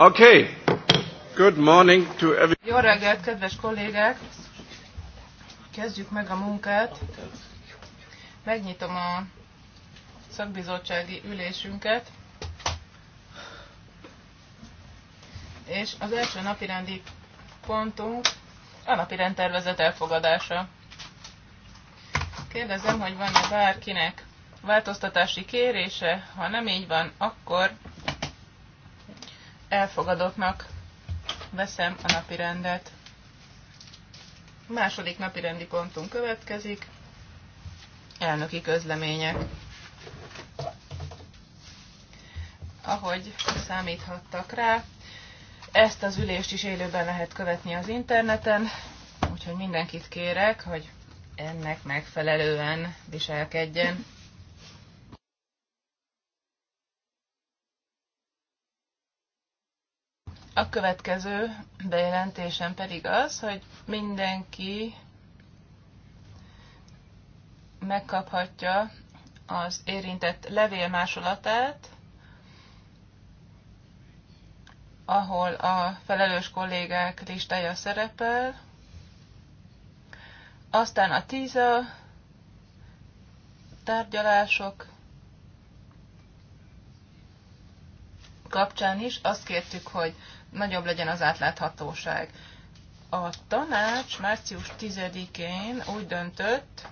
Okay. Good morning to everyone. Jó reggelt, kedves kollégák! Kezdjük meg a munkát. Megnyitom a szakbizottsági ülésünket. És az első napirendi pontunk a napirend tervezet elfogadása. Kérdezem, hogy van-e bárkinek változtatási kérése, ha nem így van, akkor elfogadottnak veszem a napi rendet. Második napi rendi pontunk következik. Elnöki közlemények. Ahogy számíthattak rá, ezt az ülést is élőben lehet követni az interneten, úgyhogy mindenkit kérek, hogy ennek megfelelően viselkedjen. A következő bejelentésem pedig az, hogy mindenki megkaphatja az érintett levélmásolatát, ahol a felelős kollégák listája szerepel, aztán a tíza tárgyalások kapcsán is azt kértük, hogy nagyobb legyen az átláthatóság. A tanács március 10-én úgy döntött,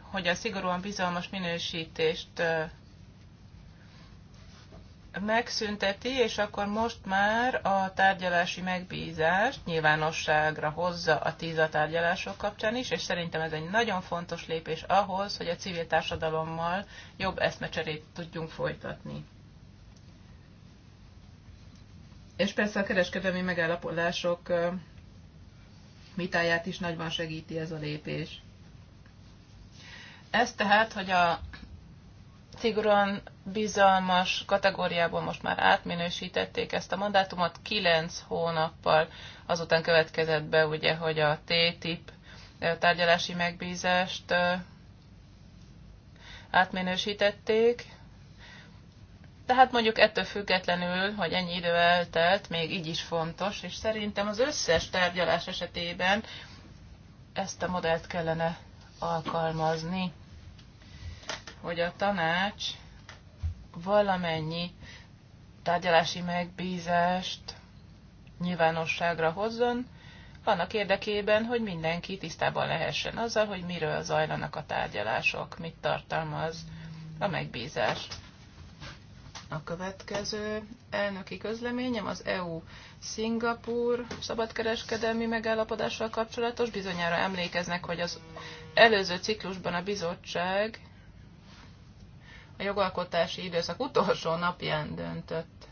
hogy a szigorúan bizalmas minősítést megszünteti, és akkor most már a tárgyalási megbízást nyilvánosságra hozza a tíza tárgyalások kapcsán is, és szerintem ez egy nagyon fontos lépés ahhoz, hogy a civil társadalommal jobb eszmecserét tudjunk folytatni. És persze a kereskedelmi megállapodások vitáját is nagyban segíti ez a lépés. Ez tehát, hogy a szigorúan bizalmas kategóriából most már átminősítették ezt a mandátumot, kilenc hónappal azután következett be, ugye, hogy a TTIP tárgyalási megbízást átminősítették, tehát mondjuk ettől függetlenül, hogy ennyi idő eltelt, még így is fontos, és szerintem az összes tárgyalás esetében ezt a modellt kellene alkalmazni, hogy a tanács valamennyi tárgyalási megbízást nyilvánosságra hozzon, annak érdekében, hogy mindenki tisztában lehessen azzal, hogy miről zajlanak a tárgyalások, mit tartalmaz a megbízás. A következő elnöki közleményem az EU-Szingapúr szabadkereskedelmi megállapodással kapcsolatos. Bizonyára emlékeznek, hogy az előző ciklusban a bizottság a jogalkotási időszak utolsó napján döntött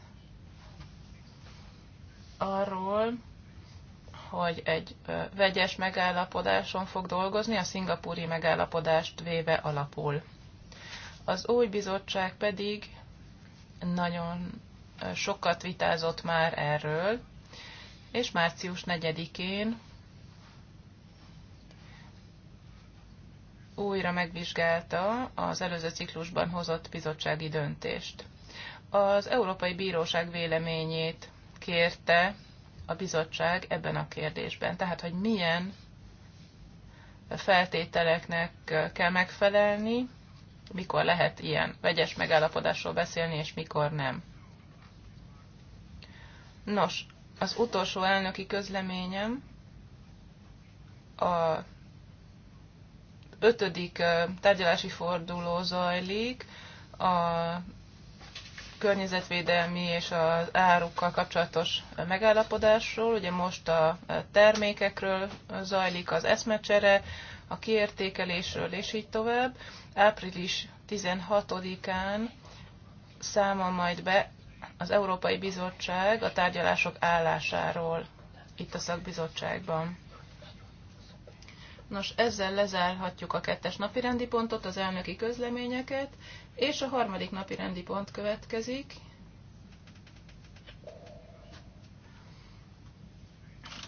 arról, hogy egy vegyes megállapodáson fog dolgozni, a szingapúri megállapodást véve alapul. Az új bizottság pedig nagyon sokat vitázott már erről, és március 4-én újra megvizsgálta az előző ciklusban hozott bizottsági döntést. Az Európai Bíróság véleményét kérte a bizottság ebben a kérdésben. Tehát, hogy milyen feltételeknek kell megfelelni mikor lehet ilyen vegyes megállapodásról beszélni, és mikor nem. Nos, az utolsó elnöki közleményem a ötödik tárgyalási forduló zajlik, a környezetvédelmi és az árukkal kapcsolatos megállapodásról. Ugye most a termékekről zajlik az eszmecsere, a kiértékelésről és így tovább. Április 16-án számol majd be az Európai Bizottság a tárgyalások állásáról itt a szakbizottságban. Nos, ezzel lezárhatjuk a kettes napi rendi pontot, az elnöki közleményeket, és a harmadik napi rendi pont következik.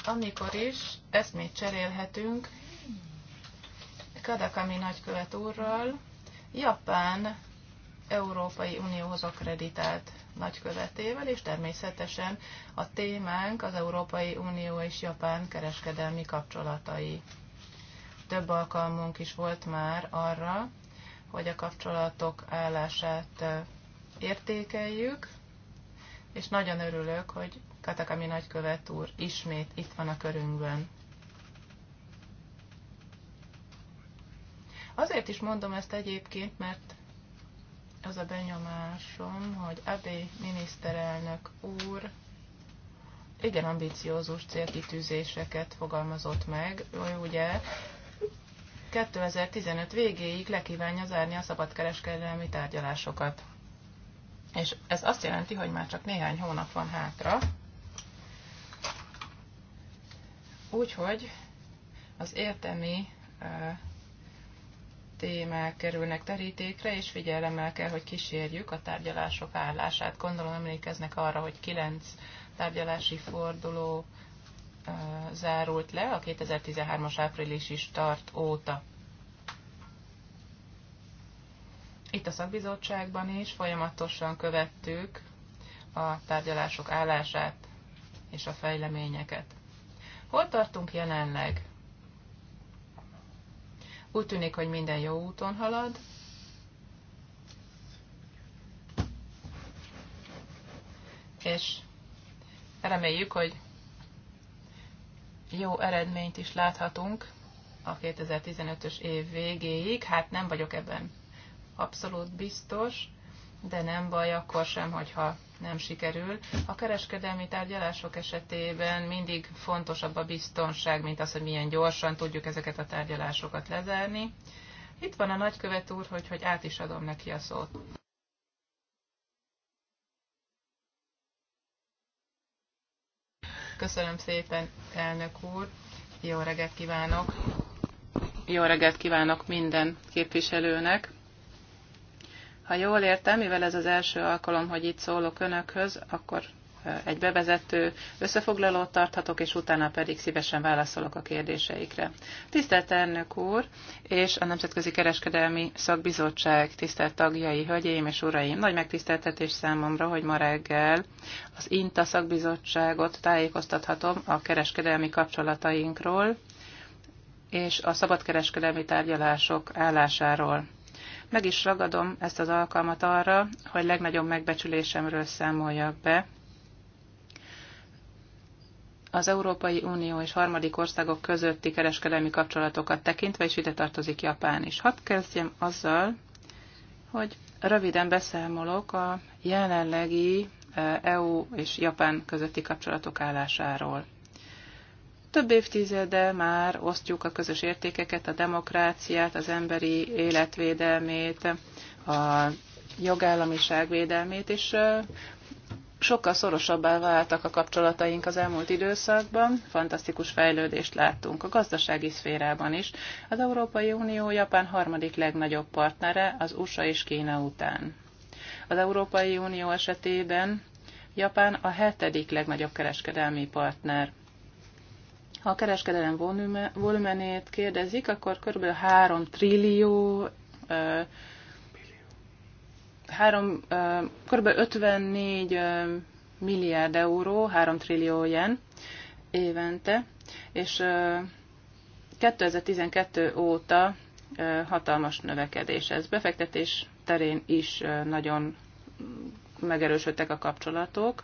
Amikor is eszmét cserélhetünk Kadakami nagykövet úrral, Japán Európai Unióhoz akreditált nagykövetével, és természetesen a témánk az Európai Unió és Japán kereskedelmi kapcsolatai. Több alkalmunk is volt már arra, hogy a kapcsolatok állását értékeljük, és nagyon örülök, hogy Katakami nagykövet úr ismét itt van a körünkben. Azért is mondom ezt egyébként, mert az a benyomásom, hogy Abe miniszterelnök úr igen ambiciózus célkitűzéseket fogalmazott meg. Ő ugye 2015 végéig lekívánja zárni a szabadkereskedelmi tárgyalásokat. És ez azt jelenti, hogy már csak néhány hónap van hátra. Úgyhogy az értemi témák kerülnek terítékre, és figyelemmel kell, hogy kísérjük a tárgyalások állását. Gondolom emlékeznek arra, hogy kilenc tárgyalási forduló zárult le a 2013-as is start óta. Itt a szakbizottságban is folyamatosan követtük a tárgyalások állását és a fejleményeket. Hol tartunk jelenleg? Úgy tűnik, hogy minden jó úton halad. És reméljük, hogy jó eredményt is láthatunk a 2015-ös év végéig. Hát nem vagyok ebben abszolút biztos, de nem baj akkor sem, hogyha nem sikerül. A kereskedelmi tárgyalások esetében mindig fontosabb a biztonság, mint az, hogy milyen gyorsan tudjuk ezeket a tárgyalásokat lezárni. Itt van a nagykövet úr, hogy, hogy át is adom neki a szót. Köszönöm szépen, elnök úr. Jó reggelt kívánok. Jó reggelt kívánok minden képviselőnek. Ha jól értem, mivel ez az első alkalom, hogy itt szólok önökhöz, akkor egy bevezető összefoglalót tarthatok, és utána pedig szívesen válaszolok a kérdéseikre. Tisztelt elnök úr, és a Nemzetközi Kereskedelmi Szakbizottság tisztelt tagjai, hölgyeim és uraim, nagy megtiszteltetés számomra, hogy ma reggel az INTA szakbizottságot tájékoztathatom a kereskedelmi kapcsolatainkról és a szabadkereskedelmi tárgyalások állásáról. Meg is ragadom ezt az alkalmat arra, hogy legnagyobb megbecsülésemről számoljak be, az Európai Unió és harmadik országok közötti kereskedelmi kapcsolatokat tekintve, és ide tartozik Japán is. Hadd kezdjem azzal, hogy röviden beszámolok a jelenlegi EU e és Japán közötti kapcsolatok állásáról. Több évtizede már osztjuk a közös értékeket, a demokráciát, az emberi életvédelmét, a jogállamiság védelmét, és e, sokkal szorosabbá váltak a kapcsolataink az elmúlt időszakban, fantasztikus fejlődést láttunk a gazdasági szférában is. Az Európai Unió Japán harmadik legnagyobb partnere az USA és Kína után. Az Európai Unió esetében Japán a hetedik legnagyobb kereskedelmi partner. Ha a kereskedelem volumenét kérdezik, akkor kb. 3 trillió három, kb. 54 milliárd euró, 3 trillió jen évente, és 2012 óta hatalmas növekedés ez. Befektetés terén is nagyon megerősödtek a kapcsolatok.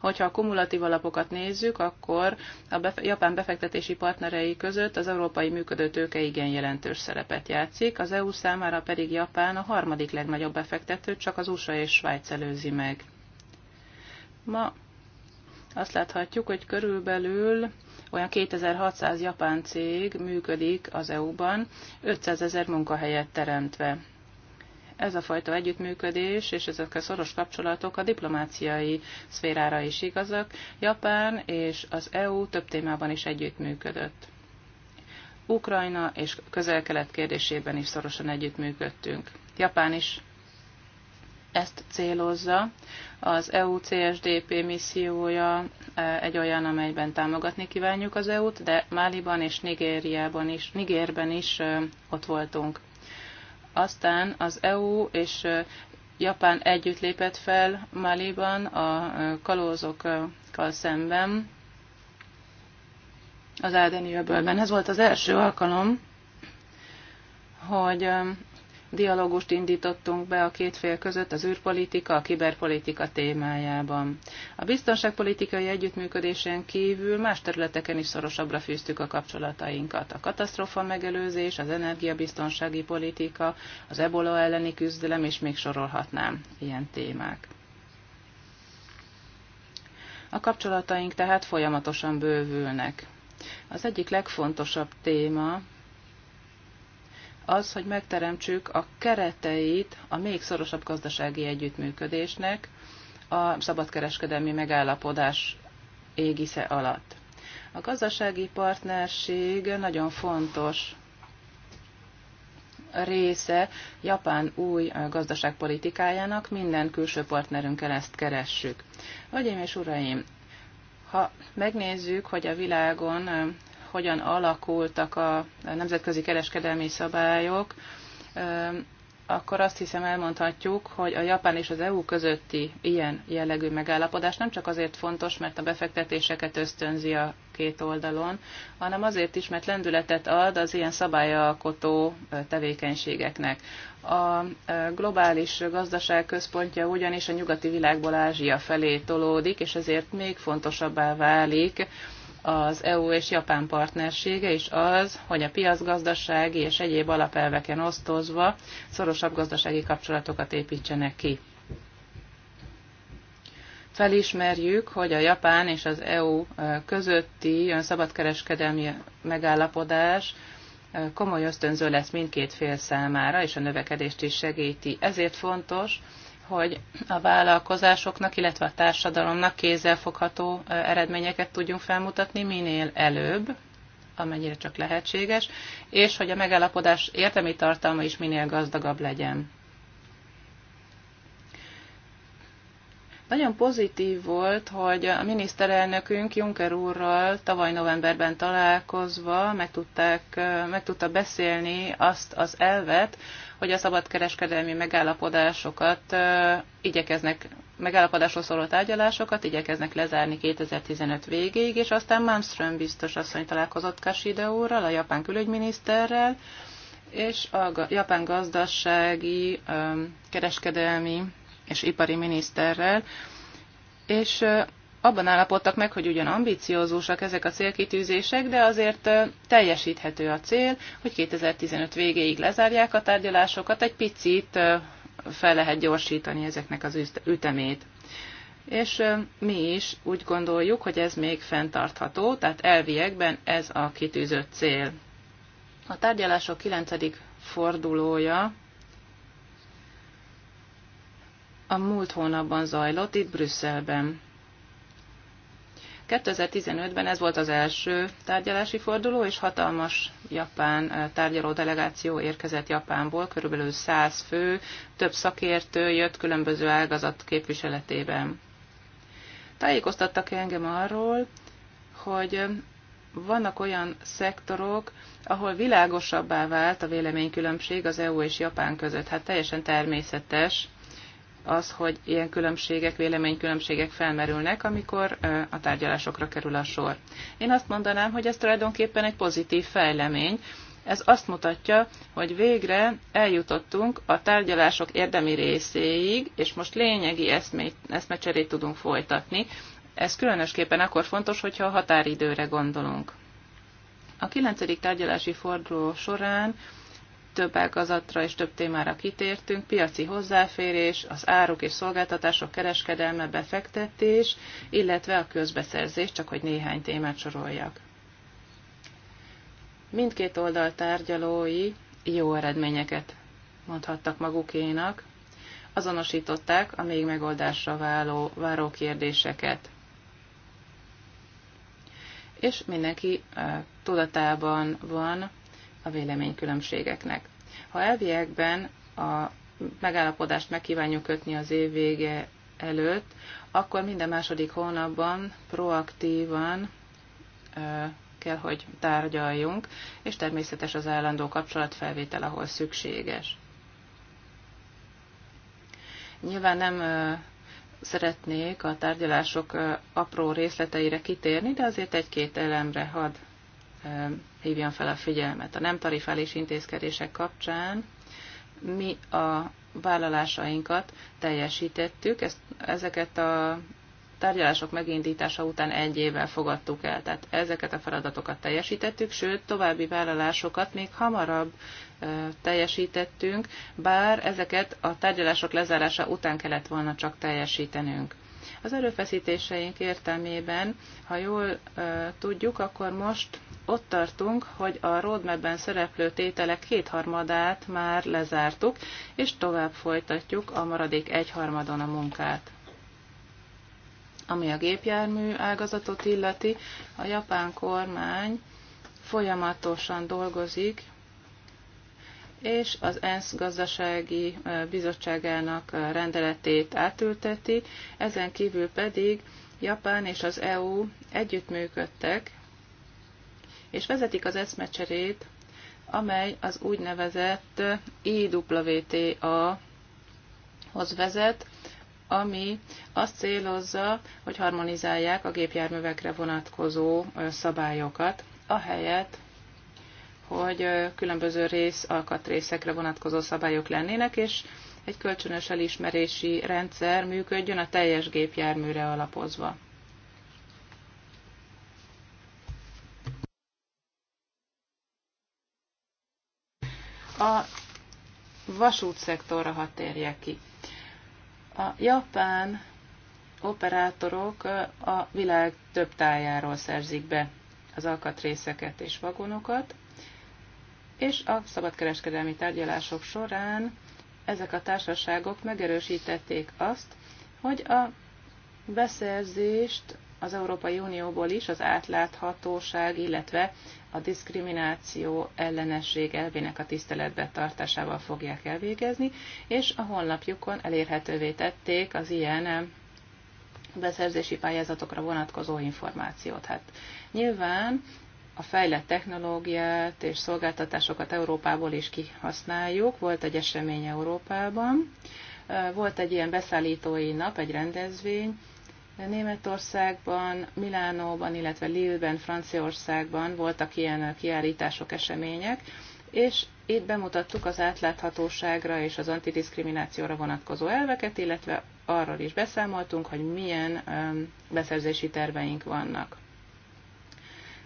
Hogyha a kumulatív alapokat nézzük, akkor a japán befektetési partnerei között az európai működő tőke igen jelentős szerepet játszik, az EU számára pedig Japán a harmadik legnagyobb befektető, csak az USA és Svájc előzi meg. Ma azt láthatjuk, hogy körülbelül olyan 2600 japán cég működik az EU-ban, 500 ezer munkahelyet teremtve ez a fajta együttműködés és ezek a szoros kapcsolatok a diplomáciai szférára is igazak. Japán és az EU több témában is együttműködött. Ukrajna és közel-kelet kérdésében is szorosan együttműködtünk. Japán is ezt célozza. Az EU CSDP missziója e, egy olyan, amelyben támogatni kívánjuk az EU-t, de Máliban és Nigériában is, Nigérben is e, ott voltunk. Aztán az EU és Japán együtt lépett fel Maliban a kalózokkal szemben, az Ádeni öbölben. Ez volt az első alkalom, hogy dialógust indítottunk be a két fél között az űrpolitika, a kiberpolitika témájában. A biztonságpolitikai együttműködésen kívül más területeken is szorosabbra fűztük a kapcsolatainkat. A katasztrófa megelőzés, az energiabiztonsági politika, az ebola elleni küzdelem, és még sorolhatnám ilyen témák. A kapcsolataink tehát folyamatosan bővülnek. Az egyik legfontosabb téma, az, hogy megteremtsük a kereteit a még szorosabb gazdasági együttműködésnek a szabadkereskedelmi megállapodás égisze alatt. A gazdasági partnerség nagyon fontos része Japán új gazdaságpolitikájának, minden külső partnerünkkel ezt keressük. Hölgyeim és uraim, ha megnézzük, hogy a világon hogyan alakultak a nemzetközi kereskedelmi szabályok, akkor azt hiszem elmondhatjuk, hogy a Japán és az EU közötti ilyen jellegű megállapodás nem csak azért fontos, mert a befektetéseket ösztönzi a két oldalon, hanem azért is, mert lendületet ad az ilyen szabályalkotó tevékenységeknek. A globális gazdaság központja ugyanis a nyugati világból Ázsia felé tolódik, és ezért még fontosabbá válik az EU és Japán partnersége is az, hogy a piacgazdasági és egyéb alapelveken osztozva szorosabb gazdasági kapcsolatokat építsenek ki. Felismerjük, hogy a Japán és az EU közötti szabadkereskedelmi megállapodás komoly ösztönző lesz mindkét fél számára, és a növekedést is segíti. Ezért fontos, hogy a vállalkozásoknak, illetve a társadalomnak kézzelfogható eredményeket tudjunk felmutatni minél előbb, amennyire csak lehetséges, és hogy a megállapodás értelmi tartalma is minél gazdagabb legyen. Nagyon pozitív volt, hogy a miniszterelnökünk Juncker úrral tavaly novemberben találkozva meg, tudták, meg tudta beszélni azt az elvet, hogy a szabadkereskedelmi megállapodásokat igyekeznek megállapodásról szóló tárgyalásokat igyekeznek lezárni 2015 végéig, és aztán Malmström biztos asszony találkozott Kashide úrral, a japán külügyminiszterrel, és a japán gazdasági, kereskedelmi és ipari miniszterrel, és abban állapodtak meg, hogy ugyan ambiciózusak ezek a célkitűzések, de azért teljesíthető a cél, hogy 2015 végéig lezárják a tárgyalásokat, egy picit fel lehet gyorsítani ezeknek az ütemét. És mi is úgy gondoljuk, hogy ez még fenntartható, tehát elviekben ez a kitűzött cél. A tárgyalások 9. fordulója a múlt hónapban zajlott itt Brüsszelben 2015-ben ez volt az első tárgyalási forduló, és hatalmas japán tárgyaló delegáció érkezett Japánból, körülbelül 100 fő, több szakértő jött különböző ágazat képviseletében. Tájékoztattak engem arról, hogy vannak olyan szektorok, ahol világosabbá vált a véleménykülönbség az EU és Japán között. Hát teljesen természetes, az, hogy ilyen különbségek, véleménykülönbségek felmerülnek, amikor a tárgyalásokra kerül a sor. Én azt mondanám, hogy ez tulajdonképpen egy pozitív fejlemény, ez azt mutatja, hogy végre eljutottunk a tárgyalások érdemi részéig, és most lényegi eszmecserét tudunk folytatni. Ez különösképpen akkor fontos, hogyha a határidőre gondolunk. A kilencedik tárgyalási forduló során több ágazatra és több témára kitértünk, piaci hozzáférés, az áruk és szolgáltatások kereskedelme, befektetés, illetve a közbeszerzés, csak hogy néhány témát soroljak. Mindkét oldal tárgyalói jó eredményeket mondhattak magukénak, azonosították a még megoldásra váló, váró kérdéseket. És mindenki eh, tudatában van a véleménykülönbségeknek. Ha elviekben a megállapodást megkívánjuk kötni az év vége előtt, akkor minden második hónapban proaktívan kell, hogy tárgyaljunk, és természetes az állandó kapcsolatfelvétel, ahol szükséges. Nyilván nem szeretnék a tárgyalások apró részleteire kitérni, de azért egy-két elemre hadd hívjam fel a figyelmet. A nem tarifális intézkedések kapcsán mi a vállalásainkat teljesítettük, ezt, ezeket a tárgyalások megindítása után egy évvel fogadtuk el. Tehát ezeket a feladatokat teljesítettük, sőt, további vállalásokat még hamarabb ö, teljesítettünk, bár ezeket a tárgyalások lezárása után kellett volna csak teljesítenünk. Az erőfeszítéseink értelmében, ha jól ö, tudjuk, akkor most ott tartunk, hogy a roadmapben szereplő tételek kétharmadát már lezártuk, és tovább folytatjuk a maradék egyharmadon a munkát. Ami a gépjármű ágazatot illeti, a japán kormány folyamatosan dolgozik, és az ENSZ gazdasági bizottságának rendeletét átülteti, ezen kívül pedig Japán és az EU együttműködtek és vezetik az eszmecserét, amely az úgynevezett IWTA e hoz vezet, ami azt célozza, hogy harmonizálják a gépjárművekre vonatkozó szabályokat, ahelyett, hogy különböző rész, alkatrészekre vonatkozó szabályok lennének, és egy kölcsönös elismerési rendszer működjön a teljes gépjárműre alapozva. A vasútszektorra hat térje ki. A japán operátorok a világ több tájáról szerzik be az alkatrészeket és vagonokat, és a szabadkereskedelmi tárgyalások során ezek a társaságok megerősítették azt, hogy a beszerzést az Európai Unióból is az átláthatóság, illetve a diszkrimináció ellenesség elvének a tiszteletbe tartásával fogják elvégezni, és a honlapjukon elérhetővé tették az ilyen eh, beszerzési pályázatokra vonatkozó információt. Hát nyilván a fejlett technológiát és szolgáltatásokat Európából is kihasználjuk. Volt egy esemény Európában, eh, volt egy ilyen beszállítói nap, egy rendezvény, Németországban, Milánóban, illetve Lille-ben, Franciaországban voltak ilyen kiállítások, események, és itt bemutattuk az átláthatóságra és az antidiszkriminációra vonatkozó elveket, illetve arról is beszámoltunk, hogy milyen beszerzési terveink vannak.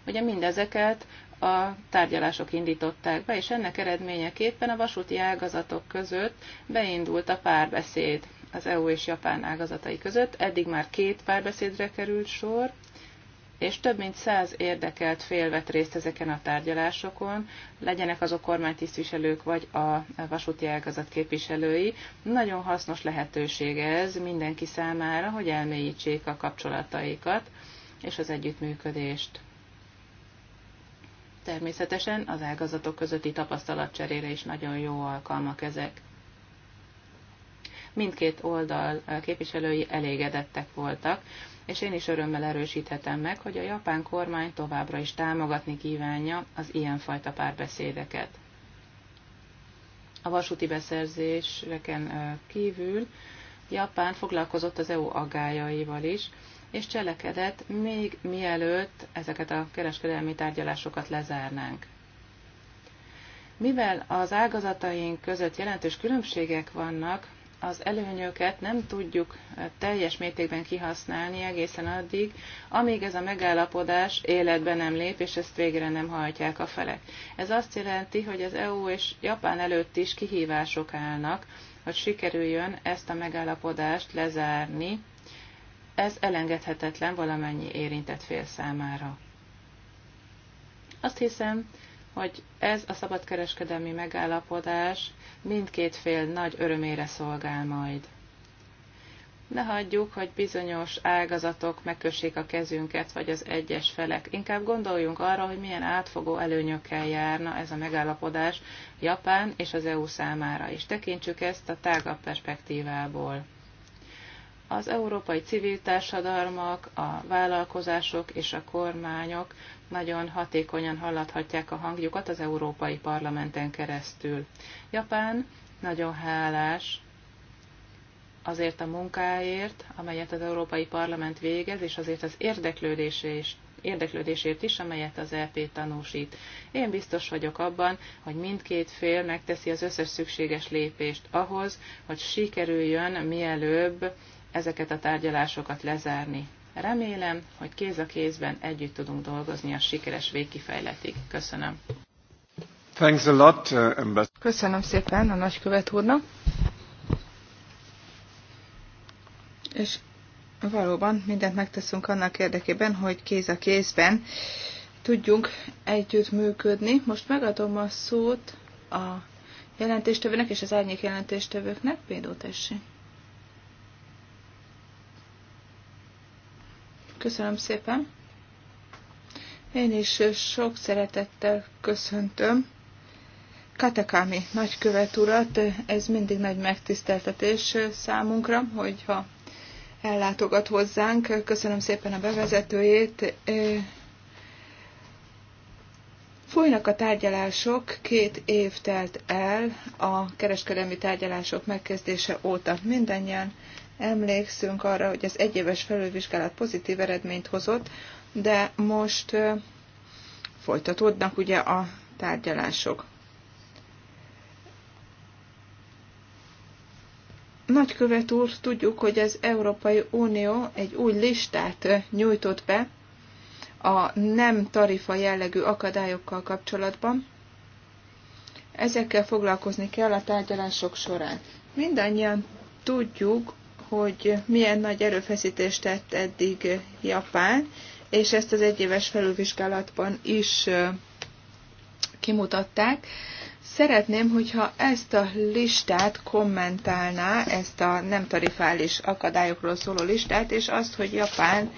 Ugye mindezeket a tárgyalások indították be, és ennek eredményeképpen a vasúti ágazatok között beindult a párbeszéd az EU és Japán ágazatai között. Eddig már két párbeszédre került sor, és több mint száz érdekelt fél vett részt ezeken a tárgyalásokon, legyenek azok kormánytisztviselők vagy a vasúti ágazat képviselői. Nagyon hasznos lehetőség ez mindenki számára, hogy elmélyítsék a kapcsolataikat és az együttműködést. Természetesen az ágazatok közötti tapasztalatcserére is nagyon jó alkalmak ezek mindkét oldal eh, képviselői elégedettek voltak, és én is örömmel erősíthetem meg, hogy a japán kormány továbbra is támogatni kívánja az ilyenfajta párbeszédeket. A vasúti beszerzéseken eh, kívül Japán foglalkozott az EU agájaival is, és cselekedett még mielőtt ezeket a kereskedelmi tárgyalásokat lezárnánk. Mivel az ágazataink között jelentős különbségek vannak, az előnyöket nem tudjuk eh, teljes mértékben kihasználni egészen addig, amíg ez a megállapodás életbe nem lép, és ezt végre nem hajtják a felek. Ez azt jelenti, hogy az EU és Japán előtt is kihívások állnak, hogy sikerüljön ezt a megállapodást lezárni. Ez elengedhetetlen valamennyi érintett fél számára. Azt hiszem, hogy ez a szabadkereskedelmi megállapodás mindkét fél nagy örömére szolgál majd. Ne hagyjuk, hogy bizonyos ágazatok megkössék a kezünket, vagy az egyes felek. Inkább gondoljunk arra, hogy milyen átfogó előnyökkel járna ez a megállapodás Japán és az EU számára is. Tekintsük ezt a tágabb perspektívából. Az európai civil társadalmak, a vállalkozások és a kormányok nagyon hatékonyan hallathatják a hangjukat az Európai Parlamenten keresztül. Japán nagyon hálás azért a munkáért, amelyet az Európai Parlament végez, és azért az érdeklődésért, érdeklődésért is, amelyet az EP tanúsít. Én biztos vagyok abban, hogy mindkét fél megteszi az összes szükséges lépést ahhoz, hogy sikerüljön mielőbb ezeket a tárgyalásokat lezárni. Remélem, hogy kéz a kézben együtt tudunk dolgozni a sikeres végkifejletig. Köszönöm. Thanks a lot, uh, Köszönöm szépen a nagykövet úrnak. És valóban mindent megteszünk annak érdekében, hogy kéz a kézben tudjunk együtt működni. Most megadom a szót a jelentéstevőnek és az árnyék jelentéstevőknek. Példó tessék. Köszönöm szépen. Én is sok szeretettel köszöntöm Katakámi nagykövet urat. Ez mindig nagy megtiszteltetés számunkra, hogyha ellátogat hozzánk. Köszönöm szépen a bevezetőjét. Folynak a tárgyalások, két év telt el a kereskedelmi tárgyalások megkezdése óta. Mindennyian Emlékszünk arra, hogy az egyéves felülvizsgálat pozitív eredményt hozott, de most folytatódnak ugye a tárgyalások. Nagykövet úr, tudjuk, hogy az Európai Unió egy új listát nyújtott be a nem tarifa jellegű akadályokkal kapcsolatban. Ezekkel foglalkozni kell a tárgyalások során. Mindannyian tudjuk, hogy milyen nagy erőfeszítést tett eddig Japán, és ezt az egyéves felülvizsgálatban is kimutatták. Szeretném, hogyha ezt a listát kommentálná, ezt a nem tarifális akadályokról szóló listát, és azt, hogy Japán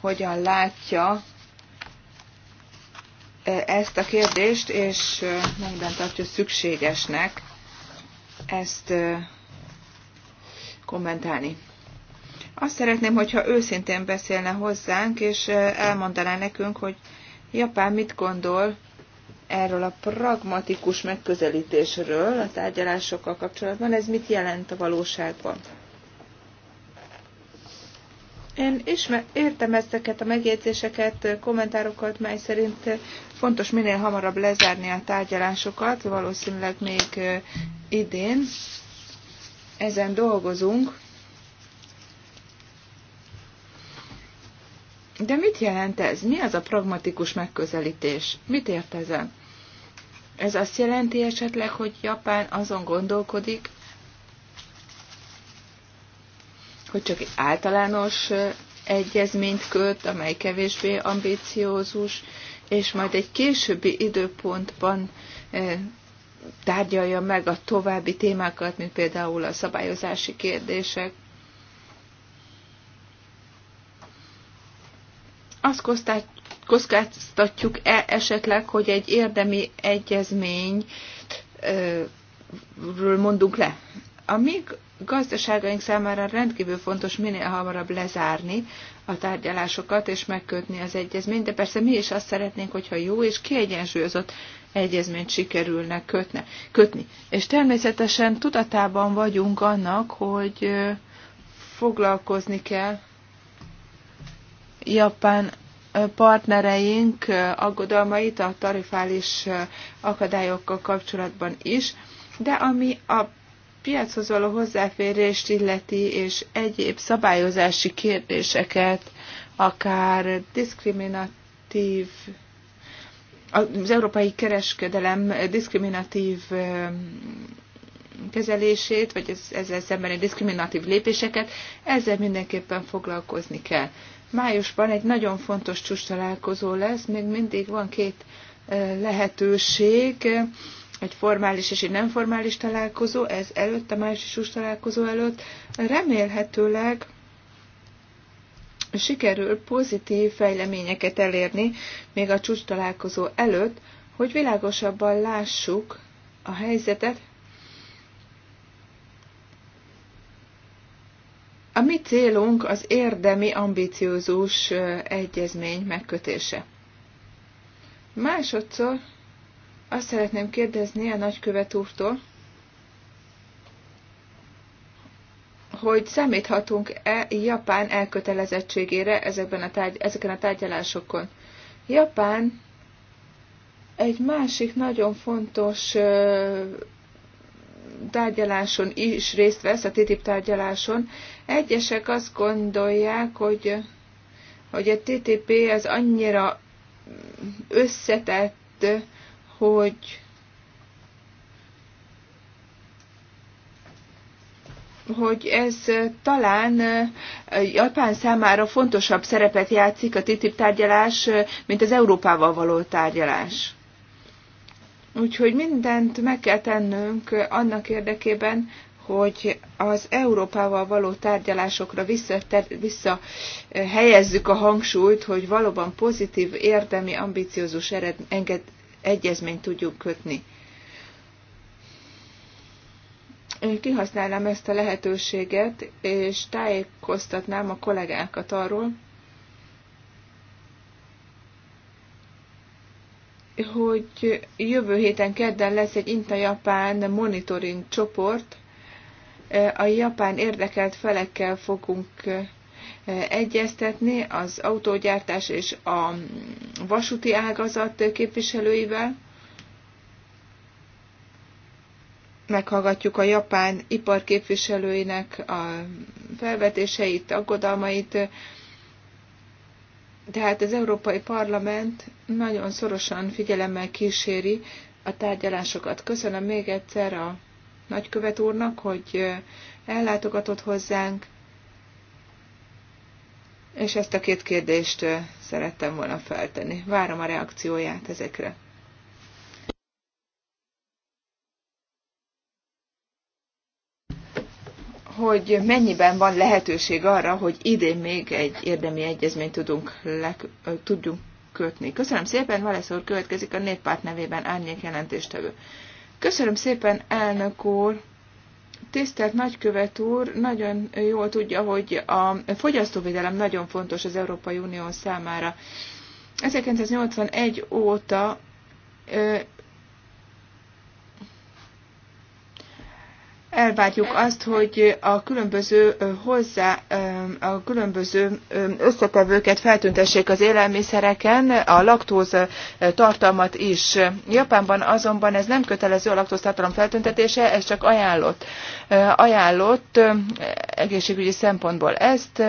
hogyan látja ezt a kérdést, és megben tartja szükségesnek ezt kommentálni. Azt szeretném, hogyha őszintén beszélne hozzánk, és elmondaná nekünk, hogy Japán mit gondol erről a pragmatikus megközelítésről a tárgyalásokkal kapcsolatban, ez mit jelent a valóságban? Én ismer, értem ezeket a megjegyzéseket, kommentárokat, mely szerint fontos minél hamarabb lezárni a tárgyalásokat, valószínűleg még idén, ezen dolgozunk, De mit jelent ez? Mi az a pragmatikus megközelítés? Mit ért ezen? Ez azt jelenti esetleg, hogy Japán azon gondolkodik, hogy csak egy általános egyezményt köt, amely kevésbé ambíciózus, és majd egy későbbi időpontban tárgyalja meg a további témákat, mint például a szabályozási kérdések. Azt kockáztatjuk-e esetleg, hogy egy érdemi egyezményről mondunk le. A mi gazdaságaink számára rendkívül fontos minél hamarabb lezárni a tárgyalásokat és megkötni az egyezményt, de persze mi is azt szeretnénk, hogyha jó és kiegyensúlyozott egyezményt sikerülne kötne, kötni. És természetesen tudatában vagyunk annak, hogy foglalkozni kell Japán partnereink aggodalmait a tarifális akadályokkal kapcsolatban is, de ami a piachoz való hozzáférést illeti, és egyéb szabályozási kérdéseket, akár diszkriminatív, az európai kereskedelem diszkriminatív kezelését, vagy ezzel szembeni diszkriminatív lépéseket, ezzel mindenképpen foglalkozni kell. Májusban egy nagyon fontos csúcs találkozó lesz, még mindig van két lehetőség egy formális és egy nem formális találkozó, ez előtt, a másosus találkozó előtt, remélhetőleg sikerül pozitív fejleményeket elérni még a csúcs találkozó előtt, hogy világosabban lássuk a helyzetet. A mi célunk az érdemi ambiciózus egyezmény megkötése. Másodszor azt szeretném kérdezni a nagykövet úrtól, hogy számíthatunk-e Japán elkötelezettségére ezekben a tárgy, ezeken a tárgyalásokon. Japán egy másik nagyon fontos tárgyaláson is részt vesz, a TTIP tárgyaláson. Egyesek azt gondolják, hogy, hogy a TTP az annyira összetett, hogy hogy ez talán eh, Japán számára fontosabb szerepet játszik a TTIP tárgyalás, eh, mint az Európával való tárgyalás. Úgyhogy mindent meg kell tennünk eh, annak érdekében, hogy az Európával való tárgyalásokra visszahelyezzük vissza a hangsúlyt, hogy valóban pozitív, érdemi, ambiciózus ered, enged, egyezményt tudjuk kötni. Én kihasználnám ezt a lehetőséget, és tájékoztatnám a kollégákat arról, hogy jövő héten kedden lesz egy Inta-Japán monitoring csoport, a japán érdekelt felekkel fogunk egyeztetni az autógyártás és a vasúti ágazat képviselőivel. Meghallgatjuk a japán iparképviselőinek a felvetéseit, aggodalmait. Tehát az Európai Parlament nagyon szorosan figyelemmel kíséri a tárgyalásokat. Köszönöm még egyszer a nagykövet úrnak, hogy ellátogatott hozzánk, és ezt a két kérdést szerettem volna feltenni. Várom a reakcióját ezekre. hogy mennyiben van lehetőség arra, hogy idén még egy érdemi egyezményt tudunk, le, tudjunk kötni. Köszönöm szépen, Valesz úr következik a néppárt nevében árnyék jelentéstevő. Köszönöm szépen, elnök úr! Tisztelt Nagykövet úr, nagyon jól tudja, hogy a fogyasztóvédelem nagyon fontos az Európai Unió számára. 1981 óta elvárjuk azt, hogy a különböző hozzá, a különböző összetevőket feltüntessék az élelmiszereken, a laktóz tartalmat is. Japánban azonban ez nem kötelező a laktóz tartalom feltüntetése, ez csak ajánlott. Ajánlott egészségügyi szempontból ezt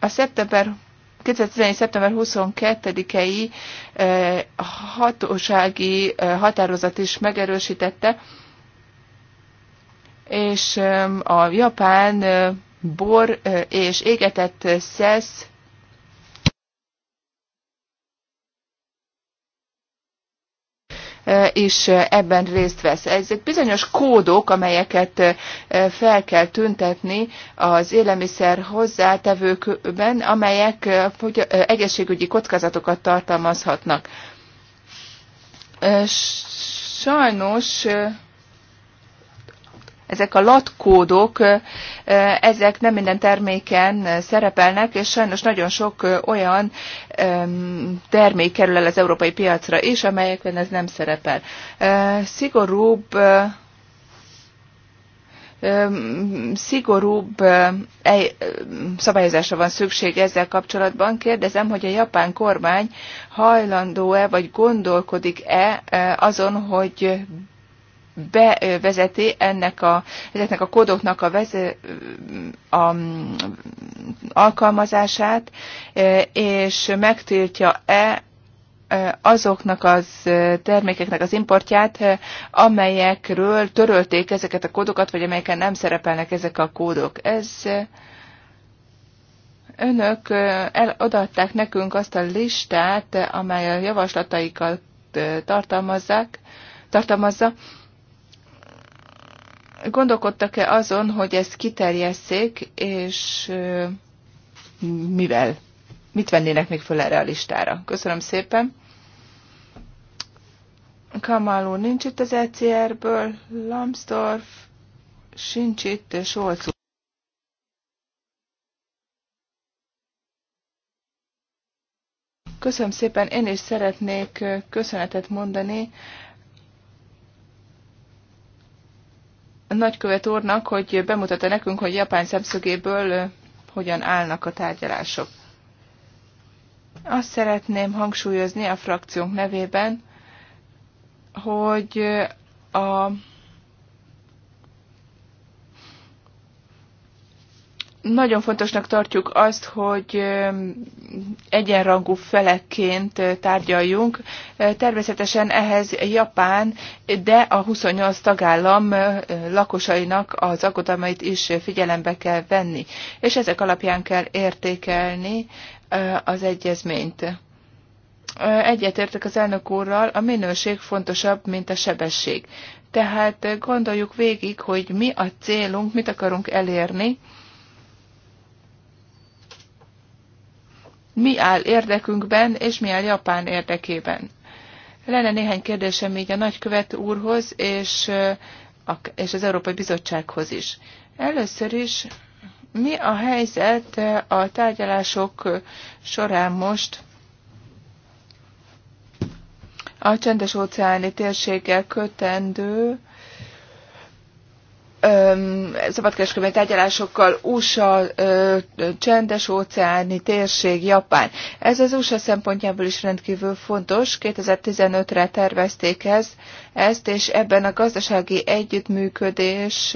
a szeptember 2011. szeptember 22-i hatósági határozat is megerősítette, és a japán bor és égetett szesz és ebben részt vesz. Ezek bizonyos kódok, amelyeket fel kell tüntetni az élelmiszer hozzátevőkben, amelyek egészségügyi kockázatokat tartalmazhatnak. Sajnos ezek a latkódok, ezek nem minden terméken szerepelnek, és sajnos nagyon sok olyan termék kerül el az európai piacra is, amelyekben ez nem szerepel. Szigorúbb szigorúbb szabályozásra van szükség ezzel kapcsolatban. Kérdezem, hogy a japán kormány hajlandó-e, vagy gondolkodik-e azon, hogy bevezeti ennek a, ezeknek a kódoknak a, vez, a alkalmazását, e, és megtiltja-e e, azoknak az termékeknek az importját, e, amelyekről törölték ezeket a kódokat, vagy amelyeken nem szerepelnek ezek a kódok. Ez önök el, odaadták nekünk azt a listát, amely a javaslataikat tartalmazzák, tartalmazza, Gondolkodtak-e azon, hogy ezt kiterjesszék, és mivel? Mit vennének még föl erre a listára? Köszönöm szépen. Kamalú nincs itt az ECR-ből, Lambsdorff sincs itt, és Olcú. Köszönöm szépen, én is szeretnék köszönetet mondani nagykövet úrnak, hogy bemutatta nekünk, hogy Japán szemszögéből hogyan állnak a tárgyalások. Azt szeretném hangsúlyozni a frakciónk nevében, hogy a Nagyon fontosnak tartjuk azt, hogy egyenrangú felekként tárgyaljunk. Természetesen ehhez Japán, de a 28 tagállam lakosainak az aggodalmait is figyelembe kell venni, és ezek alapján kell értékelni az egyezményt. Egyetértek az elnök úrral, a minőség fontosabb, mint a sebesség. Tehát gondoljuk végig, hogy mi a célunk, mit akarunk elérni, mi áll érdekünkben, és mi áll Japán érdekében. Lenne néhány kérdésem még a nagykövet úrhoz, és, a, és az Európai Bizottsághoz is. Először is, mi a helyzet a tárgyalások során most a csendes óceáni térséggel kötendő szabadkereskedelmi tárgyalásokkal USA, csendes óceáni térség, Japán. Ez az USA szempontjából is rendkívül fontos. 2015-re tervezték ez, ezt, és ebben a gazdasági együttműködés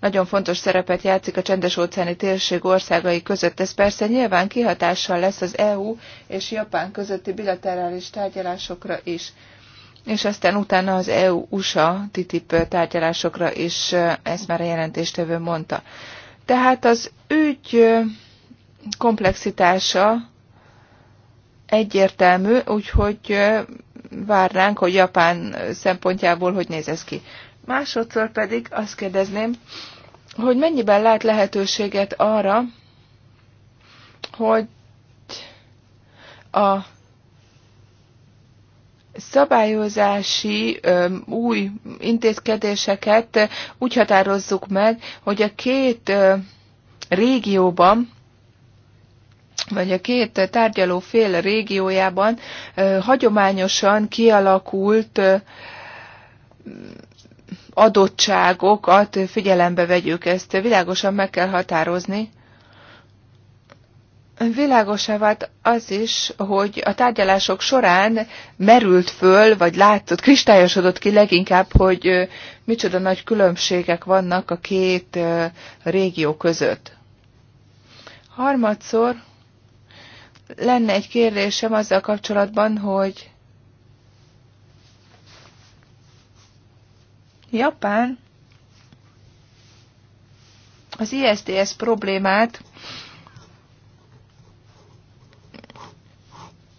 nagyon fontos szerepet játszik a csendes óceáni térség országai között. Ez persze nyilván kihatással lesz az EU és Japán közötti bilaterális tárgyalásokra is és aztán utána az EU-USA TTIP tárgyalásokra is ezt már a jelentéstevő mondta. Tehát az ügy komplexitása egyértelmű, úgyhogy várnánk, hogy Japán szempontjából hogy néz ez ki. Másodszor pedig azt kérdezném, hogy mennyiben lát lehetőséget arra, hogy a szabályozási új intézkedéseket úgy határozzuk meg, hogy a két régióban, vagy a két tárgyaló fél régiójában hagyományosan kialakult adottságokat figyelembe vegyük. Ezt világosan meg kell határozni Világosá vált az is, hogy a tárgyalások során merült föl, vagy látszott, kristályosodott ki leginkább, hogy micsoda nagy különbségek vannak a két régió között. Harmadszor lenne egy kérdésem azzal kapcsolatban, hogy Japán az ISDS problémát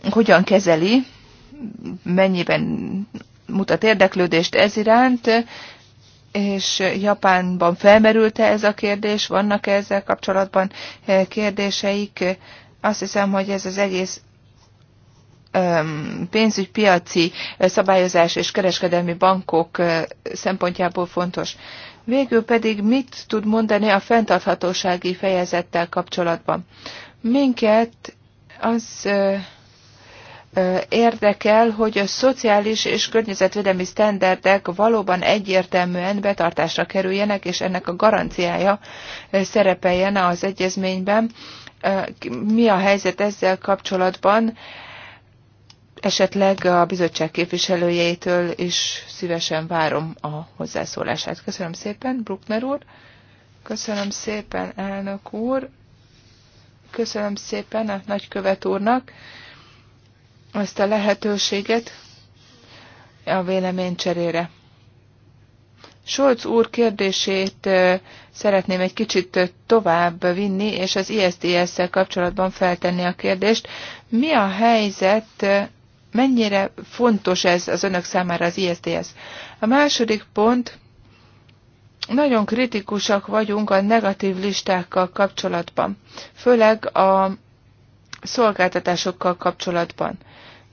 hogyan kezeli, mennyiben mutat érdeklődést ez iránt, és Japánban felmerült-e ez a kérdés, vannak-e ezzel kapcsolatban eh, kérdéseik. Azt hiszem, hogy ez az egész pénzügypiaci eh, szabályozás és kereskedelmi bankok eh, szempontjából fontos. Végül pedig mit tud mondani a fenntarthatósági fejezettel kapcsolatban? Minket az érdekel, hogy a szociális és környezetvédelmi sztenderdek valóban egyértelműen betartásra kerüljenek, és ennek a garanciája szerepeljen az egyezményben. Mi a helyzet ezzel kapcsolatban? Esetleg a bizottság képviselőjeitől is szívesen várom a hozzászólását. Köszönöm szépen, Bruckner úr. Köszönöm szépen, elnök úr. Köszönöm szépen a nagykövet úrnak ezt a lehetőséget a véleménycserére. Scholz úr kérdését szeretném egy kicsit tovább vinni, és az ISDS-szel kapcsolatban feltenni a kérdést. Mi a helyzet, mennyire fontos ez az önök számára az ISDS? A második pont, nagyon kritikusak vagyunk a negatív listákkal kapcsolatban, főleg a szolgáltatásokkal kapcsolatban.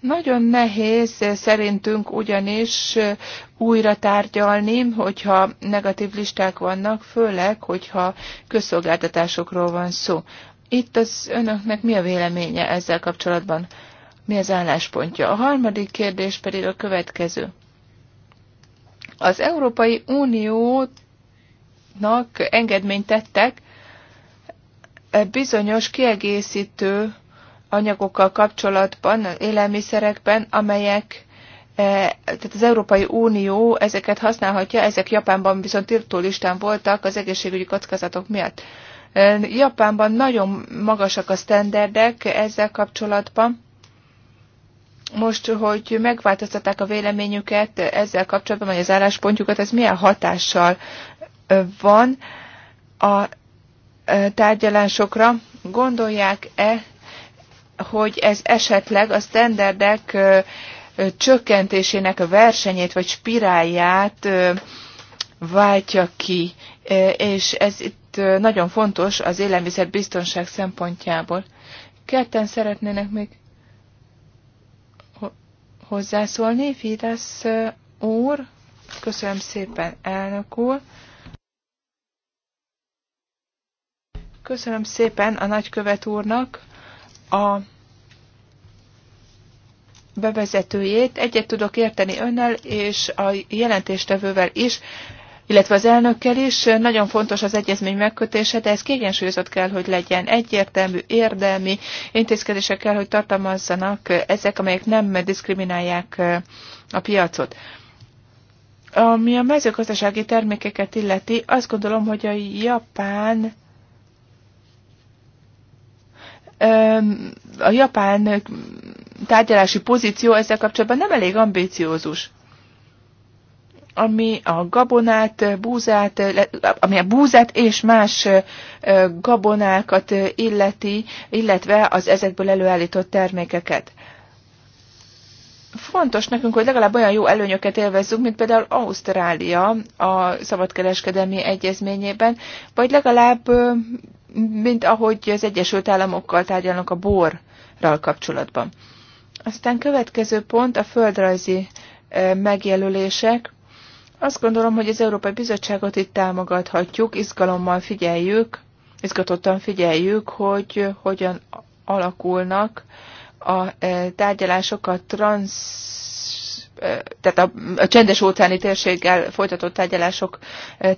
Nagyon nehéz eh, szerintünk ugyanis eh, újra tárgyalni, hogyha negatív listák vannak, főleg, hogyha közszolgáltatásokról van szó. Itt az önöknek mi a véleménye ezzel kapcsolatban? Mi az álláspontja? A harmadik kérdés pedig a következő. Az Európai Uniónak engedményt tettek eh, bizonyos kiegészítő anyagokkal kapcsolatban, élelmiszerekben, amelyek e, tehát az Európai Unió ezeket használhatja, ezek Japánban viszont listán voltak az egészségügyi kockázatok miatt. E, Japánban nagyon magasak a sztenderdek ezzel kapcsolatban. Most, hogy megváltoztatták a véleményüket ezzel kapcsolatban, vagy az álláspontjukat, ez milyen hatással e, van a tárgyalásokra? Gondolják-e hogy ez esetleg a standardek csökkentésének a versenyét vagy spirálját váltja ki, és ez itt nagyon fontos az élelmiszer biztonság szempontjából. Ketten szeretnének még hozzászólni, Fidesz úr. Köszönöm szépen, elnök úr. Köszönöm szépen a nagykövet úrnak a bevezetőjét. Egyet tudok érteni önnel és a jelentéstevővel is, illetve az elnökkel is. Nagyon fontos az egyezmény megkötése, de ez kiegyensúlyozott kell, hogy legyen. Egyértelmű, érdemi intézkedések kell, hogy tartalmazzanak ezek, amelyek nem diszkriminálják a piacot. Ami a mezőgazdasági termékeket illeti, azt gondolom, hogy a japán a japán tárgyalási pozíció ezzel kapcsolatban nem elég ambíciózus ami a gabonát, búzát, ami a búzát és más gabonákat illeti, illetve az ezekből előállított termékeket. Fontos nekünk, hogy legalább olyan jó előnyöket élvezzünk, mint például Ausztrália a szabadkereskedelmi egyezményében, vagy legalább mint ahogy az Egyesült Államokkal tárgyalnak a borral kapcsolatban. Aztán következő pont a földrajzi megjelölések. Azt gondolom, hogy az Európai Bizottságot itt támogathatjuk, izgalommal figyeljük, izgatottan figyeljük, hogy hogyan alakulnak a tárgyalások a transz tehát a, a csendes óceáni térséggel folytatott tárgyalások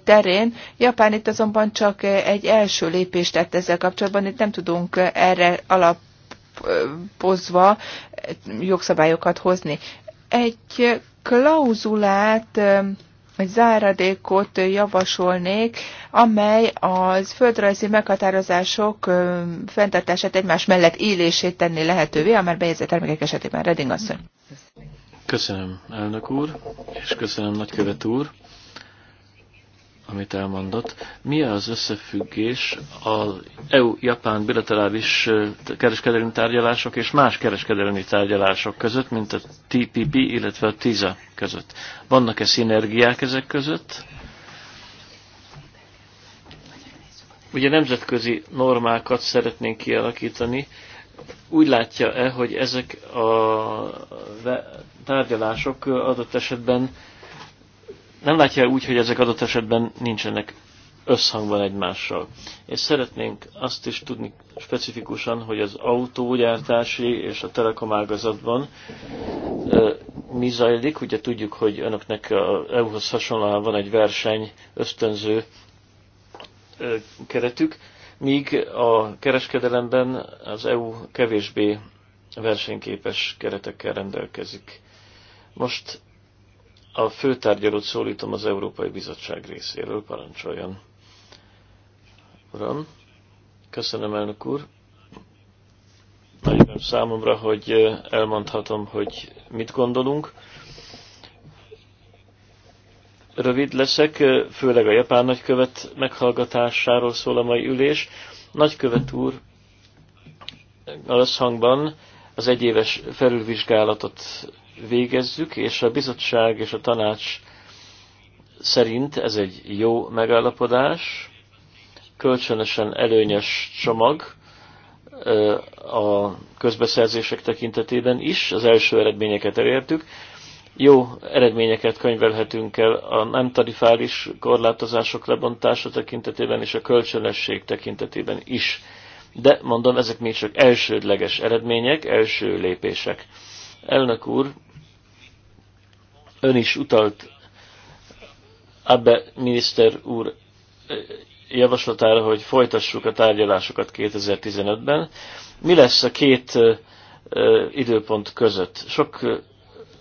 terén. Japán itt azonban csak egy első lépést tett ezzel kapcsolatban, itt nem tudunk erre alapozva jogszabályokat hozni. Egy klauzulát egy záradékot javasolnék, amely az földrajzi meghatározások fenntartását egymás mellett élését tenni lehetővé, amely bejegyzett termékek esetében Reding asszony. Köszönöm, elnök úr, és köszönöm, nagykövet úr, amit elmondott. Mi az összefüggés az EU-Japán bilaterális kereskedelmi tárgyalások és más kereskedelmi tárgyalások között, mint a TPP, illetve a TISA között? Vannak-e szinergiák ezek között? Ugye nemzetközi normákat szeretnénk kialakítani, úgy látja-e, hogy ezek a tárgyalások adott esetben nem látja úgy, hogy ezek adott esetben nincsenek összhangban egymással. És szeretnénk azt is tudni specifikusan, hogy az autógyártási és a telekomágazatban mi zajlik. Ugye tudjuk, hogy önöknek a EU-hoz hasonlóan van egy verseny ösztönző keretük míg a kereskedelemben az EU kevésbé versenyképes keretekkel rendelkezik. Most a főtárgyalót szólítom az Európai Bizottság részéről, parancsoljon. Uram, köszönöm elnök úr. Nagyon számomra, hogy elmondhatom, hogy mit gondolunk rövid leszek, főleg a japán nagykövet meghallgatásáról szól a mai ülés. Nagykövet úr a hangban az egyéves felülvizsgálatot végezzük, és a bizottság és a tanács szerint ez egy jó megállapodás, kölcsönösen előnyös csomag a közbeszerzések tekintetében is, az első eredményeket elértük, jó eredményeket könyvelhetünk el a nem tarifális korlátozások lebontása tekintetében és a kölcsönösség tekintetében is. De mondom, ezek még csak elsődleges eredmények, első lépések. Elnök úr, ön is utalt Abbe miniszter úr eh, javaslatára, hogy folytassuk a tárgyalásokat 2015-ben. Mi lesz a két eh, eh, időpont között? Sok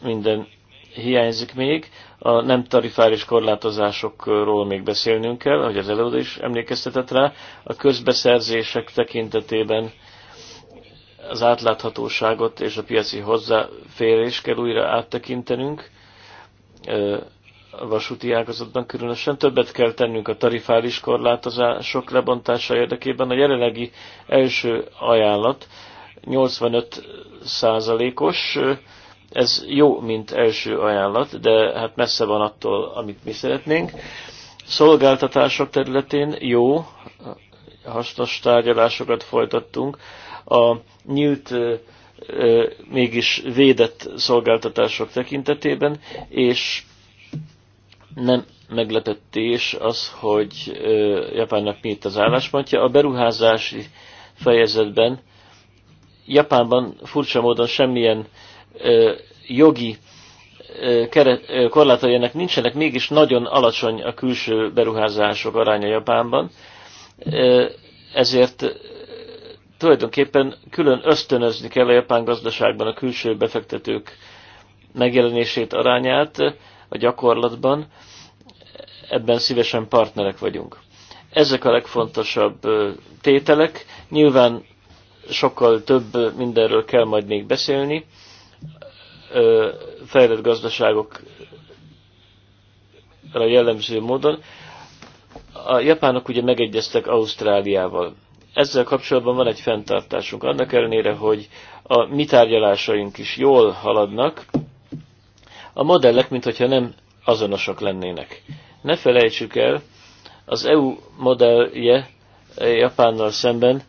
minden hiányzik még. A nem tarifális korlátozásokról még beszélnünk kell, ahogy az előadó is emlékeztetett rá. A közbeszerzések tekintetében az átláthatóságot és a piaci hozzáférés kell újra áttekintenünk, a vasúti ágazatban különösen. Többet kell tennünk a tarifális korlátozások lebontása érdekében. A jelenlegi első ajánlat 85 százalékos ez jó, mint első ajánlat, de hát messze van attól, amit mi szeretnénk. Szolgáltatások területén jó, hasznos tárgyalásokat folytattunk. A nyílt mégis védett szolgáltatások tekintetében, és nem meglepetés az, hogy Japánnak mi itt az álláspontja. A beruházási fejezetben Japánban furcsa módon semmilyen jogi keret, korlátai ennek nincsenek, mégis nagyon alacsony a külső beruházások aránya Japánban, ezért tulajdonképpen külön ösztönözni kell a japán gazdaságban a külső befektetők megjelenését, arányát a gyakorlatban, ebben szívesen partnerek vagyunk. Ezek a legfontosabb tételek, nyilván sokkal több mindenről kell majd még beszélni, fejlett gazdaságokra jellemző módon. A japánok ugye megegyeztek Ausztráliával. Ezzel kapcsolatban van egy fenntartásunk. Annak ellenére, hogy a mi tárgyalásaink is jól haladnak, a modellek, mintha nem azonosak lennének. Ne felejtsük el, az EU modellje Japánnal szemben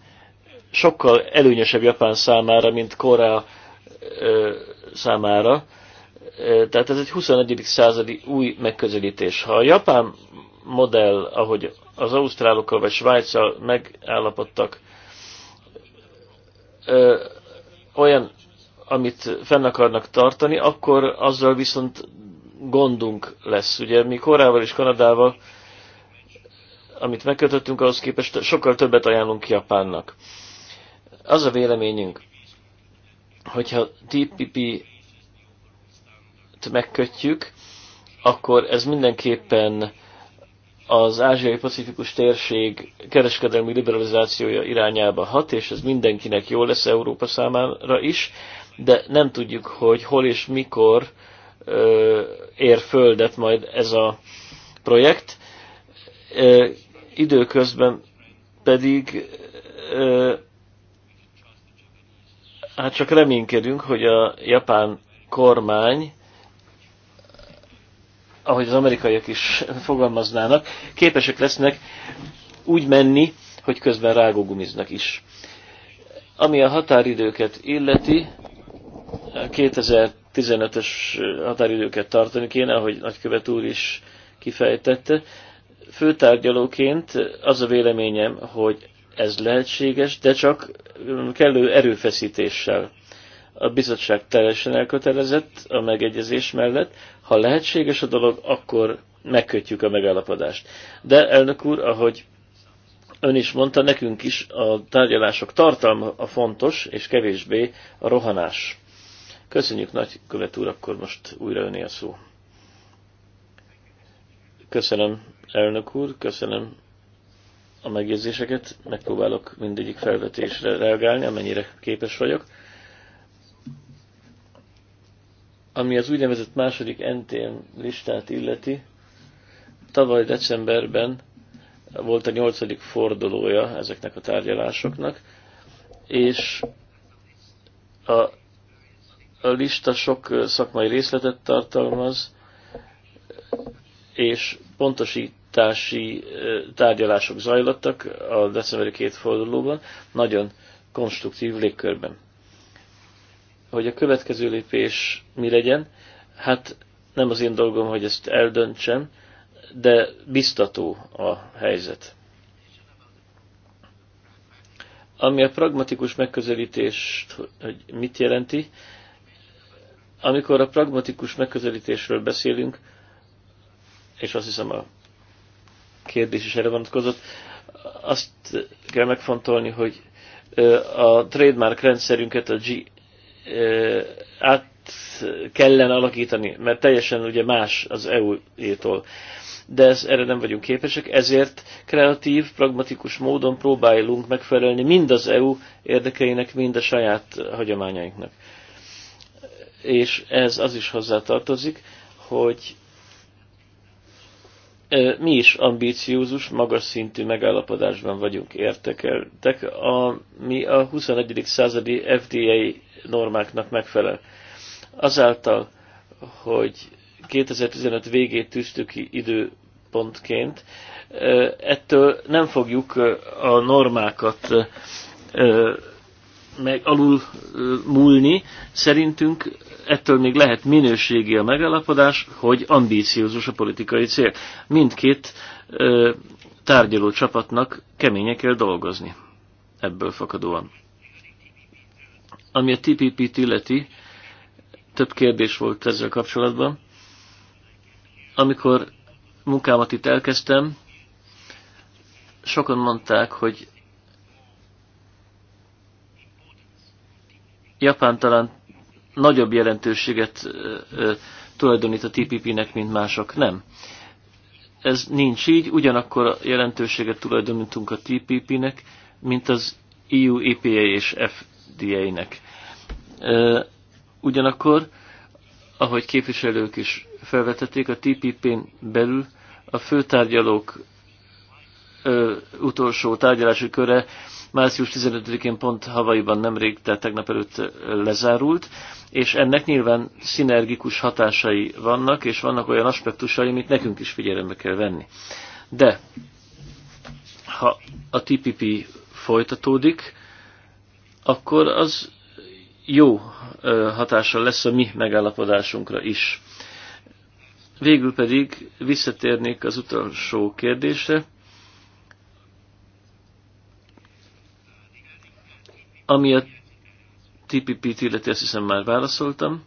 sokkal előnyösebb Japán számára, mint Korea számára. Tehát ez egy 21. századi új megközelítés. Ha a japán modell, ahogy az ausztrálokkal vagy svájccal megállapodtak, olyan, amit fenn akarnak tartani, akkor azzal viszont gondunk lesz. Ugye mi Korával és Kanadával, amit megkötöttünk, ahhoz képest sokkal többet ajánlunk Japánnak. Az a véleményünk, hogyha TPP-t megkötjük, akkor ez mindenképpen az ázsiai pacifikus térség kereskedelmi liberalizációja irányába hat, és ez mindenkinek jó lesz Európa számára is, de nem tudjuk, hogy hol és mikor ö, ér földet majd ez a projekt. Ö, időközben pedig ö, Hát csak reménykedünk, hogy a japán kormány, ahogy az amerikaiak is fogalmaznának, képesek lesznek úgy menni, hogy közben rágógumiznak is. Ami a határidőket illeti, 2015-ös határidőket tartani kéne, ahogy nagykövet úr is kifejtette. Főtárgyalóként az a véleményem, hogy ez lehetséges, de csak kellő erőfeszítéssel. A bizottság teljesen elkötelezett a megegyezés mellett. Ha lehetséges a dolog, akkor megkötjük a megállapodást. De elnök úr, ahogy ön is mondta, nekünk is a tárgyalások tartalma a fontos, és kevésbé a rohanás. Köszönjük, nagy követ úr, akkor most újra öné a szó. Köszönöm, elnök úr, köszönöm a megjegyzéseket, megpróbálok mindegyik felvetésre reagálni, amennyire képes vagyok. Ami az úgynevezett második NTM listát illeti, tavaly decemberben volt a nyolcadik fordulója ezeknek a tárgyalásoknak, és a, a lista sok szakmai részletet tartalmaz, és pontosít megállapodtási tárgyalások zajlottak a decemberi két fordulóban, nagyon konstruktív légkörben. Hogy a következő lépés mi legyen, hát nem az én dolgom, hogy ezt eldöntsem, de biztató a helyzet. Ami a pragmatikus megközelítést, hogy mit jelenti, amikor a pragmatikus megközelítésről beszélünk, és azt hiszem a kérdés is erre vonatkozott. Azt kell megfontolni, hogy a trademark rendszerünket a G, át kellene alakítani, mert teljesen ugye más az EU-tól. De ez, erre nem vagyunk képesek, ezért kreatív, pragmatikus módon próbálunk megfelelni mind az EU érdekeinek, mind a saját hagyományainknak. És ez az is hozzátartozik, hogy mi is ambíciózus, magas szintű megállapodásban vagyunk értekeltek, ami a 21. századi FDA normáknak megfelel. Azáltal, hogy 2015 végét tűztük ki időpontként, ettől nem fogjuk a normákat meg alul múlni. Szerintünk ettől még lehet minőségi a megállapodás, hogy ambíciózus a politikai cél. Mindkét ö, tárgyaló csapatnak keménye kell dolgozni. Ebből fakadóan. Ami a TPP-t illeti, több kérdés volt ezzel kapcsolatban. Amikor munkámat itt elkezdtem, sokan mondták, hogy Japán talán nagyobb jelentőséget tulajdonít a TPP-nek, mint mások. Nem. Ez nincs így, ugyanakkor a jelentőséget tulajdonítunk a TPP-nek, mint az EU, EPA és FDA-nek. Ugyanakkor, ahogy képviselők is felvetették, a TPP-n belül a főtárgyalók ö, utolsó tárgyalási köre Március 15-én pont Havaiban nemrég, tehát tegnap előtt lezárult, és ennek nyilván szinergikus hatásai vannak, és vannak olyan aspektusai, amit nekünk is figyelembe kell venni. De ha a TPP folytatódik, akkor az jó hatása lesz a mi megállapodásunkra is. Végül pedig visszatérnék az utolsó kérdésre. Ami a TPP-t illeti, azt hiszem már válaszoltam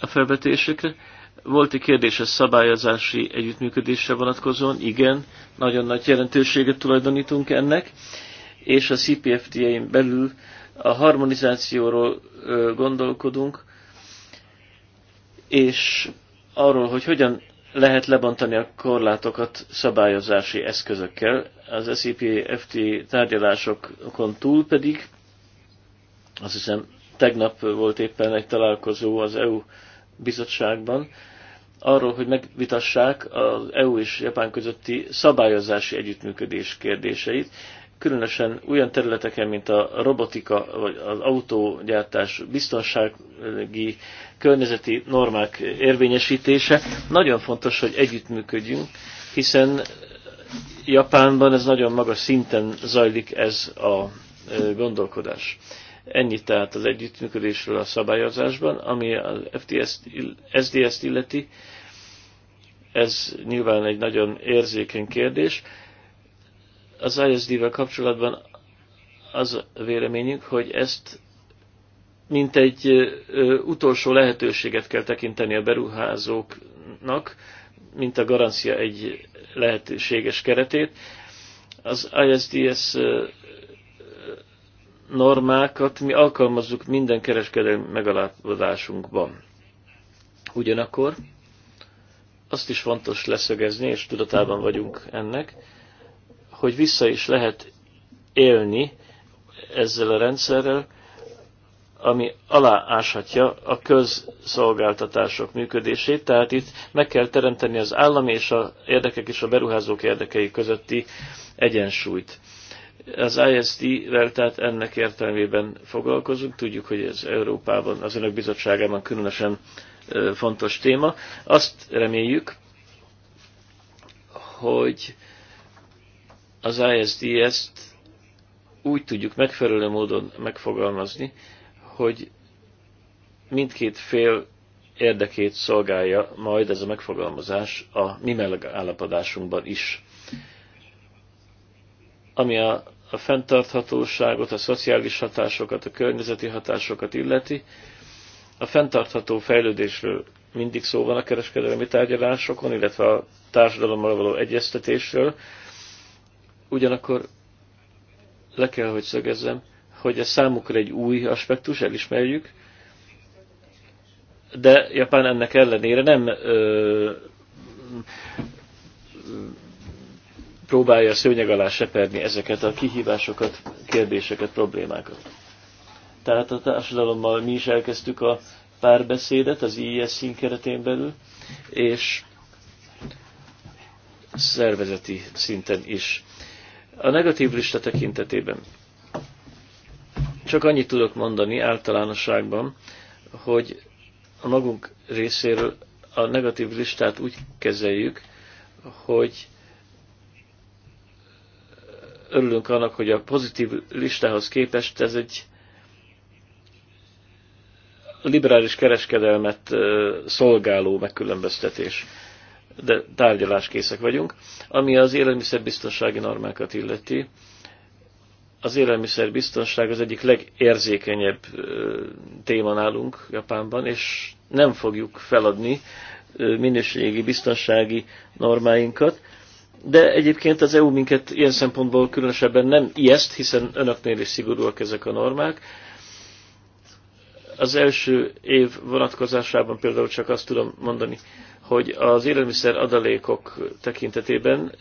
a felvetésekre. Volt egy kérdés a szabályozási együttműködésre vonatkozóan. Igen, nagyon nagy jelentőséget tulajdonítunk ennek, és a CPFTA-n belül a harmonizációról gondolkodunk, és arról, hogy hogyan lehet lebontani a korlátokat szabályozási eszközökkel. Az SCP-FT e tárgyalásokon túl pedig, azt hiszem tegnap volt éppen egy találkozó az EU bizottságban, arról, hogy megvitassák az EU és Japán közötti szabályozási együttműködés kérdéseit különösen olyan területeken, mint a robotika vagy az autógyártás biztonsági környezeti normák érvényesítése, nagyon fontos, hogy együttműködjünk, hiszen Japánban ez nagyon magas szinten zajlik ez a gondolkodás. Ennyit tehát az együttműködésről a szabályozásban, ami az FTS, SDS-t illeti, ez nyilván egy nagyon érzékeny kérdés az ISD-vel kapcsolatban az véleményünk, hogy ezt mint egy utolsó lehetőséget kell tekinteni a beruházóknak, mint a garancia egy lehetőséges keretét. Az ISDS normákat mi alkalmazzuk minden kereskedelmi megalapodásunkban. Ugyanakkor azt is fontos leszögezni, és tudatában vagyunk ennek, hogy vissza is lehet élni ezzel a rendszerrel, ami alááshatja a közszolgáltatások működését, tehát itt meg kell teremteni az állami és a érdekek és a beruházók érdekei közötti egyensúlyt. Az ISD-vel, tehát ennek értelmében foglalkozunk, tudjuk, hogy ez Európában, az Önök Bizottságában különösen fontos téma. Azt reméljük, hogy az ISDS-t úgy tudjuk megfelelő módon megfogalmazni, hogy mindkét fél érdekét szolgálja majd ez a megfogalmazás a mi megállapodásunkban is. Ami a, a fenntarthatóságot, a szociális hatásokat, a környezeti hatásokat illeti, a fenntartható fejlődésről mindig szó van a kereskedelmi tárgyalásokon, illetve a társadalommal való egyeztetésről, Ugyanakkor le kell, hogy szögezzem, hogy ez számukra egy új aspektus, elismerjük, de Japán ennek ellenére nem ö, próbálja a szőnyeg alá seperni ezeket a kihívásokat, kérdéseket, problémákat. Tehát a társadalommal mi is elkezdtük a párbeszédet az IES szín keretén belül, és szervezeti szinten is. A negatív lista tekintetében csak annyit tudok mondani általánosságban, hogy a magunk részéről a negatív listát úgy kezeljük, hogy örülünk annak, hogy a pozitív listához képest ez egy liberális kereskedelmet szolgáló megkülönböztetés de tárgyaláskészek vagyunk. Ami az élelmiszerbiztonsági normákat illeti, az élelmiszerbiztonság az egyik legérzékenyebb téma nálunk Japánban, és nem fogjuk feladni minőségi, biztonsági normáinkat. De egyébként az EU minket ilyen szempontból különösebben nem ijeszt, hiszen önöknél is szigorúak ezek a normák. Az első év vonatkozásában például csak azt tudom mondani, hogy az élelmiszer adalékok tekintetében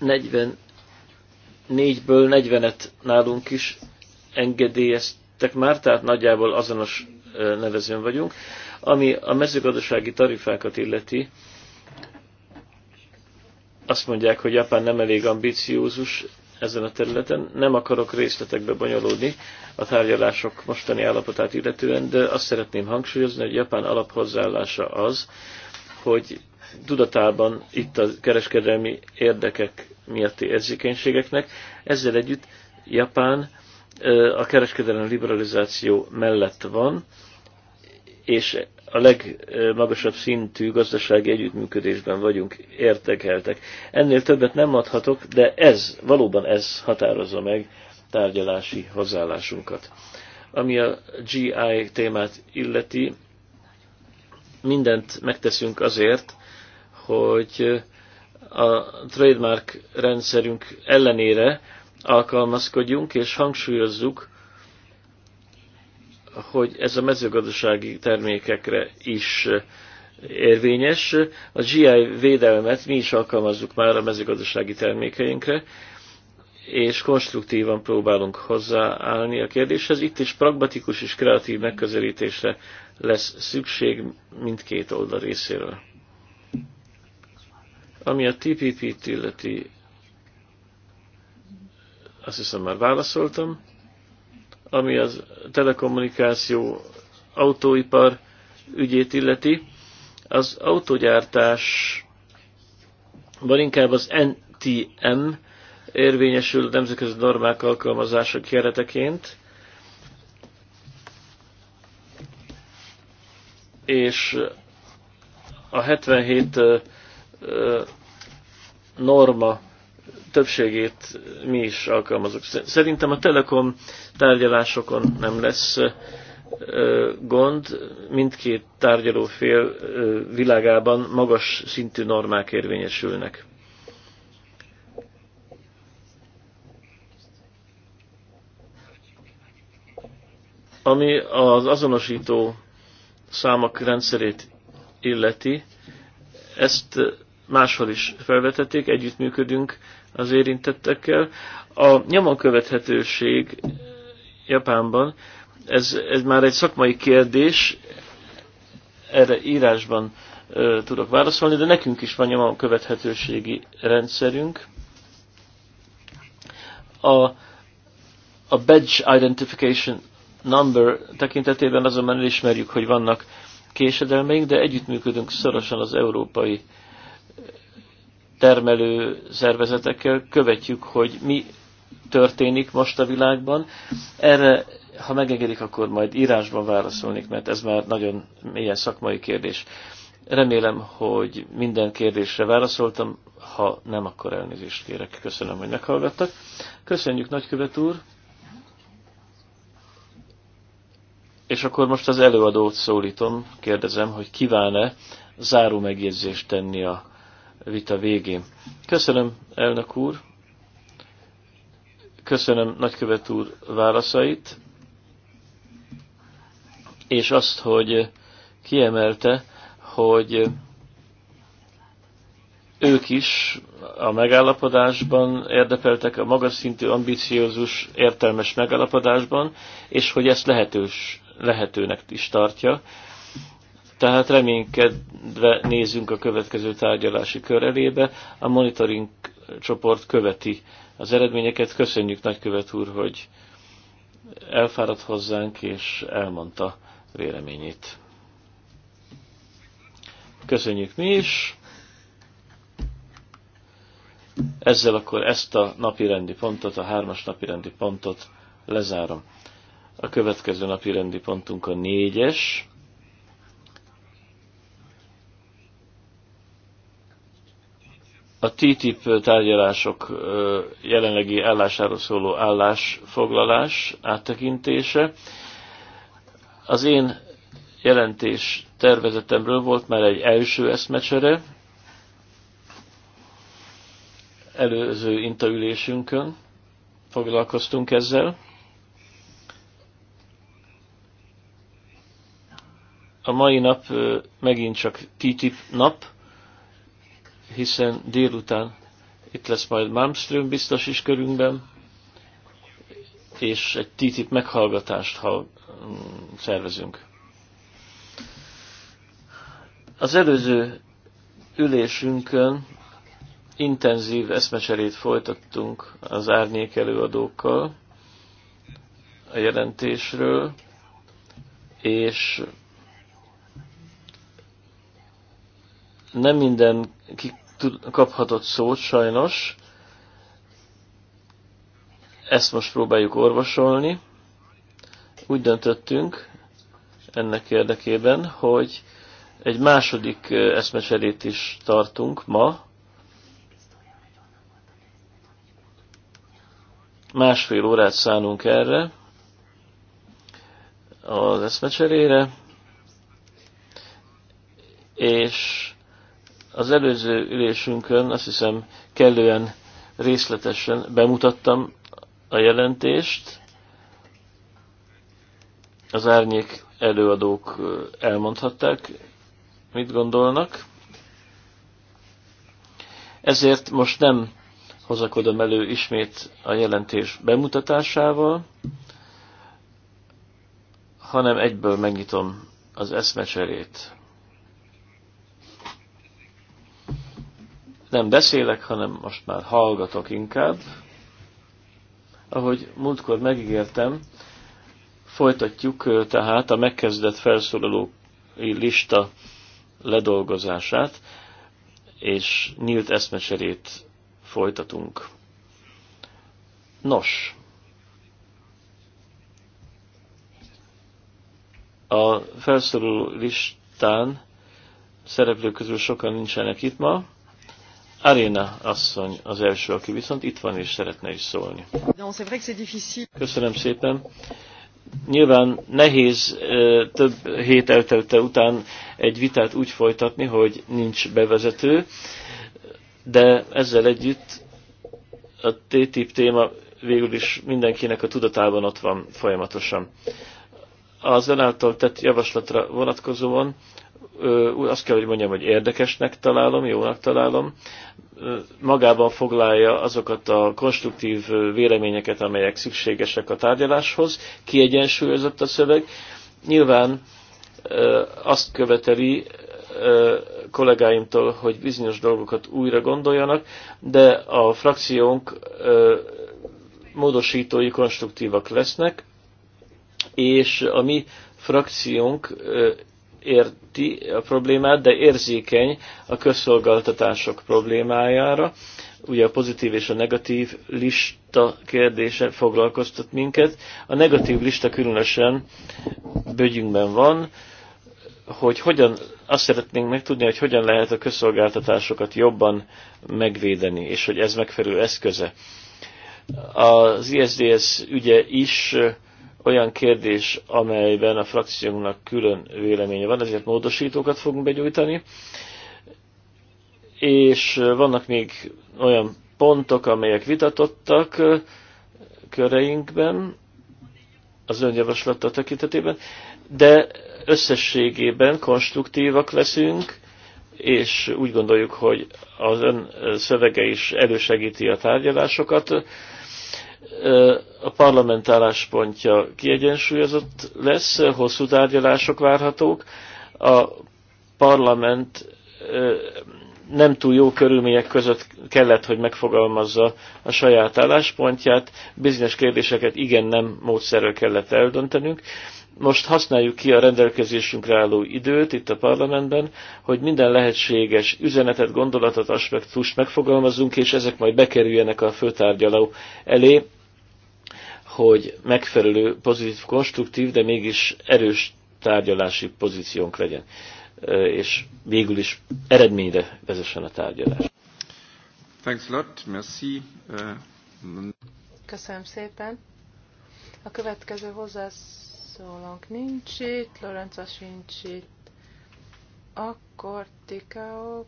44-ből 40-et nálunk is engedélyeztek már, tehát nagyjából azonos nevezőn vagyunk. Ami a mezőgazdasági tarifákat illeti, azt mondják, hogy Japán nem elég ambiciózus ezen a területen. Nem akarok részletekbe bonyolódni a tárgyalások mostani állapotát illetően, de azt szeretném hangsúlyozni, hogy Japán alaphozzállása az, hogy tudatában itt a kereskedelmi érdekek miatti érzékenységeknek, ezzel együtt Japán a kereskedelem liberalizáció mellett van, és a legmagasabb szintű gazdasági együttműködésben vagyunk értekeltek. Ennél többet nem adhatok, de ez, valóban ez határozza meg tárgyalási hozzáállásunkat. Ami a GI témát illeti, mindent megteszünk azért, hogy a trademark rendszerünk ellenére alkalmazkodjunk és hangsúlyozzuk hogy ez a mezőgazdasági termékekre is eh, érvényes. A GI védelmet mi is alkalmazzuk már a mezőgazdasági termékeinkre, és konstruktívan próbálunk hozzáállni a kérdéshez. Itt is pragmatikus és kreatív megközelítésre lesz szükség mindkét oldal részéről. Ami a TPP-t illeti, azt hiszem már válaszoltam ami az telekommunikáció autóipar ügyét illeti. Az autógyártásban inkább az NTM érvényesül nemzetközi normák alkalmazása kereteként, és a 77 norma többségét mi is alkalmazok. Szerintem a Telekom tárgyalásokon nem lesz gond, mindkét tárgyalófél világában magas szintű normák érvényesülnek. Ami az azonosító számok rendszerét illeti, ezt máshol is felvetették, együttműködünk az érintettekkel. A nyomon követhetőség Japánban, ez, ez már egy szakmai kérdés, erre írásban ö, tudok válaszolni, de nekünk is van nyomon követhetőségi rendszerünk. A, a badge identification number tekintetében azonban elismerjük, hogy vannak késedelmeink, de együttműködünk szorosan az európai termelő szervezetekkel követjük, hogy mi történik most a világban. Erre, ha megengedik, akkor majd írásban válaszolnék, mert ez már nagyon mélyen szakmai kérdés. Remélem, hogy minden kérdésre válaszoltam, ha nem, akkor elnézést kérek. Köszönöm, hogy meghallgattak. Köszönjük, nagykövet úr! És akkor most az előadót szólítom, kérdezem, hogy kíván-e záró megjegyzést tenni a vita végén. Köszönöm, elnök úr, köszönöm nagykövet úr válaszait, és azt, hogy kiemelte, hogy ők is a megállapodásban érdepeltek a magas szintű, ambiciózus, értelmes megállapodásban, és hogy ezt lehetős, lehetőnek is tartja tehát reménykedve nézünk a következő tárgyalási kör elébe. A monitoring csoport követi az eredményeket. Köszönjük nagykövet úr, hogy elfáradt hozzánk és elmondta véleményét. Köszönjük mi is. Ezzel akkor ezt a napirendi pontot, a hármas napirendi pontot lezárom. A következő napirendi pontunk a négyes a TTIP tárgyalások jelenlegi állásáról szóló állásfoglalás áttekintése. Az én jelentés tervezetemről volt már egy első eszmecsere előző intaülésünkön foglalkoztunk ezzel. A mai nap megint csak TTIP nap, hiszen délután itt lesz majd Malmström biztos is körünkben, és egy TTIP meghallgatást ha mm, szervezünk. Az előző ülésünkön intenzív eszmecserét folytattunk az árnyék előadókkal a jelentésről, és nem minden kaphatott szót sajnos. Ezt most próbáljuk orvosolni. Úgy döntöttünk ennek érdekében, hogy egy második eszmecserét is tartunk ma. Másfél órát szánunk erre az eszmecserére, és az előző ülésünkön azt hiszem kellően részletesen bemutattam a jelentést. Az árnyék előadók elmondhatták, mit gondolnak. Ezért most nem hozakodom elő ismét a jelentés bemutatásával, hanem egyből megnyitom az eszmecserét. nem beszélek, hanem most már hallgatok inkább. Ahogy múltkor megígértem, folytatjuk tehát a megkezdett felszólalói lista ledolgozását, és nyílt eszmecserét folytatunk. Nos, a felszólaló listán szereplők közül sokan nincsenek itt ma, Aréna asszony az első, aki viszont itt van és szeretne is szólni. Köszönöm szépen. Nyilván nehéz több hét eltelte után egy vitát úgy folytatni, hogy nincs bevezető, de ezzel együtt a TTIP téma végül is mindenkinek a tudatában ott van folyamatosan az önáltal tett javaslatra vonatkozóan azt kell, hogy mondjam, hogy érdekesnek találom, jónak találom. Magában foglalja azokat a konstruktív véleményeket, amelyek szükségesek a tárgyaláshoz, kiegyensúlyozott a szöveg. Nyilván azt követeli kollégáimtól, hogy bizonyos dolgokat újra gondoljanak, de a frakciónk módosítói konstruktívak lesznek, és a mi frakciónk érti a problémát, de érzékeny a közszolgáltatások problémájára. Ugye a pozitív és a negatív lista kérdése foglalkoztat minket. A negatív lista különösen bögyünkben van, hogy hogyan, azt szeretnénk megtudni, hogy hogyan lehet a közszolgáltatásokat jobban megvédeni, és hogy ez megfelelő eszköze. Az ISDS ügye is olyan kérdés, amelyben a frakciónknak külön véleménye van, ezért módosítókat fogunk begyújtani, és vannak még olyan pontok, amelyek vitatottak köreinkben, az önjavaslata tekintetében, de összességében konstruktívak leszünk, és úgy gondoljuk, hogy az ön szövege is elősegíti a tárgyalásokat, a parlament álláspontja kiegyensúlyozott lesz, hosszú tárgyalások várhatók. A parlament nem túl jó körülmények között kellett, hogy megfogalmazza a saját álláspontját. Bizonyos kérdéseket igen-nem módszerrel kellett eldöntenünk. Most használjuk ki a rendelkezésünkre álló időt itt a parlamentben, hogy minden lehetséges üzenetet, gondolatot, aspektust megfogalmazzunk, és ezek majd bekerüljenek a főtárgyaló elé, hogy megfelelő, pozitív, konstruktív, de mégis erős tárgyalási pozíciónk legyen, és végül is eredményre vezessen a tárgyalás. Thanks a lot, merci. Köszönöm szépen. A következő hozzászólónk nincs itt, Lorenza sincs itt. Akkor Tikao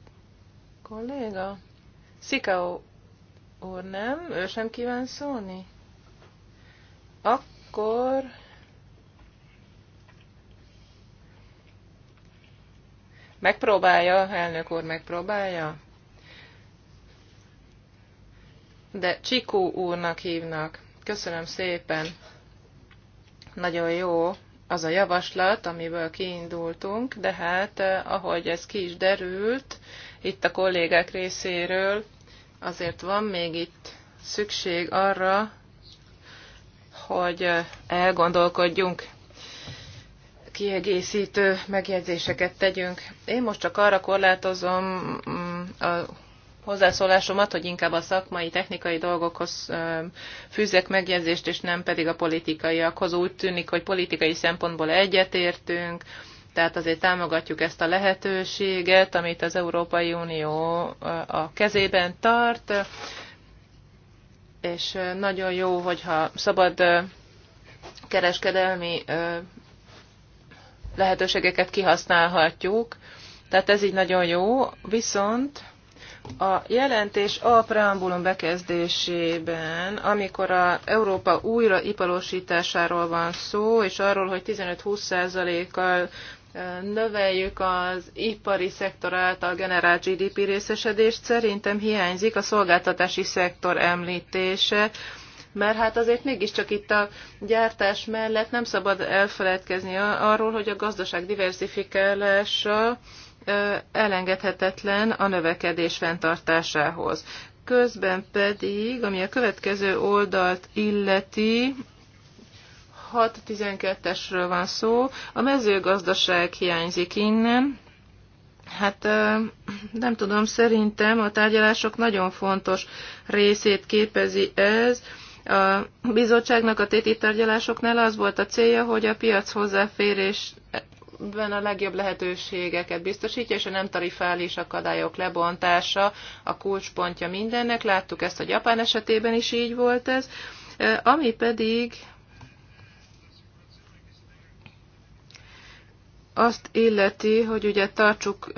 kolléga? Szikao úr nem? Ő sem kíván szólni? Akkor megpróbálja, elnök úr megpróbálja. De Csikó úrnak hívnak. Köszönöm szépen. Nagyon jó az a javaslat, amiből kiindultunk, de hát eh, ahogy ez ki is derült, itt a kollégák részéről azért van még itt szükség arra, hogy elgondolkodjunk, kiegészítő megjegyzéseket tegyünk. Én most csak arra korlátozom mm, a hozzászólásomat, hogy inkább a szakmai, technikai dolgokhoz fűzek megjegyzést, és nem pedig a politikaiakhoz. Úgy tűnik, hogy politikai szempontból egyetértünk, tehát azért támogatjuk ezt a lehetőséget, amit az Európai Unió a kezében tart, és nagyon jó, hogyha szabad kereskedelmi lehetőségeket kihasználhatjuk, tehát ez így nagyon jó, viszont a jelentés a preambulum bekezdésében, amikor a Európa újraiparosításáról van szó, és arról, hogy 15-20%-kal növeljük az ipari szektor által generált GDP részesedést, szerintem hiányzik a szolgáltatási szektor említése, mert hát azért mégiscsak itt a gyártás mellett nem szabad elfeledkezni arról, hogy a gazdaság diversifikálása elengedhetetlen a növekedés fenntartásához. Közben pedig, ami a következő oldalt illeti, 6 12 esről van szó. A mezőgazdaság hiányzik innen. Hát nem tudom, szerintem a tárgyalások nagyon fontos részét képezi ez. A bizottságnak a téti tárgyalásoknál az volt a célja, hogy a piac hozzáférés a legjobb lehetőségeket biztosítja, és a nem tarifális akadályok lebontása a kulcspontja mindennek. Láttuk ezt a Japán esetében is így volt ez. Ami pedig azt illeti, hogy ugye tartsuk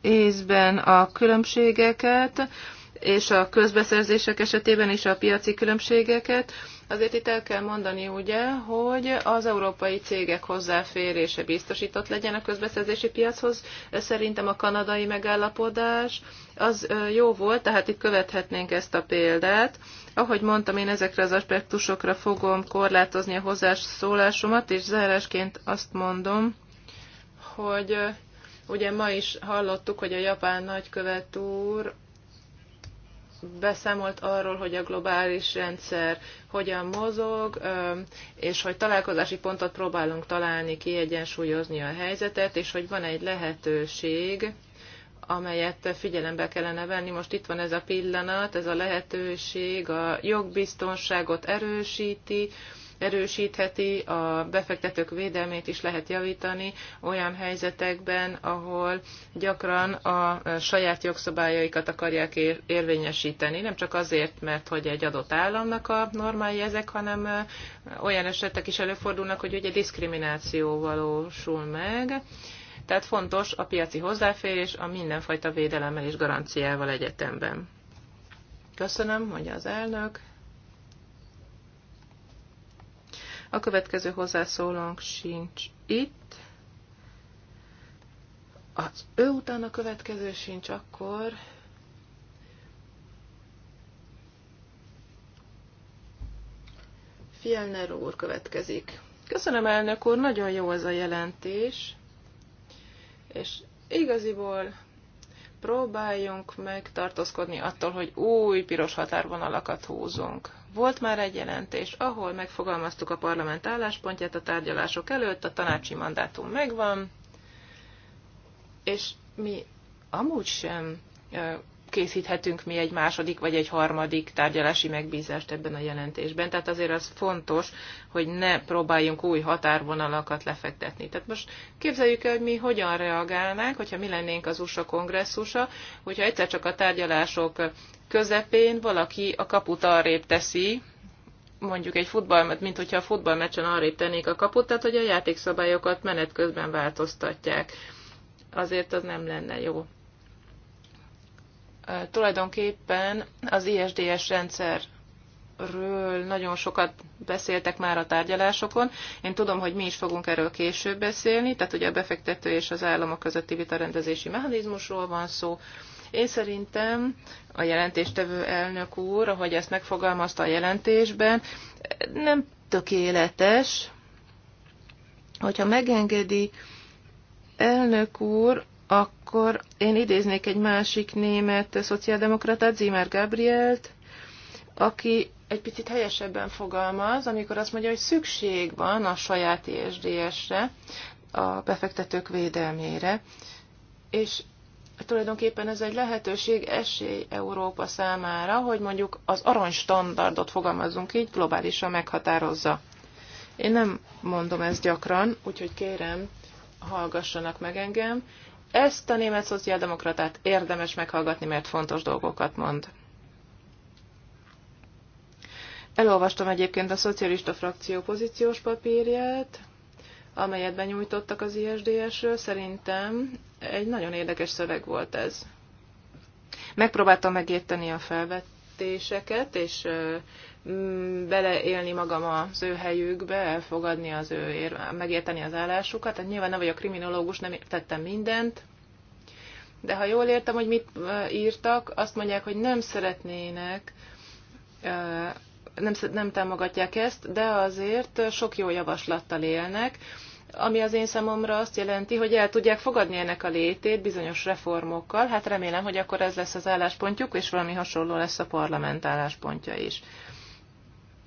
észben a különbségeket, és a közbeszerzések esetében is a piaci különbségeket, azért itt el kell mondani ugye, hogy az európai cégek hozzáférése biztosított legyen a közbeszerzési piachoz. Szerintem a kanadai megállapodás az jó volt, tehát itt követhetnénk ezt a példát. Ahogy mondtam, én ezekre az aspektusokra fogom korlátozni a hozzászólásomat, és zárásként azt mondom, hogy ugye ma is hallottuk, hogy a japán nagykövet úr beszámolt arról, hogy a globális rendszer hogyan mozog, és hogy találkozási pontot próbálunk találni, kiegyensúlyozni a helyzetet, és hogy van egy lehetőség, amelyet figyelembe kellene venni. Most itt van ez a pillanat, ez a lehetőség, a jogbiztonságot erősíti, erősítheti, a befektetők védelmét is lehet javítani olyan helyzetekben, ahol gyakran a saját jogszabályaikat akarják érvényesíteni, nem csak azért, mert hogy egy adott államnak a normái ezek, hanem olyan esetek is előfordulnak, hogy ugye diszkrimináció valósul meg, tehát fontos a piaci hozzáférés a mindenfajta védelemmel és garanciával egyetemben. Köszönöm, mondja az elnök. A következő hozzászólónk sincs itt. Az ő után a következő sincs, akkor Fielner úr következik. Köszönöm, elnök úr, nagyon jó ez a jelentés és igaziból próbáljunk meg tartózkodni attól, hogy új piros határvonalakat húzunk. Volt már egy jelentés, ahol megfogalmaztuk a parlament álláspontját a tárgyalások előtt, a tanácsi mandátum megvan, és mi amúgy sem készíthetünk mi egy második vagy egy harmadik tárgyalási megbízást ebben a jelentésben. Tehát azért az fontos, hogy ne próbáljunk új határvonalakat lefektetni. Tehát most képzeljük el, hogy mi hogyan reagálnánk, hogyha mi lennénk az USA kongresszusa, hogyha egyszer csak a tárgyalások közepén valaki a kaput arrébb teszi, mondjuk egy futball, mint hogyha a futballmeccsen arrébb tennék a kaput, tehát hogy a játékszabályokat menet közben változtatják. Azért az nem lenne jó tulajdonképpen az ISDS rendszer ről nagyon sokat beszéltek már a tárgyalásokon. Én tudom, hogy mi is fogunk erről később beszélni, tehát ugye a befektető és az államok közötti vitarendezési mechanizmusról van szó. Én szerintem a jelentéstevő elnök úr, ahogy ezt megfogalmazta a jelentésben, nem tökéletes, hogyha megengedi elnök úr, akkor akkor én idéznék egy másik német szociáldemokratát, Zimmer Gabrielt, aki egy picit helyesebben fogalmaz, amikor azt mondja, hogy szükség van a saját ISDS-re, a befektetők védelmére, és tulajdonképpen ez egy lehetőség, esély Európa számára, hogy mondjuk az aranystandardot fogalmazzunk így, globálisan meghatározza. Én nem mondom ezt gyakran, úgyhogy kérem, hallgassanak meg engem, ezt a német szociáldemokratát érdemes meghallgatni, mert fontos dolgokat mond. Elolvastam egyébként a szocialista frakció pozíciós papírját, amelyet benyújtottak az ISDS-ről. Szerintem egy nagyon érdekes szöveg volt ez. Megpróbáltam megérteni a felvetéseket, és Mm, beleélni magam az ő helyükbe, elfogadni az ő, ér, megérteni az állásukat. Tehát nyilván nem vagyok kriminológus, nem tettem mindent, de ha jól értem, hogy mit írtak, azt mondják, hogy nem szeretnének, nem, nem támogatják ezt, de azért sok jó javaslattal élnek, ami az én számomra azt jelenti, hogy el tudják fogadni ennek a létét bizonyos reformokkal. Hát remélem, hogy akkor ez lesz az álláspontjuk, és valami hasonló lesz a parlament álláspontja is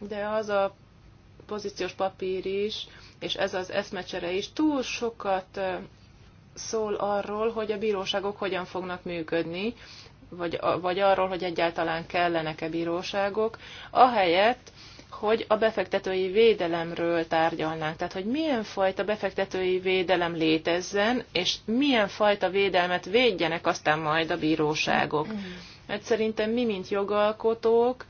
de az a pozíciós papír is, és ez az eszmecsere is túl sokat szól arról, hogy a bíróságok hogyan fognak működni, vagy, vagy arról, hogy egyáltalán kellenek-e bíróságok, ahelyett, hogy a befektetői védelemről tárgyalnánk. Tehát, hogy milyen fajta befektetői védelem létezzen, és milyen fajta védelmet védjenek aztán majd a bíróságok. Mert mhm. hát szerintem mi, mint jogalkotók,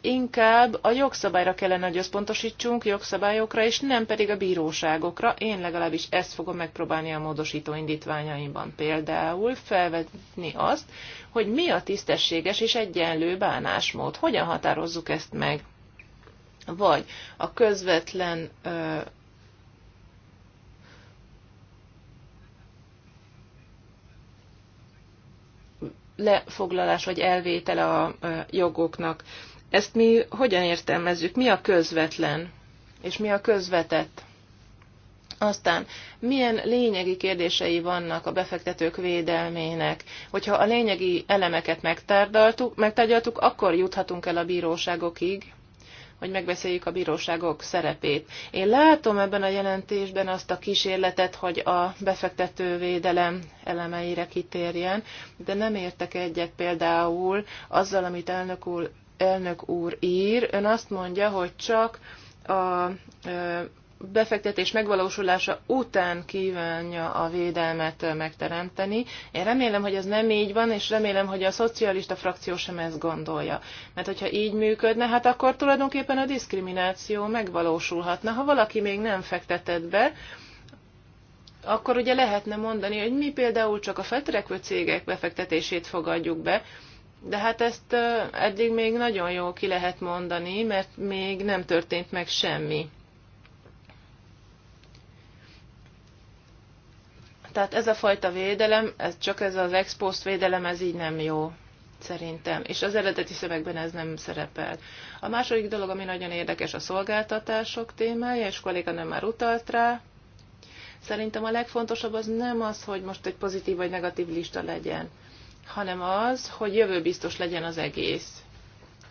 inkább a jogszabályra kellene, hogy összpontosítsunk, jogszabályokra, és nem pedig a bíróságokra. Én legalábbis ezt fogom megpróbálni a módosító indítványaimban például felvetni azt, hogy mi a tisztességes és egyenlő bánásmód, hogyan határozzuk ezt meg. Vagy a közvetlen lefoglalás vagy elvétele a jogoknak. Ezt mi hogyan értelmezzük? Mi a közvetlen? És mi a közvetett? Aztán milyen lényegi kérdései vannak a befektetők védelmének? Hogyha a lényegi elemeket megtárgyaltuk, akkor juthatunk el a bíróságokig, hogy megbeszéljük a bíróságok szerepét. Én látom ebben a jelentésben azt a kísérletet, hogy a befektetővédelem elemeire kitérjen, de nem értek egyet például azzal, amit elnök úr elnök úr ír. Ön azt mondja, hogy csak a befektetés megvalósulása után kívánja a védelmet megteremteni. Én remélem, hogy ez nem így van, és remélem, hogy a szocialista frakció sem ezt gondolja. Mert hogyha így működne, hát akkor tulajdonképpen a diszkrimináció megvalósulhatna. Ha valaki még nem fektetett be, akkor ugye lehetne mondani, hogy mi például csak a feltörekvő cégek befektetését fogadjuk be, de hát ezt eddig még nagyon jól ki lehet mondani, mert még nem történt meg semmi. Tehát ez a fajta védelem, ez csak ez az ex post védelem, ez így nem jó szerintem, és az eredeti szövegben ez nem szerepel. A második dolog, ami nagyon érdekes, a szolgáltatások témája, és nem már utalt rá. Szerintem a legfontosabb az nem az, hogy most egy pozitív vagy negatív lista legyen, hanem az, hogy jövőbiztos legyen az egész.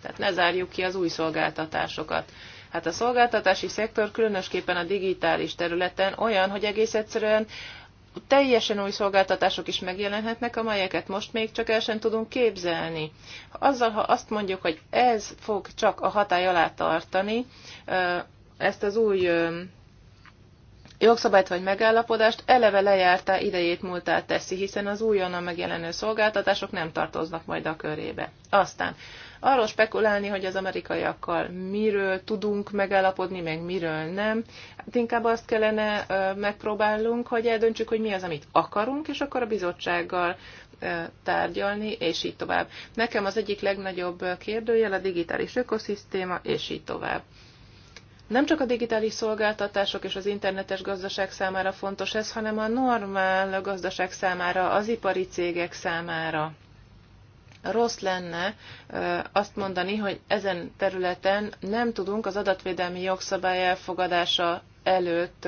Tehát ne zárjuk ki az új szolgáltatásokat. Hát a szolgáltatási szektor különösképpen a digitális területen olyan, hogy egész egyszerűen teljesen új szolgáltatások is megjelenhetnek, amelyeket most még csak el sem tudunk képzelni. Azzal, ha azt mondjuk, hogy ez fog csak a hatály alá tartani, ezt az új jogszabályt vagy megállapodást eleve lejárta, idejét múltát teszi, hiszen az újonnan megjelenő szolgáltatások nem tartoznak majd a körébe. Aztán arról spekulálni, hogy az amerikaiakkal miről tudunk megállapodni, meg miről nem. Hát inkább azt kellene megpróbálnunk, hogy eldöntsük, hogy mi az, amit akarunk, és akkor a bizottsággal tárgyalni, és így tovább. Nekem az egyik legnagyobb kérdőjel a digitális ökoszisztéma, és így tovább. Nem csak a digitális szolgáltatások és az internetes gazdaság számára fontos ez, hanem a normál gazdaság számára, az ipari cégek számára. Rossz lenne azt mondani, hogy ezen területen nem tudunk az adatvédelmi jogszabály elfogadása előtt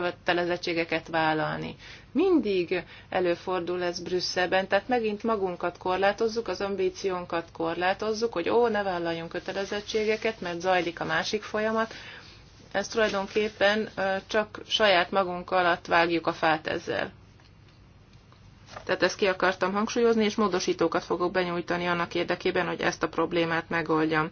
kötelezettségeket vállalni. Mindig előfordul ez Brüsszelben, tehát megint magunkat korlátozzuk, az ambíciónkat korlátozzuk, hogy ó, ne vállaljunk kötelezettségeket, mert zajlik a másik folyamat. Ez tulajdonképpen csak saját magunk alatt vágjuk a fát ezzel. Tehát ezt ki akartam hangsúlyozni, és módosítókat fogok benyújtani annak érdekében, hogy ezt a problémát megoldjam.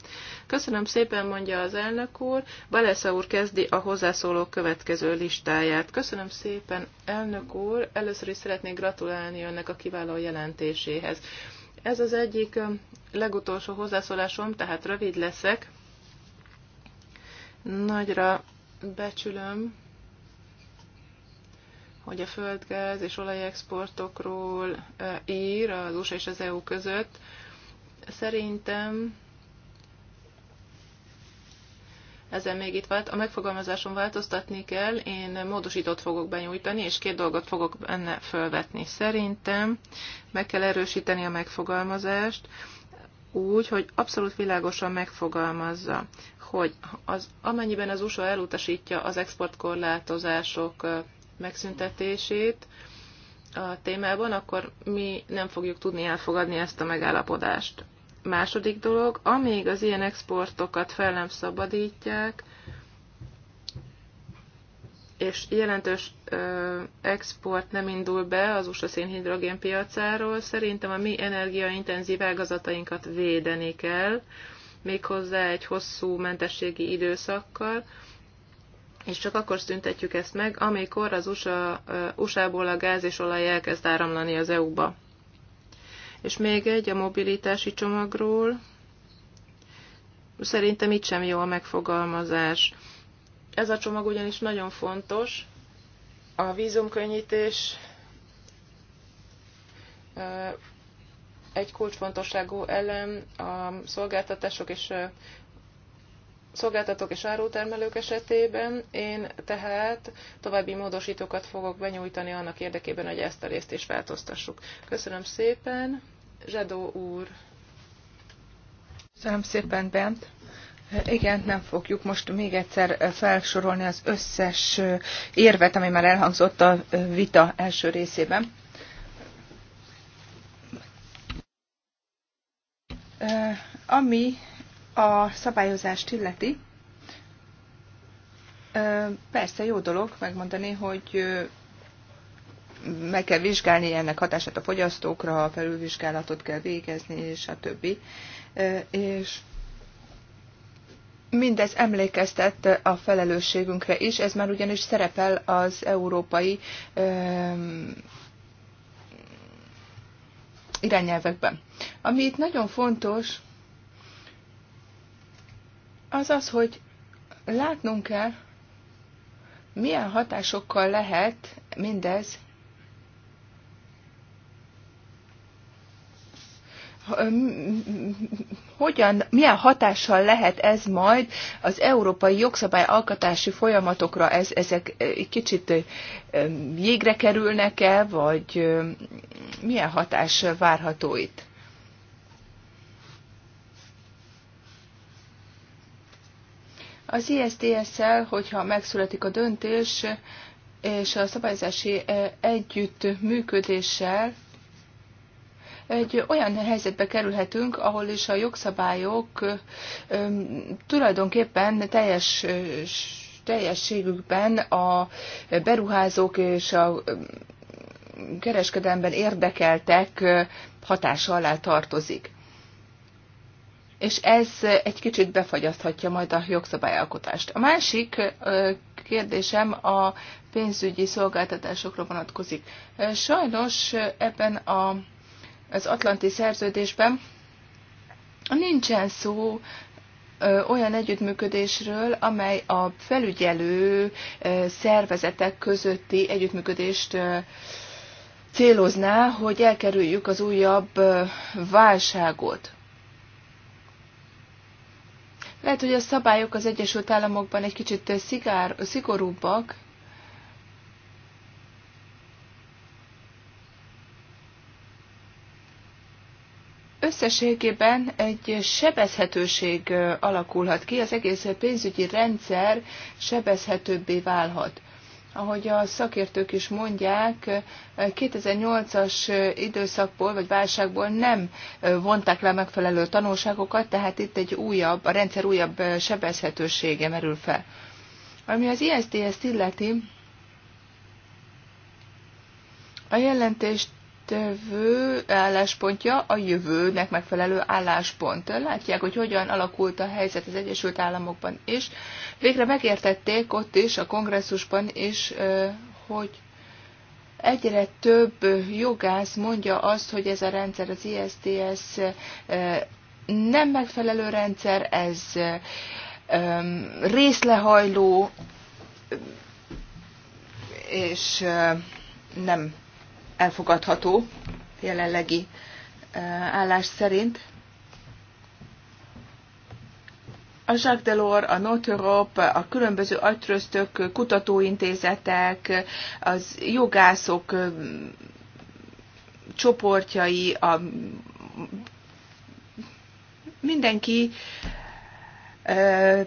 Köszönöm szépen, mondja az elnök úr. Balesza úr kezdi a hozzászólók következő listáját. Köszönöm szépen, elnök úr. Először is szeretnék gratulálni önnek a kiváló jelentéséhez. Ez az egyik legutolsó hozzászólásom, tehát rövid leszek. Nagyra becsülöm hogy a földgáz és olajexportokról ír az USA és az EU között. Szerintem ezen még itt vált, a megfogalmazáson változtatni kell, én módosítót fogok benyújtani, és két dolgot fogok benne felvetni. Szerintem meg kell erősíteni a megfogalmazást úgy, hogy abszolút világosan megfogalmazza, hogy az, amennyiben az USA elutasítja az exportkorlátozások megszüntetését a témában, akkor mi nem fogjuk tudni elfogadni ezt a megállapodást. Második dolog, amíg az ilyen exportokat fel nem szabadítják, és jelentős ö, export nem indul be az USA szénhidrogén piacáról, szerintem a mi energiaintenzív ágazatainkat védeni kell, méghozzá egy hosszú mentességi időszakkal, és csak akkor szüntetjük ezt meg, amikor az USA, USA-ból a gáz és olaj elkezd áramlani az EU-ba. És még egy a mobilitási csomagról. Szerintem itt sem jó a megfogalmazás. Ez a csomag ugyanis nagyon fontos. A vízumkönnyítés egy kulcsfontosságú elem a szolgáltatások és szolgáltatók és árutermelők esetében én tehát további módosítókat fogok benyújtani annak érdekében, hogy ezt a részt is változtassuk. Köszönöm szépen, Zsadó úr! Köszönöm szépen, Bent! Igen, nem fogjuk most még egyszer felsorolni az összes érvet, ami már elhangzott a vita első részében. Ami a szabályozást illeti, persze jó dolog megmondani, hogy meg kell vizsgálni ennek hatását a fogyasztókra, a felülvizsgálatot kell végezni, és a többi. És mindez emlékeztet a felelősségünkre is, ez már ugyanis szerepel az európai irányelvekben. Ami itt nagyon fontos, az az, hogy látnunk kell, milyen hatásokkal lehet mindez hogyan, milyen hatással lehet ez majd az európai jogszabály alkotási folyamatokra? Ez, ezek egy kicsit jégre kerülnek-e, vagy milyen hatás várható itt? Az ISDS-szel, hogyha megszületik a döntés, és a szabályozási e, együttműködéssel egy olyan helyzetbe kerülhetünk, ahol is a jogszabályok tulajdonképpen teljes teljességükben a beruházók és a kereskedelemben érdekeltek hatása alá tartozik és ez egy kicsit befagyaszthatja majd a jogszabályalkotást. A másik kérdésem a pénzügyi szolgáltatásokra vonatkozik. Sajnos ebben a, az Atlanti szerződésben nincsen szó olyan együttműködésről, amely a felügyelő szervezetek közötti együttműködést célozná, hogy elkerüljük az újabb válságot. Lehet, hogy a szabályok az Egyesült Államokban egy kicsit szigár, szigorúbbak, összességében egy sebezhetőség alakulhat ki, az egész pénzügyi rendszer sebezhetőbbé válhat ahogy a szakértők is mondják, 2008-as időszakból vagy válságból nem vonták le megfelelő tanulságokat, tehát itt egy újabb, a rendszer újabb sebezhetősége merül fel. Ami az ISDS-t illeti, a jelentést jelentéstevő álláspontja a jövőnek megfelelő álláspont. Látják, hogy hogyan alakult a helyzet az Egyesült Államokban is. Végre megértették ott is, a kongresszusban is, hogy egyre több jogász mondja azt, hogy ez a rendszer, az ISTS nem megfelelő rendszer, ez részlehajló, és nem elfogadható jelenlegi állás szerint. A Jacques Delors, a Not Europe, a különböző agytröztök, kutatóintézetek, az jogászok csoportjai, a mindenki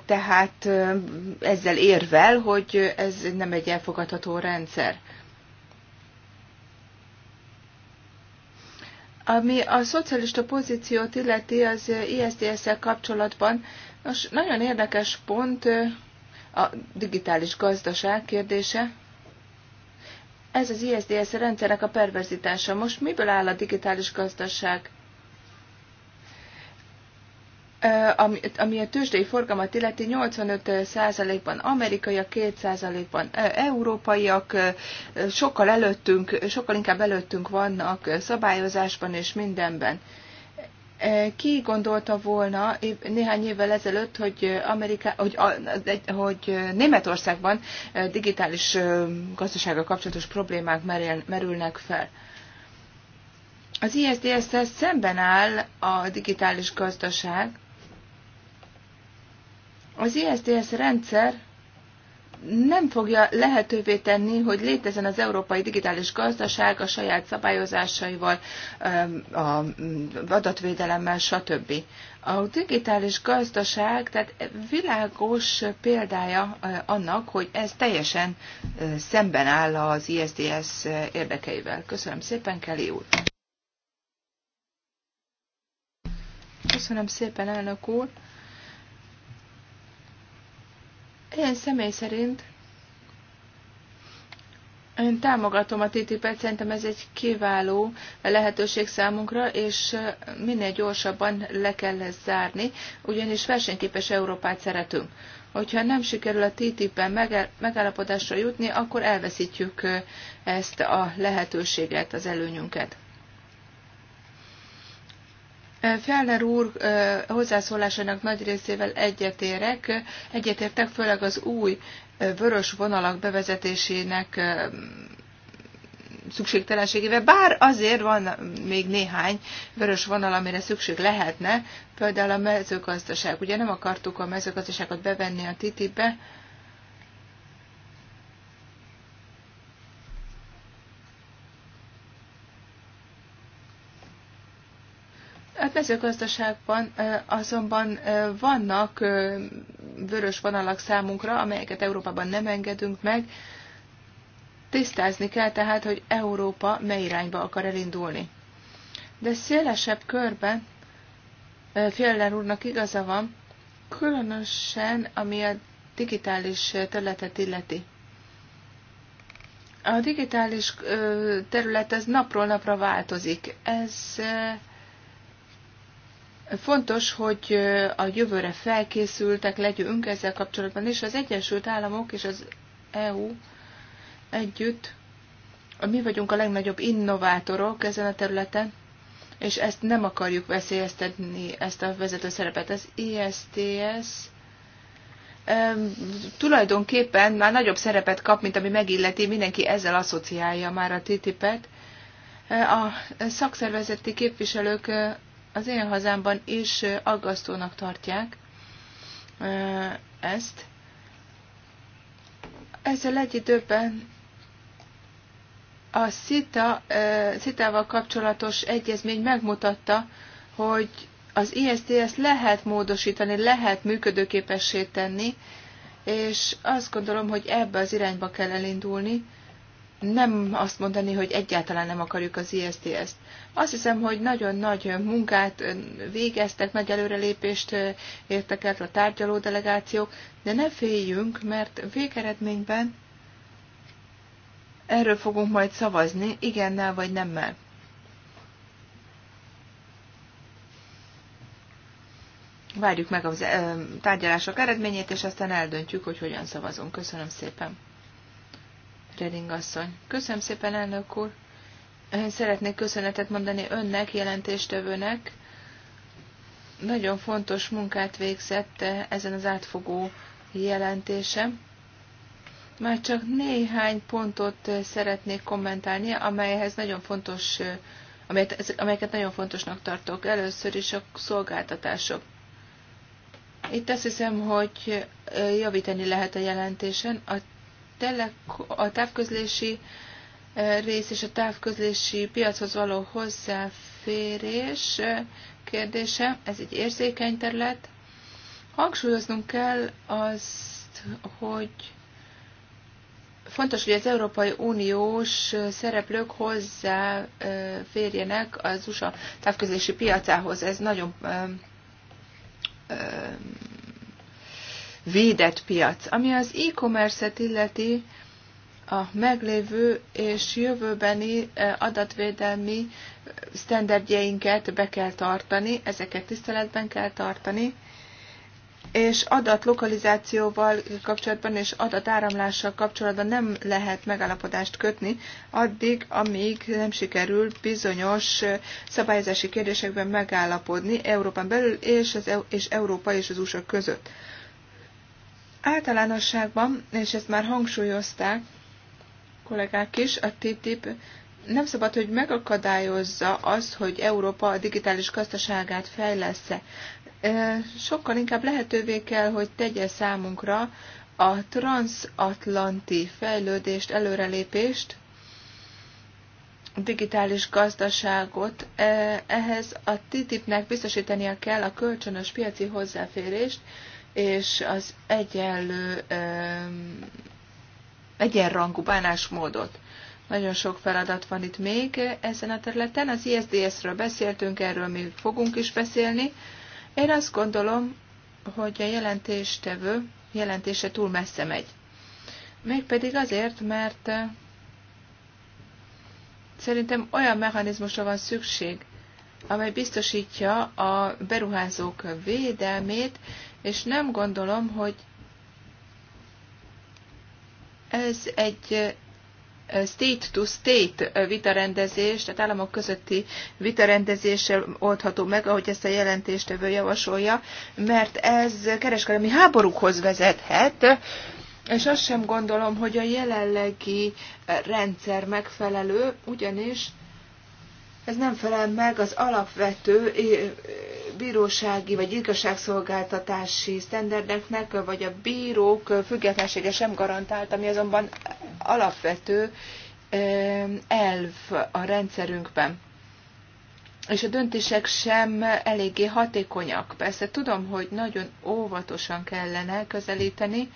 tehát ezzel érvel, hogy ez nem egy elfogadható rendszer. Ami a szocialista pozíciót illeti az ISDS-szel kapcsolatban, nos, nagyon érdekes pont a digitális gazdaság kérdése. Ez az ISDS rendszernek a perverzitása. Most miből áll a digitális gazdaság? ami a tőzsdei forgalmat illeti 85%-ban amerikaiak, 2%-ban európaiak, sokkal előttünk, sokkal inkább előttünk vannak szabályozásban és mindenben. Ki gondolta volna néhány évvel ezelőtt, hogy, Amerika, hogy, hogy Németországban digitális gazdasággal kapcsolatos problémák merülnek fel? Az ISDS-szel szemben áll a digitális gazdaság, az ISDS rendszer nem fogja lehetővé tenni, hogy létezen az európai digitális gazdaság a saját szabályozásaival, a mm, adatvédelemmel, stb. A digitális gazdaság, tehát világos példája annak, hogy ez teljesen szemben áll az ISDS érdekeivel. Köszönöm szépen, Kelly úr! Köszönöm szépen, elnök úr! Én személy szerint én támogatom a TTIP-et, szerintem ez egy kiváló lehetőség számunkra, és minél gyorsabban le kell ezt zárni, ugyanis versenyképes Európát szeretünk. Hogyha nem sikerül a TTIP-ben megállapodásra jutni, akkor elveszítjük ezt a lehetőséget, az előnyünket. Fjellner úr hozzászólásának nagy részével egyetérek, egyetértek főleg az új vörös vonalak bevezetésének szükségtelenségével, bár azért van még néhány vörös vonal, amire szükség lehetne, például a mezőgazdaság. Ugye nem akartuk a mezőgazdaságot bevenni a TTIP-be, mezőgazdaságban azonban vannak vörös vonalak számunkra, amelyeket Európában nem engedünk meg. Tisztázni kell tehát, hogy Európa mely irányba akar elindulni. De szélesebb körben Fjellner úrnak igaza van, különösen ami a digitális területet illeti. A digitális terület ez napról napra változik. Ez Fontos, hogy a jövőre felkészültek legyünk ezzel kapcsolatban, és az Egyesült Államok és az EU együtt mi vagyunk a legnagyobb innovátorok ezen a területen, és ezt nem akarjuk veszélyeztetni, ezt a vezető szerepet. Az ISTS e tulajdonképpen már nagyobb szerepet kap, mint ami megilleti, mindenki ezzel asszociálja már a TTIP-et. A szakszervezeti képviselők az én hazámban is aggasztónak tartják ezt. Ezzel egy időben a szita, szitával kapcsolatos egyezmény megmutatta, hogy az ISDS lehet módosítani, lehet működőképessé tenni, és azt gondolom, hogy ebbe az irányba kell elindulni, nem azt mondani, hogy egyáltalán nem akarjuk az ISDS-t. Azt hiszem, hogy nagyon nagy munkát végeztek, nagy előrelépést értek el a tárgyaló delegációk, de ne féljünk, mert végeredményben erről fogunk majd szavazni, igennel vagy nemmel. Várjuk meg a tárgyalások eredményét, és aztán eldöntjük, hogy hogyan szavazunk. Köszönöm szépen! Reding asszony. Köszönöm szépen, elnök úr. Szeretnék köszönetet mondani önnek, jelentéstevőnek. Nagyon fontos munkát végzett eh, ezen az átfogó jelentésem. Már csak néhány pontot eh, szeretnék kommentálni, amelyhez nagyon fontos, eh, amelyet, amelyeket nagyon fontosnak tartok. Először is a szolgáltatások. Itt azt hiszem, hogy javítani lehet a jelentésen. A a távközlési eh, rész és a távközlési piachoz való hozzáférés eh, kérdése, ez egy érzékeny terület. Hangsúlyoznunk kell azt, hogy fontos, hogy az Európai Uniós szereplők hozzáférjenek eh, az USA távközlési piacához. Ez nagyon védett piac. Ami az e-commerce-et illeti, a meglévő és jövőbeni eh, adatvédelmi eh, standardjeinket be kell tartani, ezeket tiszteletben kell tartani, és adatlokalizációval kapcsolatban és adatáramlással kapcsolatban nem lehet megállapodást kötni addig, amíg nem sikerül bizonyos eh, szabályozási kérdésekben megállapodni Európán belül és, az, e- és Európa és az USA között. Általánosságban, és ezt már hangsúlyozták kollégák is, a TTIP nem szabad, hogy megakadályozza az, hogy Európa a digitális gazdaságát fejlesz -e. Sokkal inkább lehetővé kell, hogy tegye számunkra a transatlanti fejlődést, előrelépést, digitális gazdaságot, ehhez a TTIP-nek biztosítania kell a kölcsönös piaci hozzáférést, és az egyenlő, egyenrangú bánásmódot. Nagyon sok feladat van itt még ezen a területen. Az ISDS-ről beszéltünk, erről mi fogunk is beszélni. Én azt gondolom, hogy a jelentéstevő jelentése túl messze megy. Mégpedig azért, mert szerintem olyan mechanizmusra van szükség, amely biztosítja a beruházók védelmét, és nem gondolom, hogy ez egy state-to-state -state vitarendezés, tehát államok közötti vitarendezéssel oldható meg, ahogy ezt a jelentéstevő javasolja, mert ez kereskedelmi háborúkhoz vezethet, és azt sem gondolom, hogy a jelenlegi rendszer megfelelő, ugyanis ez nem felel meg az alapvető bírósági vagy igazságszolgáltatási sztenderdeknek, vagy a bírók függetlensége sem garantált, ami azonban alapvető elv a rendszerünkben. És a döntések sem eléggé hatékonyak. Persze tudom, hogy nagyon óvatosan kellene közelíteni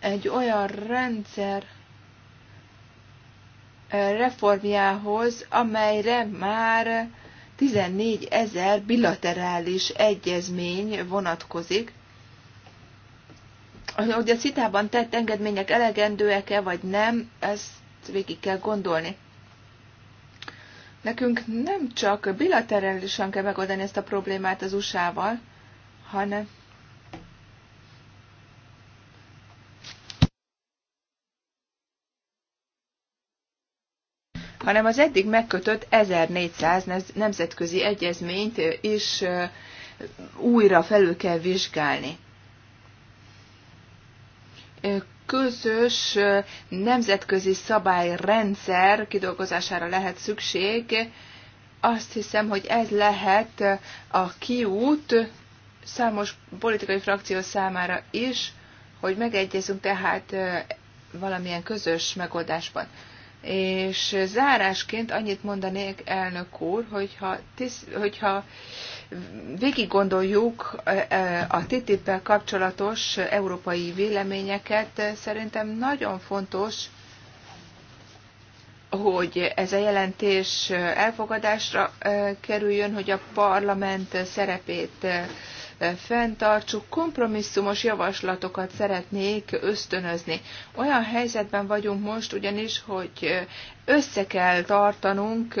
egy olyan rendszer, reformjához, amelyre már 14 ezer bilaterális egyezmény vonatkozik. Hogy a citában tett engedmények elegendőek-e vagy nem, ezt végig kell gondolni. Nekünk nem csak bilaterálisan kell megoldani ezt a problémát az USA-val, hanem hanem az eddig megkötött 1400 nemzetközi egyezményt is újra felül kell vizsgálni. Közös nemzetközi szabályrendszer kidolgozására lehet szükség. Azt hiszem, hogy ez lehet a kiút számos politikai frakció számára is, hogy megegyezünk tehát valamilyen közös megoldásban. És zárásként annyit mondanék, elnök úr, hogyha, tisz, hogyha végig gondoljuk e, a ttip kapcsolatos európai véleményeket, szerintem nagyon fontos, hogy ez a jelentés elfogadásra e, kerüljön, hogy a parlament szerepét e, fenntartsuk, kompromisszumos javaslatokat szeretnék ösztönözni. Olyan helyzetben vagyunk most ugyanis, hogy össze kell tartanunk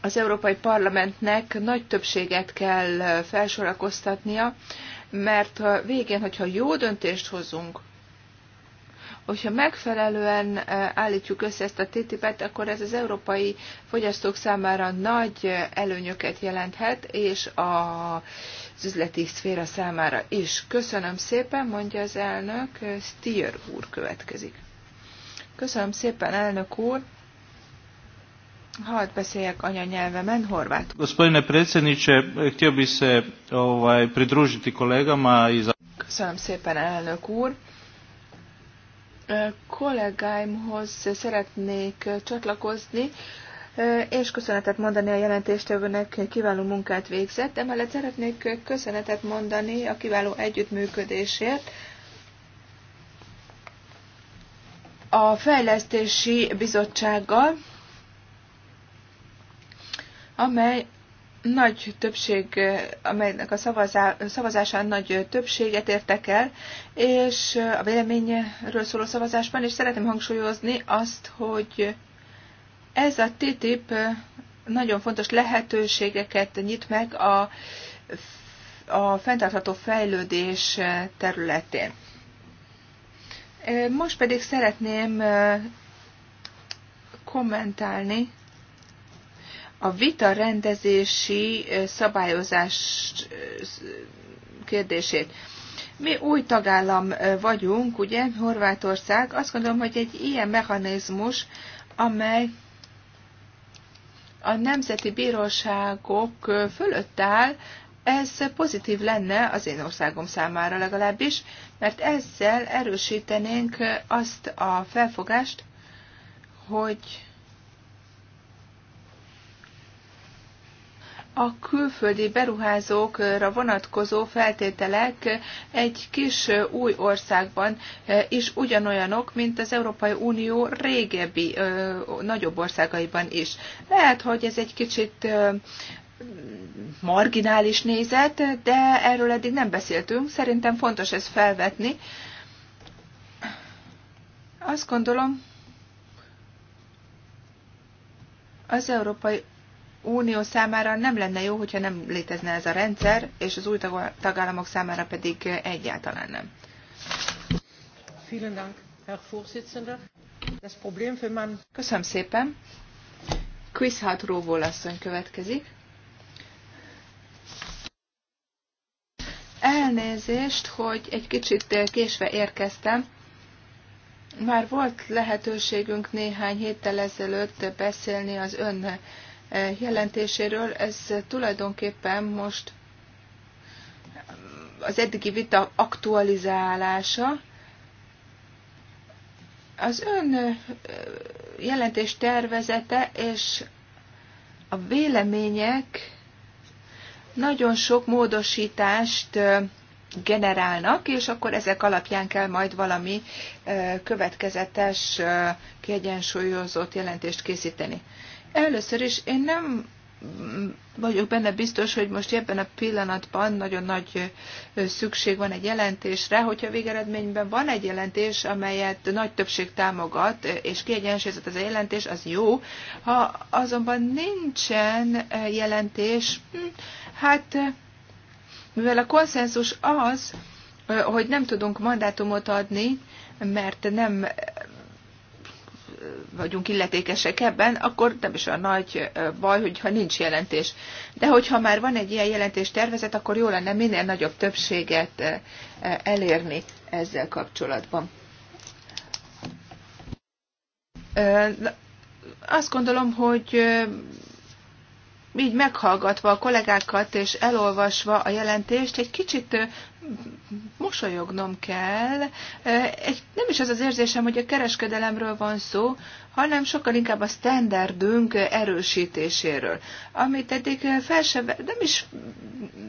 az Európai Parlamentnek nagy többséget kell felsorakoztatnia, mert végén, hogyha jó döntést hozunk, hogyha megfelelően eh, állítjuk össze ezt a TTIP-et, akkor ez az európai fogyasztók számára nagy eh, előnyöket jelenthet, és az üzleti szféra számára is. Köszönöm szépen, mondja az elnök, Stier úr következik. Köszönöm szépen, elnök úr. Hadd beszéljek anyanyelvemen, horvát. Gospodine predsjedniče, htio bi se ovaj, pridružiti kolegama i... Köszönöm szépen, elnök úr kollégáimhoz szeretnék csatlakozni, és köszönetet mondani a jelentéstevőnek, kiváló munkát végzett, emellett szeretnék köszönetet mondani a kiváló együttműködésért, a Fejlesztési Bizottsággal, amely nagy többség, amelynek a szavazá, szavazásán nagy többséget értek el, és a véleményről szóló szavazásban, és szeretném hangsúlyozni azt, hogy ez a TTIP nagyon fontos lehetőségeket nyit meg a, a fenntartható fejlődés területén. Most pedig szeretném kommentálni a vita rendezési szabályozás kérdését. Mi új tagállam vagyunk, ugye, Horvátország. Azt gondolom, hogy egy ilyen mechanizmus, amely a nemzeti bíróságok fölött áll, ez pozitív lenne az én országom számára legalábbis, mert ezzel erősítenénk azt a felfogást, hogy a külföldi beruházókra vonatkozó feltételek egy kis új országban e, is ugyanolyanok, mint az Európai Unió régebbi e, nagyobb országaiban is. Lehet, hogy ez egy kicsit e, marginális nézet, de erről eddig nem beszéltünk. Szerintem fontos ezt felvetni. Azt gondolom, az Európai Unió számára nem lenne jó, hogyha nem létezne ez a rendszer, és az új tagállamok számára pedig egyáltalán nem. Köszönöm szépen. Chris Róvól asszony következik. Elnézést, hogy egy kicsit késve érkeztem. Már volt lehetőségünk néhány héttel ezelőtt beszélni az ön E, jelentéséről. Ez tulajdonképpen most az eddigi vita aktualizálása. Az ön e, jelentés tervezete és a vélemények nagyon sok módosítást e, generálnak, és akkor ezek alapján kell majd valami következetes, kiegyensúlyozott jelentést készíteni. Először is én nem vagyok benne biztos, hogy most ebben a pillanatban nagyon nagy szükség van egy jelentésre, hogyha végeredményben van egy jelentés, amelyet nagy többség támogat, és kiegyensúlyozott az a jelentés, az jó. Ha azonban nincsen jelentés, hm, hát mivel a konszenzus az, hogy nem tudunk mandátumot adni, mert nem vagyunk illetékesek ebben, akkor nem is olyan nagy baj, hogyha nincs jelentés. De hogyha már van egy ilyen jelentés tervezet, akkor jó lenne minél nagyobb többséget elérni ezzel kapcsolatban. Azt gondolom, hogy így meghallgatva a kollégákat és elolvasva a jelentést, egy kicsit mosolyognom kell. Egy, nem is az az érzésem, hogy a kereskedelemről van szó, hanem sokkal inkább a standardünk erősítéséről, amit eddig fel sem, nem is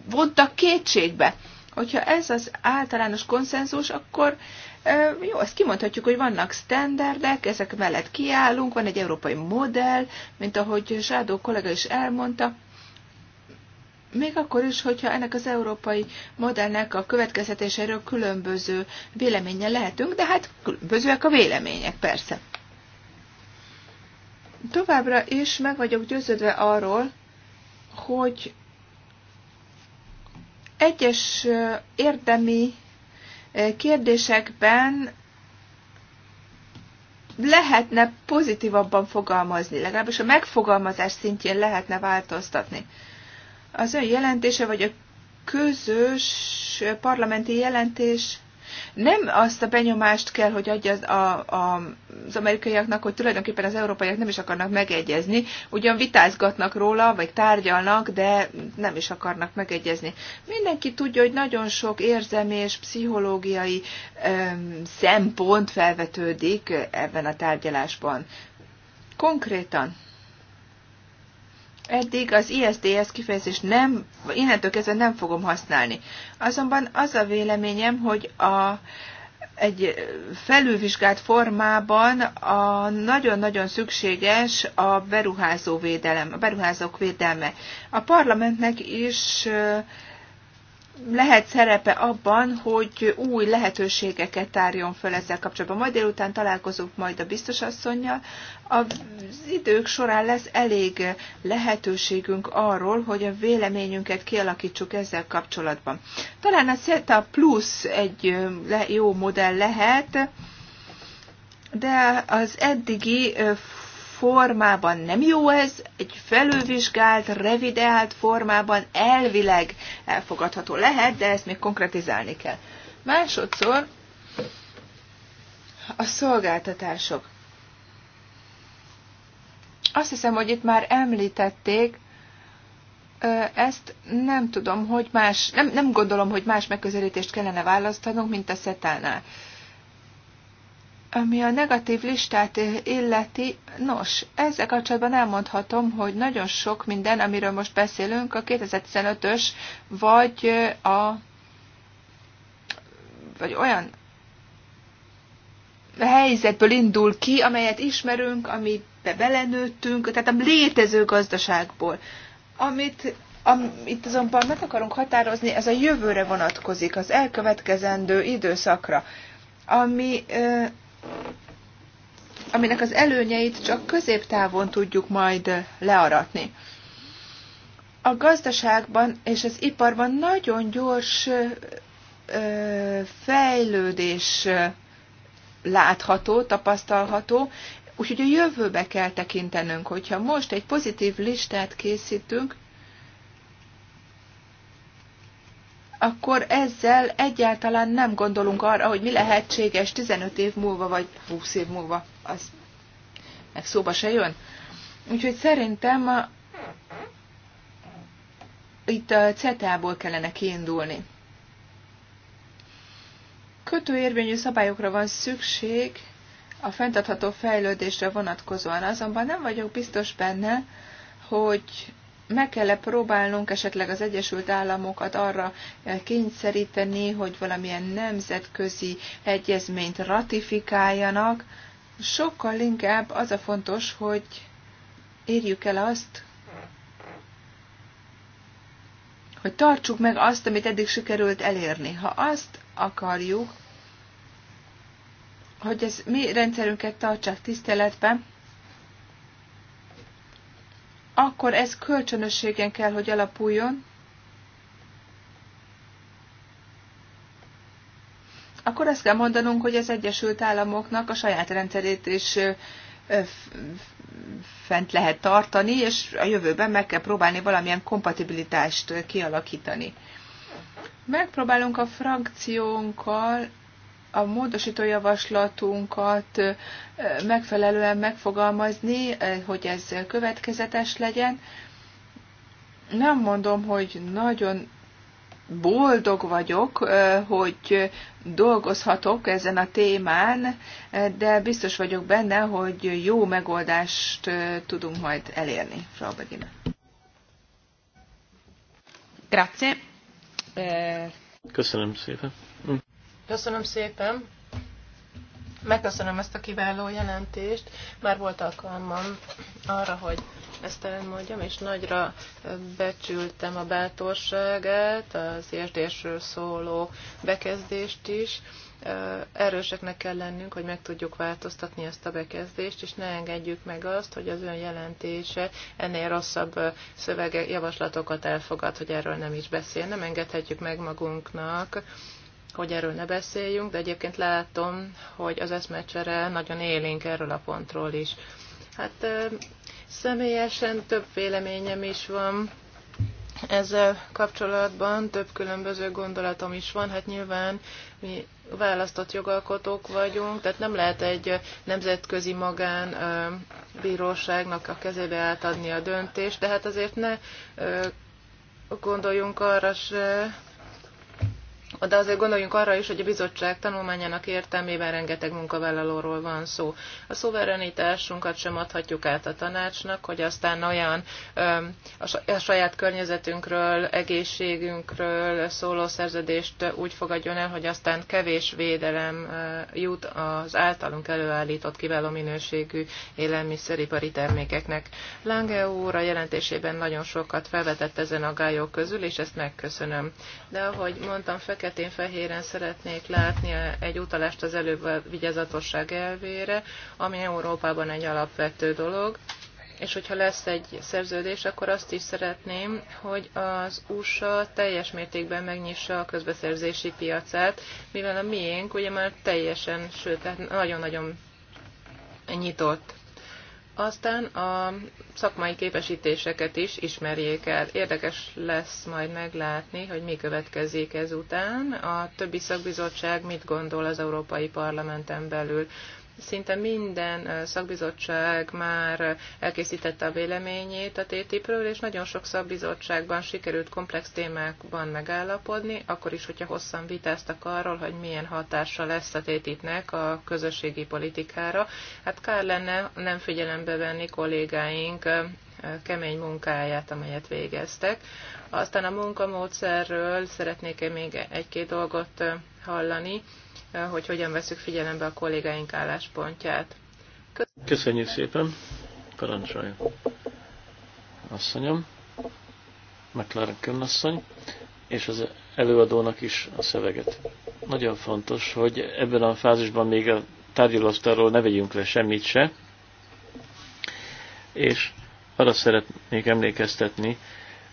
vontak kétségbe Hogyha ez az általános konszenzus, akkor jó, ezt kimondhatjuk, hogy vannak standardek, ezek mellett kiállunk, van egy európai modell, mint ahogy Zsádó kollega is elmondta, még akkor is, hogyha ennek az európai modellnek a következetéséről különböző véleménye lehetünk, de hát különbözőek a vélemények, persze. Továbbra is meg vagyok győződve arról, hogy egyes érdemi kérdésekben lehetne pozitívabban fogalmazni, legalábbis a megfogalmazás szintjén lehetne változtatni. Az ön jelentése, vagy a közös parlamenti jelentés nem azt a benyomást kell, hogy adja az, a, a, az amerikaiaknak, hogy tulajdonképpen az európaiak nem is akarnak megegyezni, ugyan vitázgatnak róla, vagy tárgyalnak, de nem is akarnak megegyezni. Mindenki tudja, hogy nagyon sok érzelmi és pszichológiai öm, szempont felvetődik ebben a tárgyalásban. Konkrétan Eddig az ISDS kifejezést nem, innentől kezdve nem fogom használni. Azonban az a véleményem, hogy a, egy felülvizsgált formában a nagyon-nagyon szükséges a beruházó védelem, a beruházók védelme. A parlamentnek is lehet szerepe abban, hogy új lehetőségeket tárjon föl ezzel kapcsolatban. Majd délután találkozunk majd a biztosasszonynal. Az idők során lesz elég lehetőségünk arról, hogy a véleményünket kialakítsuk ezzel kapcsolatban. Talán a CETA Plus egy jó modell lehet, de az eddigi formában nem jó ez, egy felülvizsgált, revideált formában elvileg elfogadható lehet, de ezt még konkretizálni kell. Másodszor a szolgáltatások. Azt hiszem, hogy itt már említették, ezt nem tudom, hogy más, nem, nem gondolom, hogy más megközelítést kellene választanunk, mint a szetánál. Ami a negatív listát illeti, nos, ezzel kapcsolatban elmondhatom, hogy nagyon sok minden, amiről most beszélünk, a 2015-ös, vagy a vagy olyan helyzetből indul ki, amelyet ismerünk, amit belenőttünk, tehát a létező gazdaságból. Amit amit azonban meg akarunk határozni, ez a jövőre vonatkozik, az elkövetkezendő időszakra, ami aminek az előnyeit csak középtávon tudjuk majd learatni. A gazdaságban és az iparban nagyon gyors fejlődés látható, tapasztalható, úgyhogy a jövőbe kell tekintenünk, hogyha most egy pozitív listát készítünk, akkor ezzel egyáltalán nem gondolunk arra, hogy mi lehetséges 15 év múlva, vagy 20 év múlva. Az meg szóba se jön. Úgyhogy szerintem a, uh, itt a CETA-ból kellene kiindulni. Kötőérvényű szabályokra van szükség a fenntartható fejlődésre vonatkozóan, azonban nem vagyok biztos benne, hogy meg kell -e próbálnunk esetleg az Egyesült Államokat arra eh, kényszeríteni, hogy valamilyen nemzetközi egyezményt ratifikáljanak. Sokkal inkább az a fontos, hogy érjük el azt, hogy tartsuk meg azt, amit eddig sikerült elérni. Ha azt akarjuk, hogy ez mi rendszerünket tartsák tiszteletben, akkor ez kölcsönösségen kell, hogy alapuljon, akkor azt kell mondanunk, hogy az Egyesült Államoknak a saját rendszerét is fent lehet tartani, és a jövőben meg kell próbálni valamilyen kompatibilitást kialakítani. Megpróbálunk a frakciónkkal a módosító javaslatunkat megfelelően megfogalmazni, hogy ez következetes legyen. Nem mondom, hogy nagyon boldog vagyok, hogy dolgozhatok ezen a témán, de biztos vagyok benne, hogy jó megoldást tudunk majd elérni. Frau Begina. Grazie. Köszönöm szépen. Hm. Köszönöm szépen. Megköszönöm ezt a kiváló jelentést. Már volt alkalmam arra, hogy ezt elmondjam, és nagyra becsültem a bátorságát, az értésről szóló bekezdést is. Erőseknek kell lennünk, hogy meg tudjuk változtatni ezt a bekezdést, és ne engedjük meg azt, hogy az ön jelentése ennél rosszabb szövege, javaslatokat elfogad, hogy erről nem is beszél. Nem engedhetjük meg magunknak, hogy erről ne beszéljünk, de egyébként látom, hogy az eszmecsere nagyon élénk erről a pontról is. Hát személyesen több véleményem is van ezzel kapcsolatban, több különböző gondolatom is van. Hát nyilván mi választott jogalkotók vagyunk, tehát nem lehet egy nemzetközi magán bíróságnak a kezébe átadni a döntést, de hát azért ne gondoljunk arra se, de azért gondoljunk arra is, hogy a bizottság tanulmányának értelmében rengeteg munkavállalóról van szó. A szuverenitásunkat sem adhatjuk át a tanácsnak, hogy aztán olyan a saját környezetünkről, egészségünkről szóló szerződést úgy fogadjon el, hogy aztán kevés védelem jut az általunk előállított kiváló minőségű élelmiszeripari termékeknek. Lange úr a jelentésében nagyon sokat felvetett ezen a gályok közül, és ezt megköszönöm. De ahogy mondtam, fekete feketén-fehéren szeretnék látni egy utalást az előbb a vigyázatosság elvére, ami Európában egy alapvető dolog. És hogyha lesz egy szerződés, akkor azt is szeretném, hogy az USA teljes mértékben megnyissa a közbeszerzési piacát, mivel a miénk ugye már teljesen, sőt, tehát nagyon-nagyon nyitott. Aztán a szakmai képesítéseket is ismerjék el. Érdekes lesz majd meglátni, hogy mi következik ezután. A többi szakbizottság mit gondol az Európai Parlamenten belül. Szinte minden szakbizottság már elkészítette a véleményét a TTIP-ről, és nagyon sok szakbizottságban sikerült komplex témákban megállapodni, akkor is, hogyha hosszan vitáztak arról, hogy milyen hatása lesz a TTIP-nek a közösségi politikára. Hát kár lenne nem figyelembe venni kollégáink kemény munkáját, amelyet végeztek. Aztán a munkamódszerről szeretnék -e még egy-két dolgot hallani hogy hogyan veszük figyelembe a kollégáink álláspontját. Köszönjük, Köszönjük szépen. Parancsolja. Asszonyom. McLaren asszony. És az előadónak is a szöveget. Nagyon fontos, hogy ebben a fázisban még a tárgyalóasztalról ne vegyünk le semmit se. És arra szeretnék emlékeztetni,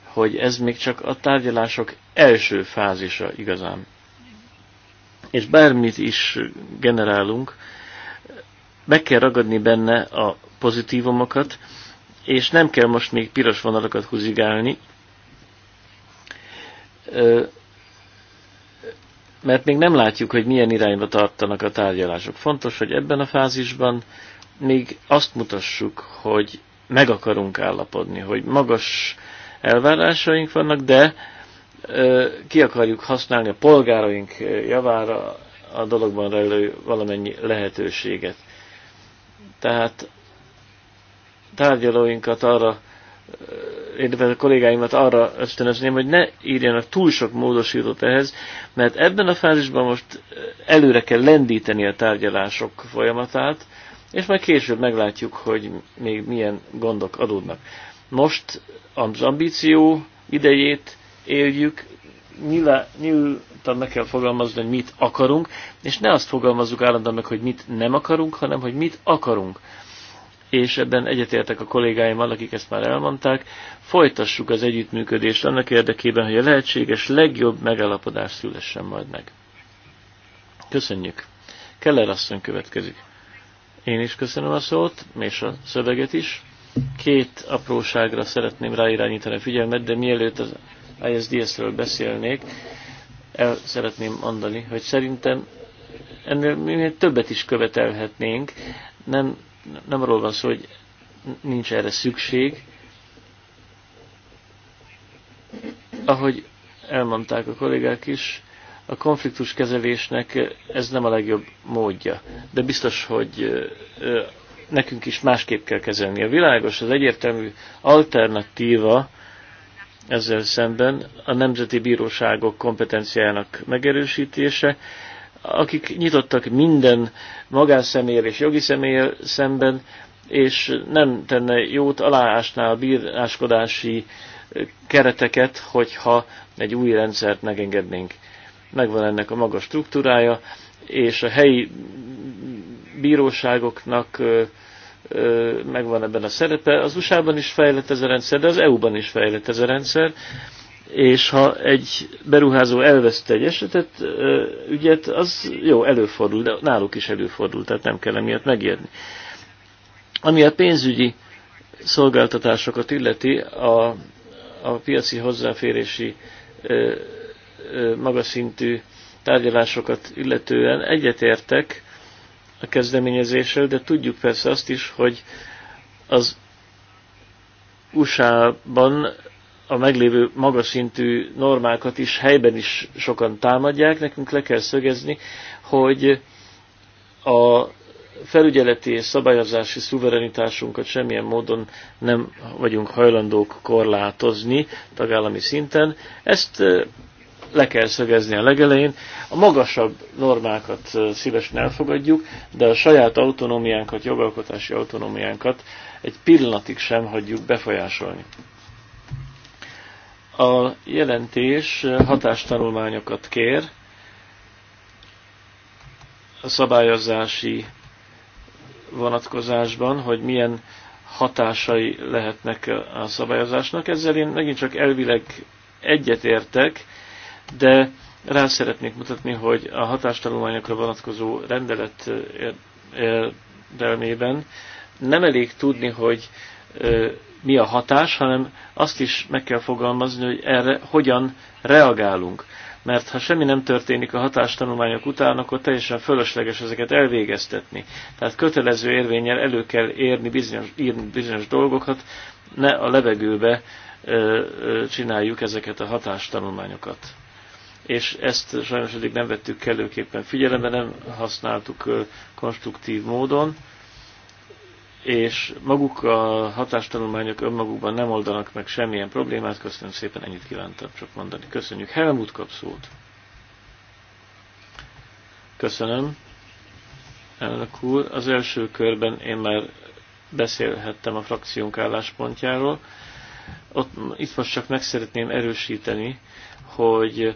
hogy ez még csak a tárgyalások első fázisa igazán és bármit is generálunk, meg kell ragadni benne a pozitívumokat, és nem kell most még piros vonalakat húzigálni, mert még nem látjuk, hogy milyen irányba tartanak a tárgyalások. Fontos, hogy ebben a fázisban még azt mutassuk, hogy meg akarunk állapodni, hogy magas elvárásaink vannak, de ki akarjuk használni a polgáraink javára a dologban rejlő valamennyi lehetőséget. Tehát tárgyalóinkat arra, érdemes a kollégáimat arra ösztönözném, hogy ne írjanak túl sok módosítót ehhez, mert ebben a fázisban most előre kell lendíteni a tárgyalások folyamatát, és majd később meglátjuk, hogy még milyen gondok adódnak. Most az ambíció idejét éljük, nyíltan meg kell fogalmazni, hogy mit akarunk, és ne azt fogalmazzuk állandóan meg, hogy mit nem akarunk, hanem hogy mit akarunk. És ebben egyetértek a kollégáimmal, akik ezt már elmondták, folytassuk az együttműködést annak érdekében, hogy a lehetséges legjobb megállapodás szülessen majd meg. Köszönjük. Keller asszony következik. Én is köszönöm a szót, és a szöveget is. Két apróságra szeretném ráirányítani a figyelmet, de mielőtt az ISDS-ről beszélnék, el szeretném mondani, hogy szerintem ennél minél többet is követelhetnénk. Nem, nem arról van szó, hogy nincs erre szükség. Ahogy elmondták a kollégák is, a konfliktus kezelésnek ez nem a legjobb módja. De biztos, hogy nekünk is másképp kell kezelni. A világos, az egyértelmű alternatíva ezzel szemben a nemzeti bíróságok kompetenciájának megerősítése, akik nyitottak minden magánszemélyel és jogi személyel szemben, és nem tenne jót aláásná a bíráskodási kereteket, hogyha egy új rendszert megengednénk. Megvan ennek a maga struktúrája, és a helyi bíróságoknak megvan ebben a szerepe. Az USA-ban is fejlett ez a rendszer, de az EU-ban is fejlett ez a rendszer, és ha egy beruházó elveszte egy esetet, ügyet, az jó, előfordul, de náluk is előfordul, tehát nem kell emiatt megérni. Ami a pénzügyi szolgáltatásokat illeti, a, a piaci hozzáférési magas szintű tárgyalásokat illetően egyetértek a kezdeményezéssel, de tudjuk persze azt is, hogy az USA-ban a meglévő magas szintű normákat is helyben is sokan támadják, nekünk le kell szögezni, hogy a felügyeleti és szabályozási szuverenitásunkat semmilyen módon nem vagyunk hajlandók korlátozni tagállami szinten. Ezt le kell szögezni a legelején. A magasabb normákat szívesen elfogadjuk, de a saját autonómiánkat, jogalkotási autonómiánkat egy pillanatig sem hagyjuk befolyásolni. A jelentés hatástanulmányokat kér, a szabályozási vonatkozásban, hogy milyen hatásai lehetnek a szabályozásnak. Ezzel én megint csak elvileg egyetértek, de rá szeretnék mutatni, hogy a hatástanulmányokra vonatkozó rendelet érdelmében nem elég tudni, hogy mi a hatás, hanem azt is meg kell fogalmazni, hogy erre hogyan reagálunk. Mert ha semmi nem történik a hatástanulmányok után, akkor teljesen fölösleges ezeket elvégeztetni. Tehát kötelező érvényel elő kell érni bizonyos, írni bizonyos dolgokat, ne a levegőbe ö, ö, csináljuk ezeket a hatástanulmányokat és ezt sajnos eddig nem vettük kellőképpen figyelembe, nem használtuk konstruktív módon, és maguk a hatástanulmányok önmagukban nem oldanak meg semmilyen problémát, köszönöm szépen, ennyit kívántam csak mondani. Köszönjük. Helmut kap szót. Köszönöm. Elnök úr, az első körben én már beszélhettem a frakciónk álláspontjáról. Ott, itt most csak meg szeretném erősíteni, hogy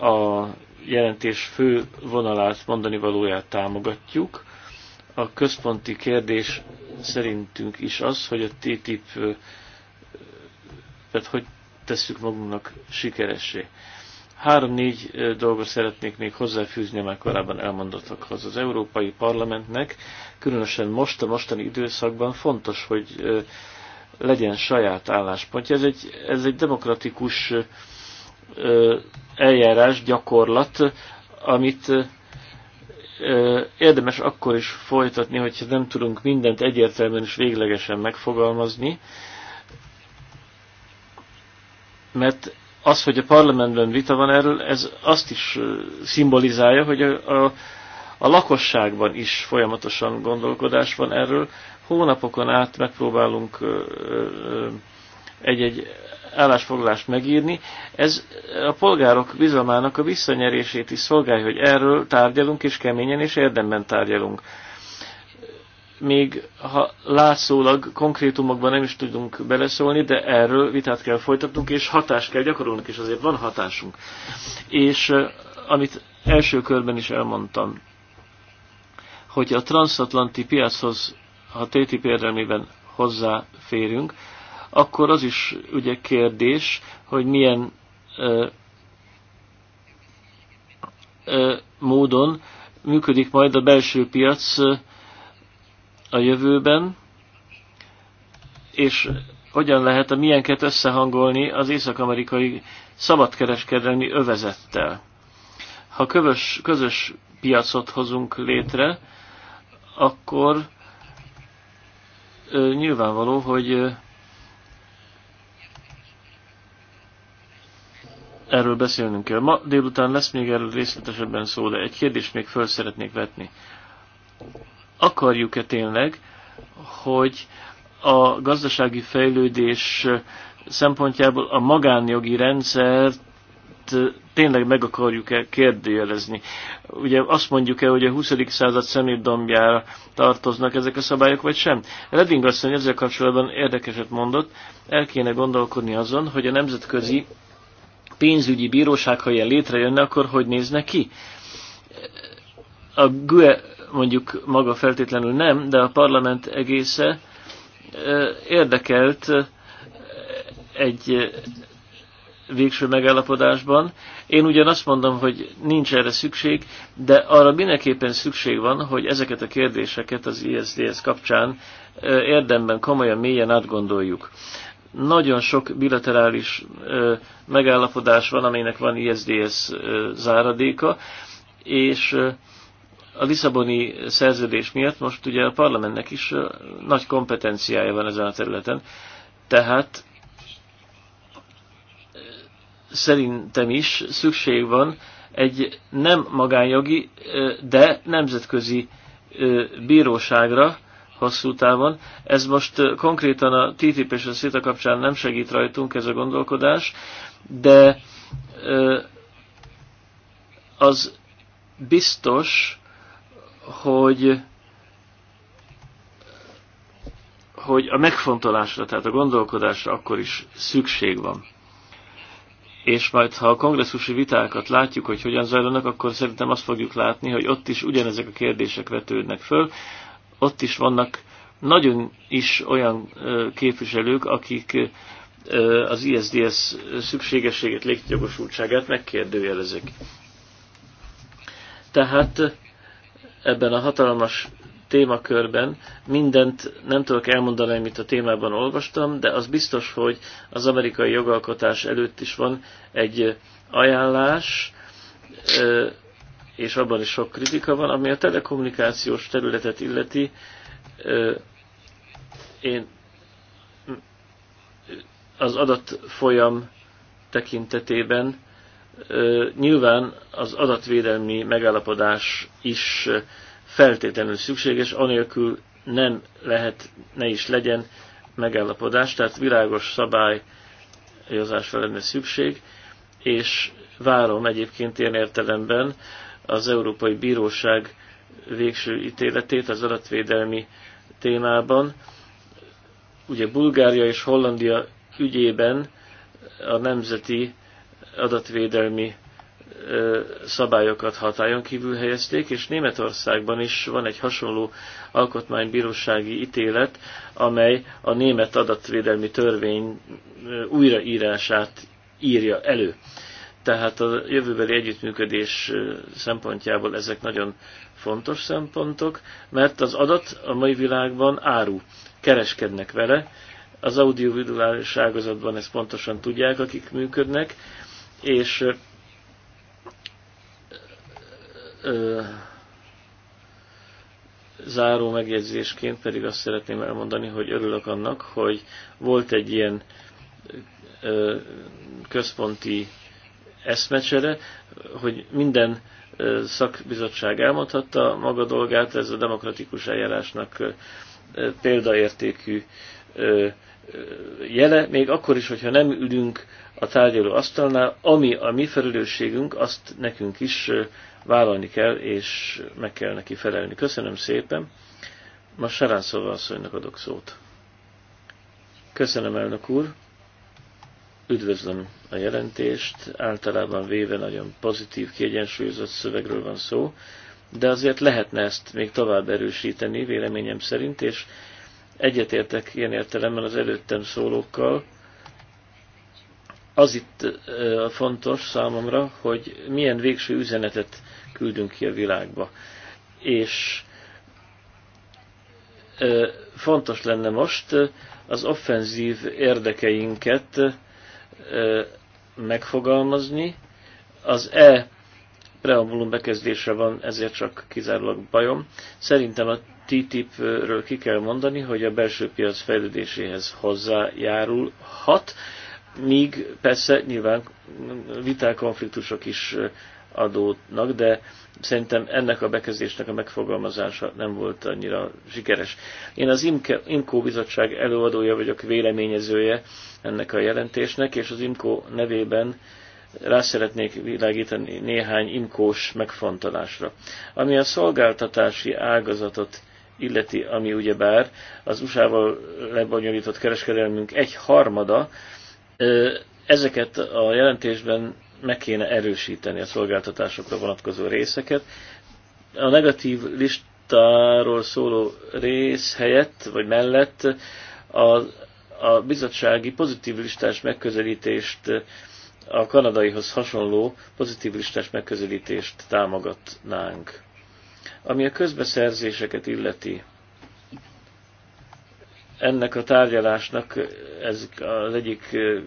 a jelentés fő vonalát, mondani valóját támogatjuk. A központi kérdés szerintünk is az, hogy a TTIP tehát hogy tesszük magunknak sikeressé. Három-négy dolgot szeretnék még hozzáfűzni már korábban elmondottakhoz. Az Európai Parlamentnek különösen most a mostani időszakban fontos, hogy legyen saját álláspontja. Ez egy, ez egy demokratikus eljárás, gyakorlat, amit érdemes akkor is folytatni, hogyha nem tudunk mindent egyértelműen és véglegesen megfogalmazni, mert az, hogy a parlamentben vita van erről, ez azt is szimbolizálja, hogy a, a, a lakosságban is folyamatosan gondolkodás van erről. Hónapokon át megpróbálunk egy-egy állásfoglalást megírni. Ez a polgárok bizalmának a visszanyerését is szolgálja, hogy erről tárgyalunk, és keményen és érdemben tárgyalunk. Még ha látszólag konkrétumokban nem is tudunk beleszólni, de erről vitát kell folytatnunk, és hatást kell gyakorolnunk, és azért van hatásunk. És amit első körben is elmondtam, hogy a transatlanti piachoz, ha TTIP érdemében hozzáférünk, akkor az is ugye kérdés, hogy milyen ö, ö, módon működik majd a belső piac a jövőben, és hogyan lehet a milyenket összehangolni az észak-amerikai szabadkereskedelmi övezettel. Ha kövös, közös piacot hozunk létre, akkor ö, nyilvánvaló, hogy ö, erről beszélnünk kell. Ma délután lesz még erről részletesebben szó, de egy kérdést még föl szeretnék vetni. Akarjuk-e tényleg, hogy a gazdasági fejlődés szempontjából a magánjogi rendszert tényleg meg akarjuk-e kérdőjelezni. Ugye azt mondjuk-e, hogy a 20. század szemétdombjára tartoznak ezek a szabályok, vagy sem? Redding asszony ezzel kapcsolatban érdekeset mondott, el kéne gondolkodni azon, hogy a nemzetközi pénzügyi bíróság, ha ilyen létrejönne, akkor hogy nézne ki? A GUE mondjuk maga feltétlenül nem, de a parlament egésze érdekelt egy végső megállapodásban. Én ugyan azt mondom, hogy nincs erre szükség, de arra mindenképpen szükség van, hogy ezeket a kérdéseket az ISDS kapcsán érdemben komolyan mélyen átgondoljuk. Nagyon sok bilaterális megállapodás van, amelynek van ISDS záradéka, és a Lisszaboni szerződés miatt most ugye a parlamentnek is nagy kompetenciája van ezen a területen, tehát szerintem is szükség van egy nem magánjogi, de nemzetközi bíróságra, hosszú távon. Ez most konkrétan a TTIP és a CETA kapcsán nem segít rajtunk ez a gondolkodás, de az biztos, hogy hogy a megfontolásra, tehát a gondolkodásra akkor is szükség van. És majd, ha a kongresszusi vitákat látjuk, hogy hogyan zajlanak, akkor szerintem azt fogjuk látni, hogy ott is ugyanezek a kérdések vetődnek föl, ott is vannak nagyon is olyan képviselők, akik az ISDS szükségességét, létjogosultságát megkérdőjelezik. Tehát ebben a hatalmas témakörben mindent nem tudok elmondani, amit a témában olvastam, de az biztos, hogy az amerikai jogalkotás előtt is van egy ajánlás, és abban is sok kritika van, ami a telekommunikációs területet illeti. Én az adatfolyam tekintetében nyilván az adatvédelmi megállapodás is feltétlenül szükséges, anélkül nem lehet, ne is legyen megállapodás, tehát világos szabályozásra lenne szükség, és várom egyébként ilyen értelemben az Európai Bíróság végső ítéletét az adatvédelmi témában. Ugye Bulgária és Hollandia ügyében a nemzeti adatvédelmi szabályokat hatályon kívül helyezték, és Németországban is van egy hasonló alkotmánybírósági ítélet, amely a német adatvédelmi törvény újraírását írja elő. Tehát a jövőbeli együttműködés szempontjából ezek nagyon fontos szempontok, mert az adat a mai világban áru, kereskednek vele, az audiovizuális ágazatban ezt pontosan tudják, akik működnek, és ö, záró megjegyzésként pedig azt szeretném elmondani, hogy örülök annak, hogy volt egy ilyen ö, központi eszmecsere, hogy minden szakbizottság elmondhatta maga dolgát, ez a demokratikus eljárásnak példaértékű jele, még akkor is, hogyha nem ülünk a tárgyaló asztalnál, ami a mi felelősségünk, azt nekünk is vállalni kell, és meg kell neki felelni. Köszönöm szépen. Ma Sarán Szóval asszonynak adok szót. Köszönöm, elnök úr. Üdvözlöm a jelentést, általában véve nagyon pozitív, kiegyensúlyozott szövegről van szó, de azért lehetne ezt még tovább erősíteni, véleményem szerint, és egyetértek ilyen értelemben az előttem szólókkal. Az itt a fontos számomra, hogy milyen végső üzenetet küldünk ki a világba. És fontos lenne most az offenzív érdekeinket megfogalmazni. Az E preambulum bekezdése van, ezért csak kizárólag bajom. Szerintem a TTIP-ről ki kell mondani, hogy a belső piac fejlődéséhez hozzájárulhat, míg persze nyilván vitál konfliktusok is adónak, de szerintem ennek a bekezdésnek a megfogalmazása nem volt annyira sikeres. Én az IMKE, IMKO bizottság előadója vagyok, véleményezője ennek a jelentésnek, és az IMKO nevében rá szeretnék világítani néhány imkós megfontolásra. Ami a szolgáltatási ágazatot illeti, ami ugyebár az USA-val lebonyolított kereskedelmünk egy harmada, ezeket a jelentésben meg kéne erősíteni a szolgáltatásokra vonatkozó részeket. A negatív listáról szóló rész helyett, vagy mellett a, a bizottsági pozitív listás megközelítést a kanadaihoz hasonló pozitív listás megközelítést támogatnánk. Ami a közbeszerzéseket illeti, ennek a tárgyalásnak ez az egyik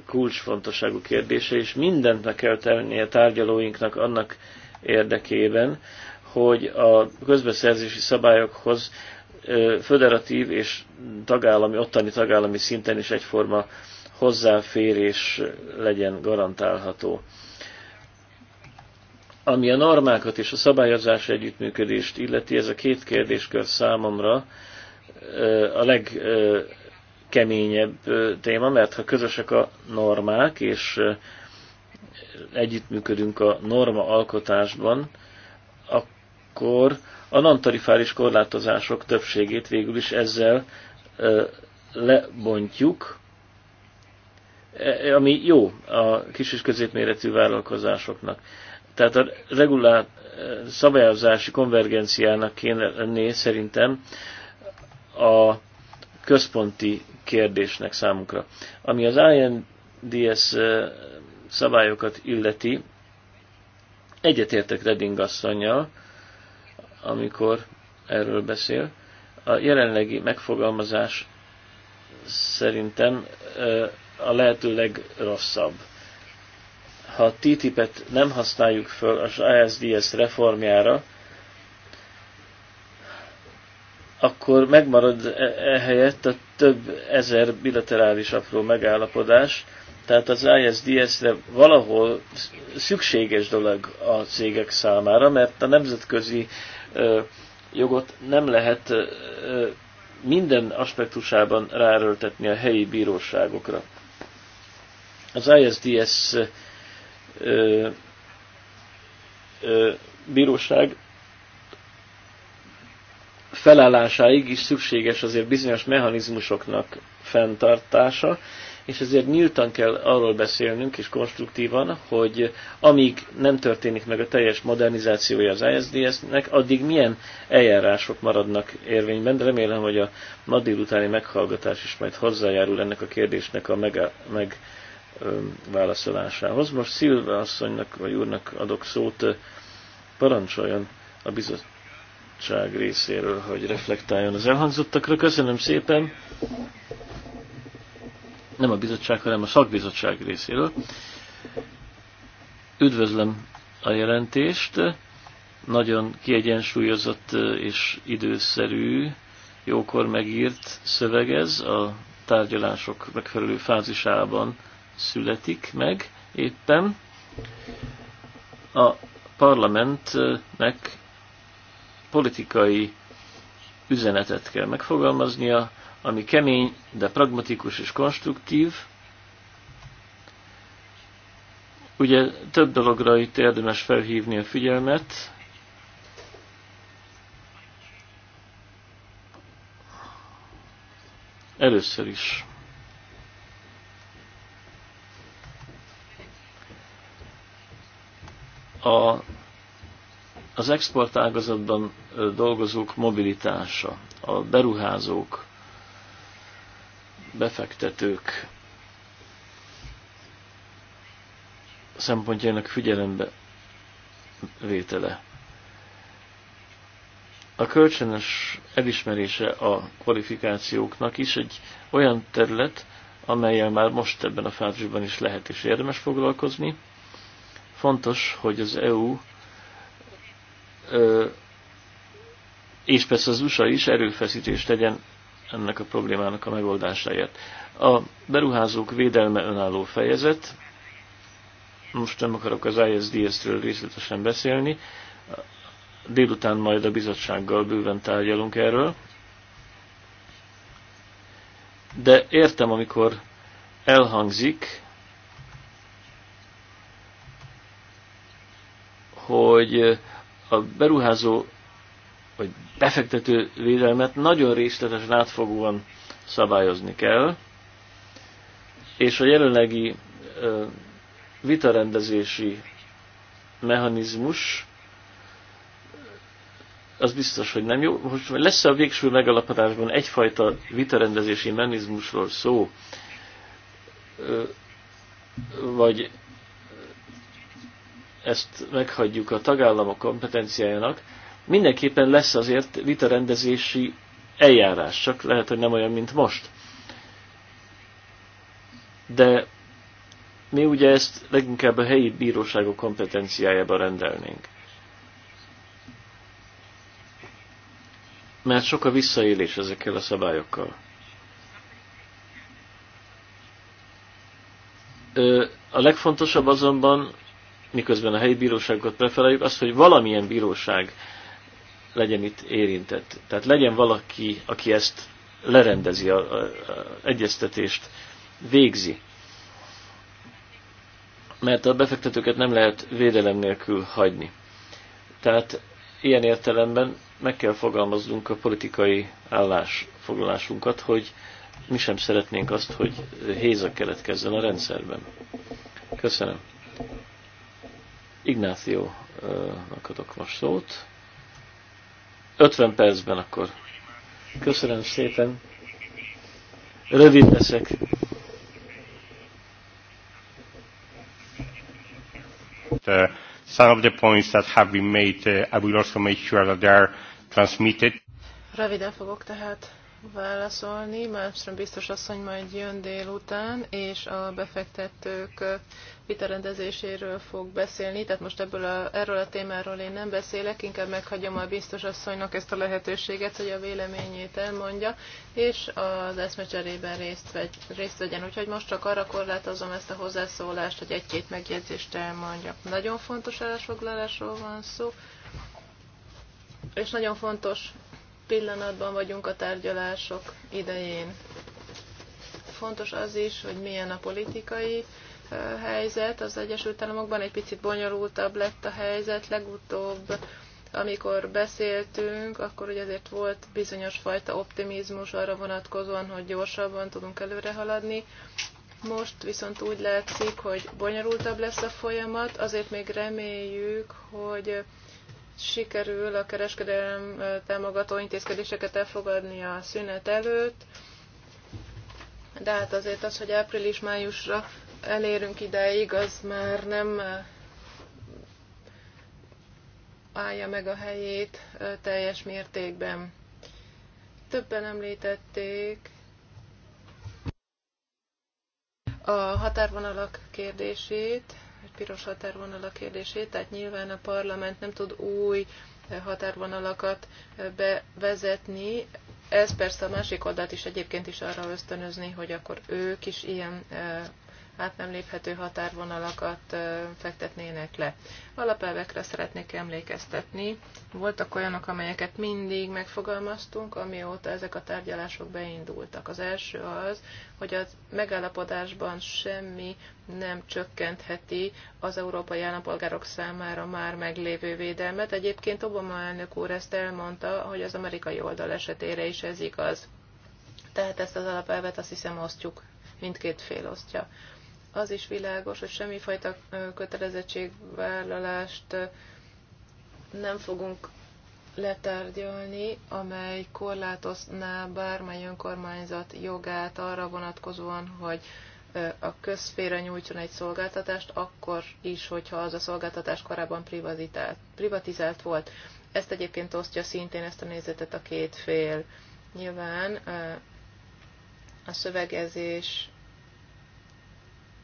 kulcsfontosságú kérdése, és mindent meg kell tenni a tárgyalóinknak annak érdekében, hogy a közbeszerzési szabályokhoz föderatív és tagállami, ottani tagállami szinten is egyforma hozzáférés legyen garantálható. Ami a normákat és a szabályozás együttműködést illeti, ez a két kérdéskör számomra a legkeményebb téma, mert ha közösek a normák, és együttműködünk a norma alkotásban, akkor a non korlátozások többségét végül is ezzel lebontjuk, e, e, ami jó a kis és középméretű vállalkozásoknak. Tehát a regulá szabályozási konvergenciának kéne lenni szerintem a központi kérdésnek számunkra. Ami az INDS eh, szabályokat illeti, egyetértek Redding asszonyjal, amikor erről beszél. A jelenlegi megfogalmazás szerintem eh, a lehető legrosszabb. Ha a TTIP-et nem használjuk föl az ISDS reformjára, akkor megmarad e, ehelyett a több ezer bilaterális apró megállapodás, tehát az ISDS-re valahol szükséges dolog a cégek számára, mert a nemzetközi ö, jogot nem lehet ö, minden aspektusában ráerőltetni a helyi bíróságokra. Az ISDS ö, ö, bíróság felállásáig is szükséges azért bizonyos mechanizmusoknak fenntartása, és ezért nyíltan kell arról beszélnünk, és konstruktívan, hogy amíg nem történik meg a teljes modernizációja az ISDS-nek, addig milyen eljárások maradnak érvényben, de remélem, hogy a ma délutáni meghallgatás is majd hozzájárul ennek a kérdésnek a megválaszolásához. meg Most Szilva asszonynak vagy úrnak adok szót, parancsoljon a bizottság bizottság részéről, hogy reflektáljon az elhangzottakra. Köszönöm szépen! Nem a bizottság, hanem a szakbizottság részéről. Üdvözlöm a jelentést. Nagyon kiegyensúlyozott és időszerű, jókor megírt szövegez a tárgyalások megfelelő fázisában születik meg éppen. A parlamentnek politikai üzenetet kell megfogalmaznia, ami kemény, de pragmatikus és konstruktív. Ugye több dologra itt érdemes felhívni a figyelmet. Először is. A az exportágazatban dolgozók mobilitása, a beruházók, befektetők szempontjainak figyelembe vétele. A kölcsönös elismerése a kvalifikációknak is egy olyan terület, amelyel már most ebben a fázisban is lehet és érdemes foglalkozni. Fontos, hogy az EU és persze az USA is erőfeszítést tegyen ennek a problémának a megoldásáért. A beruházók védelme önálló fejezet, most nem akarok az ISDS-ről részletesen beszélni, délután majd a bizottsággal bőven tárgyalunk erről, de értem, amikor elhangzik, hogy a beruházó vagy befektető védelmet nagyon részletesen átfogóan szabályozni kell, és a jelenlegi vitarendezési mechanizmus az biztos, hogy nem jó. Most lesz a végső megalapodásban egyfajta vitarendezési mechanizmusról szó, vagy ezt meghagyjuk a tagállamok kompetenciájának, mindenképpen lesz azért vitarendezési eljárás, csak lehet, hogy nem olyan, mint most. De mi ugye ezt leginkább a helyi bíróságok kompetenciájába rendelnénk. Mert sok a visszaélés ezekkel a szabályokkal. A legfontosabb azonban miközben a helyi bíróságot preferáljuk, az, hogy valamilyen bíróság legyen itt érintett. Tehát legyen valaki, aki ezt lerendezi, a, a, a egyeztetést végzi. Mert a befektetőket nem lehet védelem nélkül hagyni. Tehát ilyen értelemben meg kell fogalmaznunk a politikai állásfoglalásunkat, hogy mi sem szeretnénk azt, hogy héza keletkezzen a rendszerben. Köszönöm. Ignációnak adok most szót. 50 percben akkor. Köszönöm szépen. Rövid leszek. Uh, some of the points that have been made, uh, I will also make sure that they are transmitted. Röviden fogok tehát válaszolni. Malmström biztos asszony majd jön délután, és a befektetők vitarendezéséről fog beszélni. Tehát most ebből a, erről a témáról én nem beszélek, inkább meghagyom a biztos asszonynak ezt a lehetőséget, hogy a véleményét elmondja, és az eszmecserében részt, vegy, részt vegyen. Úgyhogy most csak arra korlátozom ezt a hozzászólást, hogy egy-két megjegyzést elmondja. Nagyon fontos állásfoglalásról van szó, és nagyon fontos pillanatban vagyunk a tárgyalások idején. Fontos az is, hogy milyen a politikai helyzet az Egyesült Államokban. Egy picit bonyolultabb lett a helyzet legutóbb, amikor beszéltünk, akkor ugye azért volt bizonyos fajta optimizmus arra vonatkozóan, hogy gyorsabban tudunk előre haladni. Most viszont úgy látszik, hogy bonyolultabb lesz a folyamat, azért még reméljük, hogy sikerül a kereskedelem támogató intézkedéseket elfogadni a szünet előtt, de hát azért az, hogy április-májusra elérünk ideig, az már nem állja meg a helyét teljes mértékben. Többen említették a határvonalak kérdését, egy piros határvonal a kérdését, tehát nyilván a parlament nem tud új határvonalakat eh, bevezetni. Ez persze a másik oldalt is egyébként is arra ösztönözni, hogy akkor ők is ilyen eh, át nem léphető határvonalakat fektetnének le. Alapelvekre szeretnék emlékeztetni. Voltak olyanok, amelyeket mindig megfogalmaztunk, amióta ezek a tárgyalások beindultak. Az első az, hogy a megállapodásban semmi nem csökkentheti az európai állampolgárok számára már meglévő védelmet. Egyébként Obama elnök úr ezt elmondta, hogy az amerikai oldal esetére is ez igaz. Tehát ezt az alapelvet azt hiszem osztjuk mindkét fél osztja az is világos, hogy semmifajta kötelezettségvállalást nem fogunk letárgyalni, amely korlátozná bármely önkormányzat jogát arra vonatkozóan, hogy a közféra nyújtson egy szolgáltatást, akkor is, hogyha az a szolgáltatás korábban privatizált volt. Ezt egyébként osztja szintén ezt a nézetet a két fél. Nyilván a szövegezés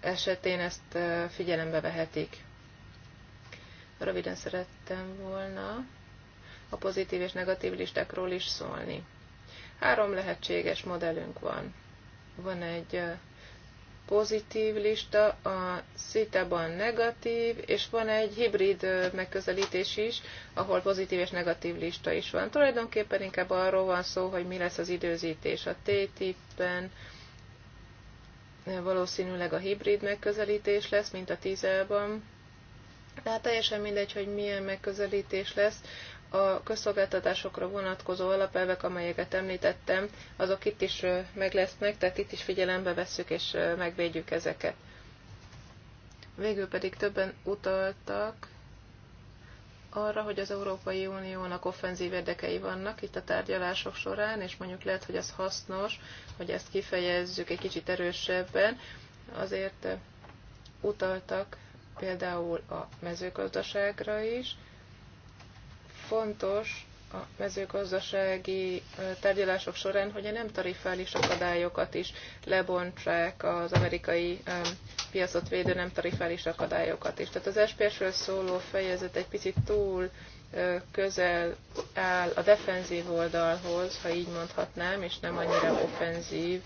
esetén ezt figyelembe vehetik. Röviden szerettem volna a pozitív és negatív listákról is szólni. Három lehetséges modellünk van. Van egy pozitív lista, a szitában negatív, és van egy hibrid megközelítés is, ahol pozitív és negatív lista is van. Tulajdonképpen inkább arról van szó, hogy mi lesz az időzítés a T-tippen, valószínűleg a hibrid megközelítés lesz, mint a tízelban. Tehát teljesen mindegy, hogy milyen megközelítés lesz, a közszolgáltatásokra vonatkozó alapelvek, amelyeket említettem, azok itt is meg lesznek, tehát itt is figyelembe vesszük és megvédjük ezeket. Végül pedig többen utaltak arra, hogy az Európai Uniónak offenzív érdekei vannak itt a tárgyalások során, és mondjuk lehet, hogy az hasznos, hogy ezt kifejezzük egy kicsit erősebben, azért utaltak például a mezőgazdaságra is. Fontos, a mezőgazdasági tárgyalások során, hogy a nem tarifális akadályokat is lebontsák az amerikai piacot védő nem tarifális akadályokat is. Tehát az SPS-ről szóló fejezet egy picit túl közel áll a defenzív oldalhoz, ha így mondhatnám, és nem annyira offenzív,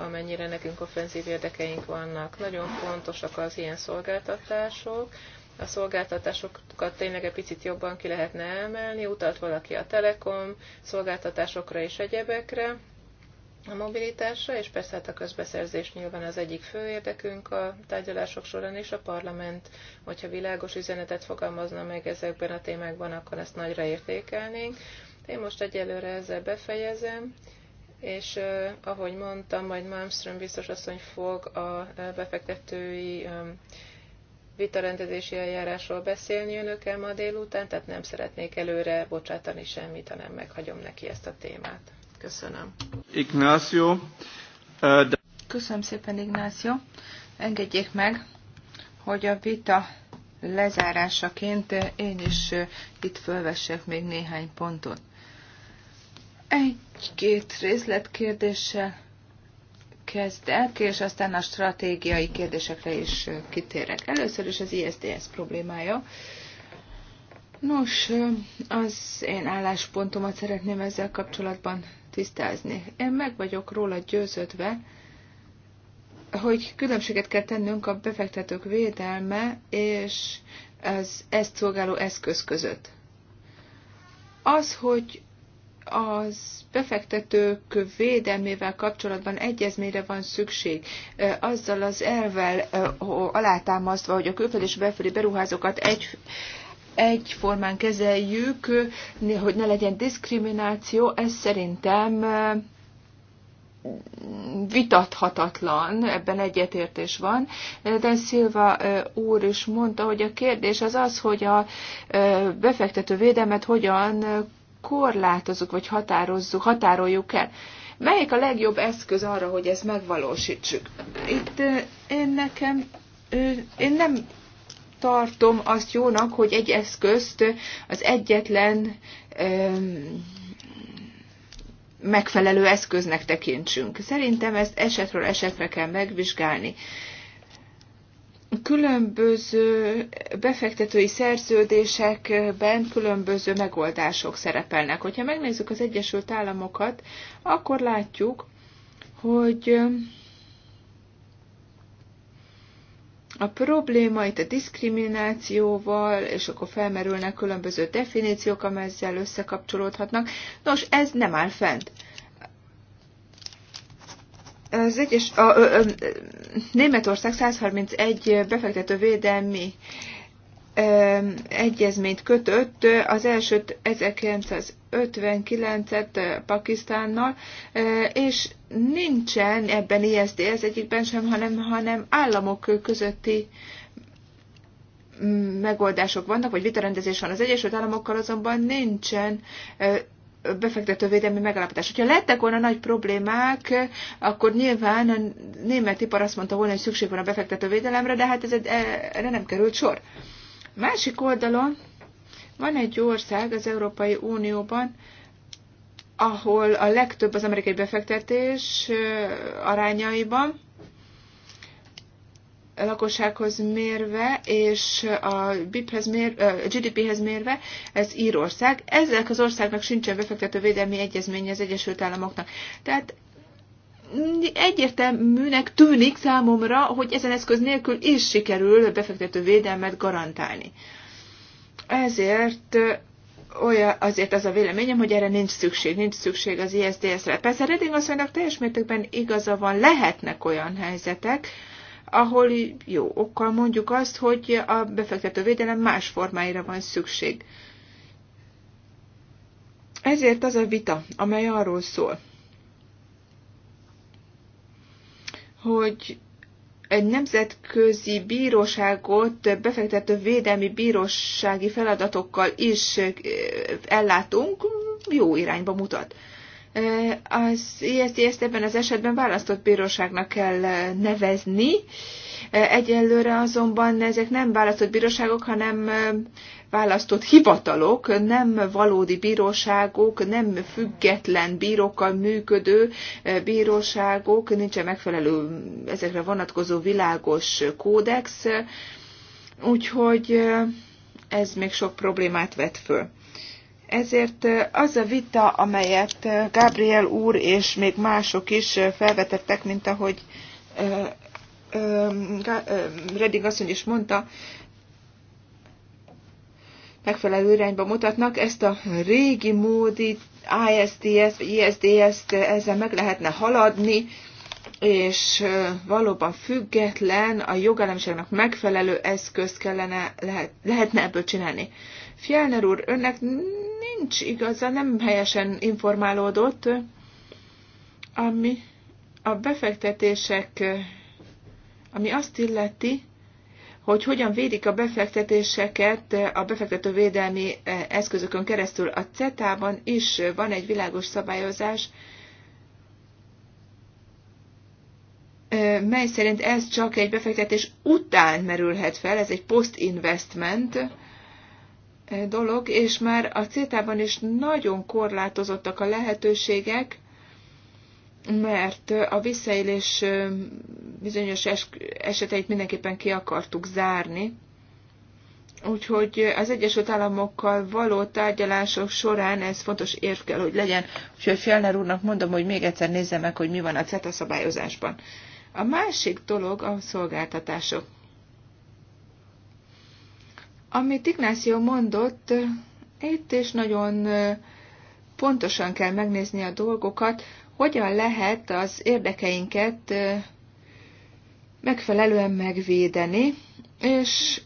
amennyire nekünk offenzív érdekeink vannak. Nagyon fontosak az ilyen szolgáltatások, a szolgáltatásokat tényleg egy picit jobban ki lehetne emelni, utalt valaki a telekom szolgáltatásokra és egyebekre, a mobilitásra, és persze hát a közbeszerzés nyilván az egyik fő érdekünk a tárgyalások során, és a parlament, hogyha világos üzenetet fogalmazna meg ezekben a témákban, akkor ezt nagyra értékelnénk. Én most egyelőre ezzel befejezem, és eh, ahogy mondtam, majd Malmström biztos asszony fog a befektetői eh, vitarendezési eljárásról beszélni önökkel ma délután, tehát nem szeretnék előre bocsátani semmit, hanem meghagyom neki ezt a témát. Köszönöm. Ignácio. De... Köszönöm szépen, Ignácio. Engedjék meg, hogy a vita lezárásaként én is itt fölvessek még néhány pontot. Egy-két részletkérdéssel kezdek, és aztán a stratégiai kérdésekre is kitérek. Először is az ISDS problémája. Nos, az én álláspontomat szeretném ezzel kapcsolatban tisztázni. Én meg vagyok róla győződve, hogy különbséget kell tennünk a befektetők védelme és az ezt szolgáló eszköz között. Az, hogy az befektetők védelmével kapcsolatban egyezményre van szükség. Azzal az elvel alátámasztva, hogy a külföldi és belföldi beruházókat egy egyformán kezeljük, hogy ne legyen diszkrimináció, ez szerintem vitathatatlan, ebben egyetértés van, de Szilva úr is mondta, hogy a kérdés az az, hogy a befektető védelmet hogyan korlátozzuk, vagy határozzuk, határoljuk el. Melyik a legjobb eszköz arra, hogy ezt megvalósítsuk? Itt én nekem, én nem tartom azt jónak, hogy egy eszközt az egyetlen megfelelő eszköznek tekintsünk. Szerintem ezt esetről esetre kell megvizsgálni különböző befektetői szerződésekben különböző megoldások szerepelnek. Hogyha megnézzük az Egyesült Államokat, akkor látjuk, hogy a probléma itt a diszkriminációval, és akkor felmerülnek különböző definíciók, amelyekkel összekapcsolódhatnak. Nos, ez nem áll fent. Az egyes, a, a, a, Németország 131 befektetővédelmi egyezményt kötött, az elsőt 1959-et Pakisztánnal, és nincsen ebben ISD az egyikben sem, hanem, hanem államok közötti megoldások vannak, vagy vitarendezés van az Egyesült Államokkal, azonban nincsen befektetővédelmi megállapodás. Hogyha lettek volna nagy problémák, akkor nyilván a német ipar azt mondta volna, hogy szükség van a befektetővédelemre, de hát ez, erre nem került sor. Másik oldalon van egy ország az Európai Unióban, ahol a legtöbb az amerikai befektetés arányaiban, lakossághoz mérve, és a BIP-hez mér, GDP-hez mérve, ez Írország. Ezek az országnak sincsen befektetővédelmi egyezménye az Egyesült Államoknak. Tehát egyértelműnek tűnik számomra, hogy ezen eszköz nélkül is sikerül befektetővédelmet garantálni. Ezért olyan, azért az a véleményem, hogy erre nincs szükség, nincs szükség az ISDS-re. Persze Redding mondja, teljes mértékben igaza van, lehetnek olyan helyzetek, ahol jó okkal mondjuk azt, hogy a befektetővédelem más formáira van szükség. Ezért az a vita, amely arról szól, hogy egy nemzetközi bíróságot befektető védelmi bírósági feladatokkal is eh, ellátunk, jó irányba mutat. Az ISDS-t ebben az esetben választott bíróságnak kell nevezni, Egyelőre azonban ezek nem választott bíróságok, hanem választott hivatalok, nem valódi bíróságok, nem független bírókkal működő bíróságok, nincsen megfelelő ezekre vonatkozó világos kódex, úgyhogy ez még sok problémát vet föl. Ezért az a vita, amelyet Gabriel úr és még mások is felvetettek, mint ahogy Redding asszony is mondta, megfelelő irányba mutatnak, ezt a régi módi ISDS, vagy ISDS-t ezzel meg lehetne haladni, és valóban független, a jogállamiságnak megfelelő eszközt kellene, lehet, lehetne ebből csinálni. Fjellner úr, önnek nincs igaza, nem helyesen informálódott, ami a befektetések, ami azt illeti, hogy hogyan védik a befektetéseket a befektetővédelmi eh, eszközökön keresztül. A CETA-ban is van egy világos szabályozás, eh, mely szerint ez csak egy befektetés után merülhet fel, ez egy post-investment, E, dolog, és már a CETA-ban is nagyon korlátozottak a lehetőségek, mert a visszaélés e, bizonyos eseteit mindenképpen ki akartuk zárni. Úgyhogy az Egyesült Államokkal való tárgyalások során ez fontos érv kell, hogy legyen. Úgyhogy Fjellner úrnak mondom, hogy még egyszer nézze meg, hogy mi van a CETA szabályozásban. A másik dolog a szolgáltatások. Amit Ignácio mondott, itt is nagyon pontosan kell megnézni a dolgokat, hogyan lehet az érdekeinket megfelelően megvédeni, és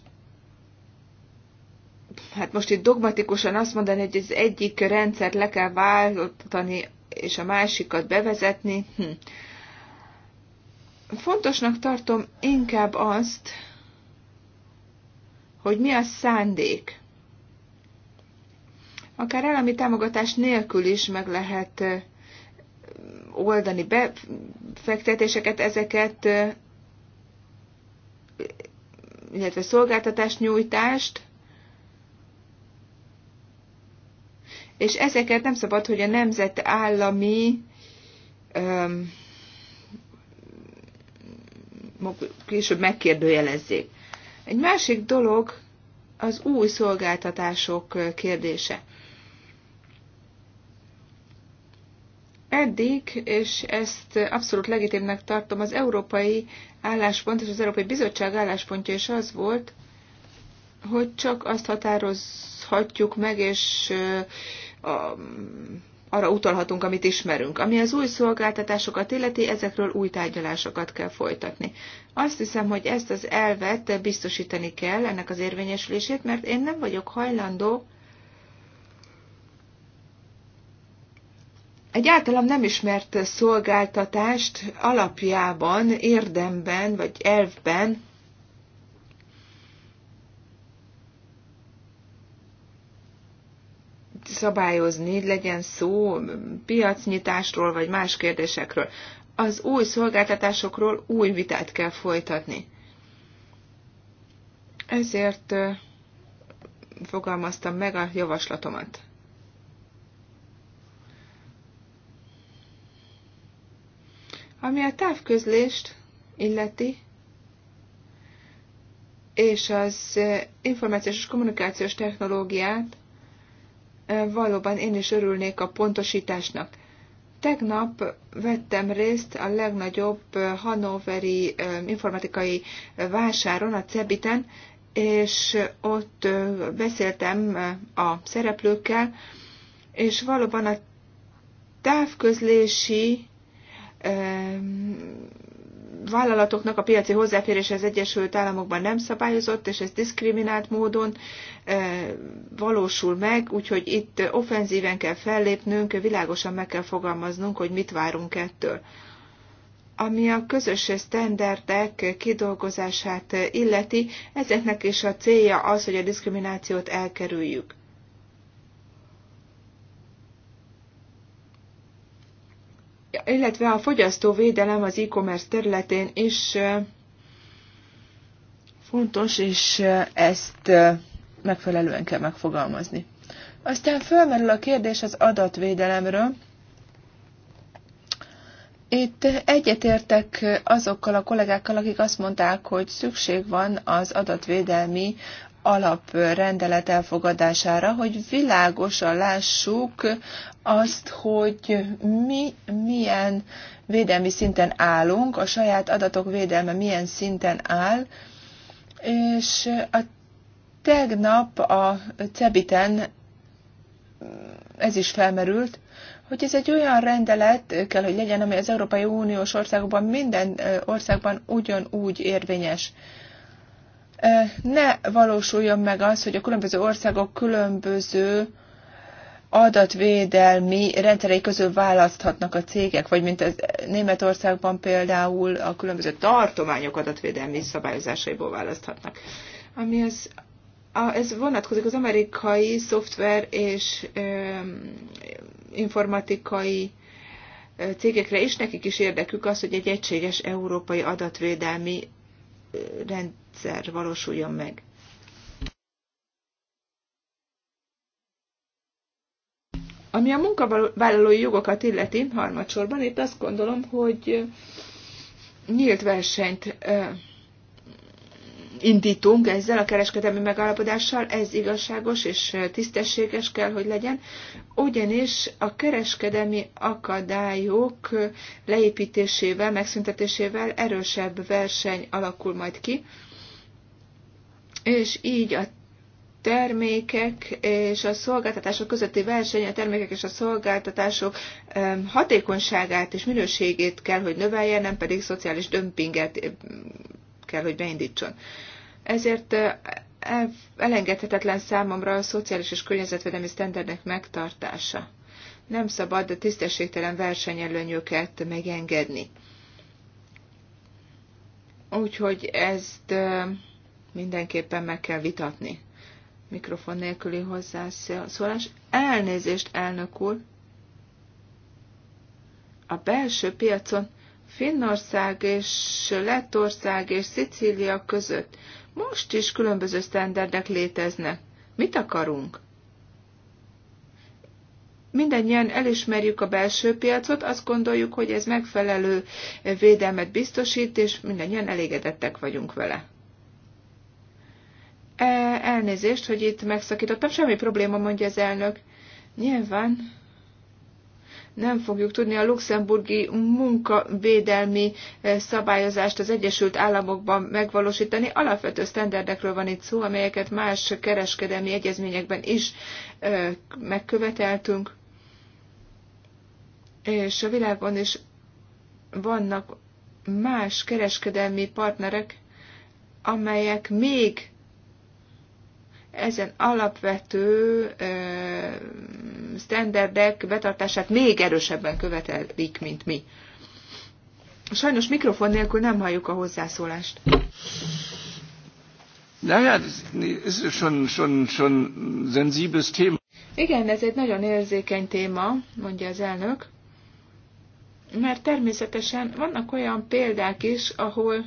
hát most itt dogmatikusan azt mondani, hogy az egyik rendszert le kell váltani, és a másikat bevezetni. Hm. Fontosnak tartom inkább azt, hogy mi a szándék. Akár állami támogatás nélkül is meg lehet oldani befektetéseket, ezeket, illetve szolgáltatás nyújtást, és ezeket nem szabad, hogy a nemzetállami állami, később megkérdőjelezzék. Egy másik dolog az új szolgáltatások kérdése. Eddig, és ezt abszolút legitimnek tartom, az európai álláspont és az Európai Bizottság álláspontja is az volt, hogy csak azt határozhatjuk meg, és a arra utalhatunk, amit ismerünk. Ami az új szolgáltatásokat illeti, ezekről új tárgyalásokat kell folytatni. Azt hiszem, hogy ezt az elvet biztosítani kell, ennek az érvényesülését, mert én nem vagyok hajlandó egy általam nem ismert szolgáltatást alapjában, érdemben vagy elvben szabályozni, legyen szó piacnyitásról vagy más kérdésekről. Az új szolgáltatásokról új vitát kell folytatni. Ezért fogalmaztam meg a javaslatomat. Ami a távközlést illeti, és az információs és kommunikációs technológiát, valóban én is örülnék a pontosításnak. Tegnap vettem részt a legnagyobb hanoveri informatikai vásáron, a Cebiten, és ott beszéltem a szereplőkkel, és valóban a távközlési vállalatoknak a piaci hozzáférése az Egyesült Államokban nem szabályozott, és ez diszkriminált módon eh, valósul meg, úgyhogy itt offenzíven kell fellépnünk, világosan meg kell fogalmaznunk, hogy mit várunk ettől. Ami a közös sztenderdek kidolgozását illeti, ezeknek is a célja az, hogy a diszkriminációt elkerüljük. illetve a fogyasztóvédelem az e-commerce területén is fontos, és ezt megfelelően kell megfogalmazni. Aztán fölmerül a kérdés az adatvédelemről. Itt egyetértek azokkal a kollégákkal, akik azt mondták, hogy szükség van az adatvédelmi alaprendelet elfogadására, hogy világosan lássuk azt, hogy mi milyen védelmi szinten állunk, a saját adatok védelme milyen szinten áll, és a tegnap a Cebiten ez is felmerült, hogy ez egy olyan rendelet kell, hogy legyen, ami az Európai Uniós országokban minden országban ugyanúgy érvényes ne valósuljon meg az, hogy a különböző országok különböző adatvédelmi rendszerei közül választhatnak a cégek, vagy mint ez Németországban például a különböző tartományok adatvédelmi szabályozásaiból választhatnak. Ami az, a, ez vonatkozik az amerikai szoftver és ö, informatikai cégekre is, nekik is érdekük az, hogy egy egységes európai adatvédelmi rendszer valósuljon meg. Ami a munkavállalói jogokat illeti, harmadsorban, itt azt gondolom, hogy nyílt versenyt indítunk ezzel a kereskedelmi megállapodással, ez igazságos és tisztességes kell, hogy legyen, ugyanis a kereskedelmi akadályok leépítésével, megszüntetésével erősebb verseny alakul majd ki, és így a termékek és a szolgáltatások közötti verseny, a termékek és a szolgáltatások hatékonyságát és minőségét kell, hogy növeljen, nem pedig szociális dömpinget kell, hogy beindítson. Ezért eh, elengedhetetlen számomra a szociális és környezetvédelmi sztenderdek megtartása. Nem szabad a tisztességtelen versenyelőnyöket megengedni. Úgyhogy ezt eh, mindenképpen meg kell vitatni. Mikrofon nélküli hozzászólás. Elnézést, elnök úr! A belső piacon Finnország és Lettország és Szicília között most is különböző sztenderdek léteznek. Mit akarunk? Mindennyian elismerjük a belső piacot, azt gondoljuk, hogy ez megfelelő védelmet biztosít, és mindannyian elégedettek vagyunk vele. E, elnézést, hogy itt megszakítottam, semmi probléma, mondja az elnök. Nyilván nem fogjuk tudni a luxemburgi munkavédelmi eh, szabályozást az Egyesült Államokban megvalósítani. Alapvető sztenderdekről van itt szó, amelyeket más kereskedelmi egyezményekben is eh, megköveteltünk. És a világon is vannak más kereskedelmi partnerek, amelyek még ezen alapvető standardek betartását még erősebben követelik, mint mi. Sajnos mikrofon nélkül nem halljuk a hozzászólást. Na ja, ez schon, schon, schon sensibles Thema. Igen, ez egy nagyon érzékeny téma, mondja az elnök, mert természetesen vannak olyan példák is, ahol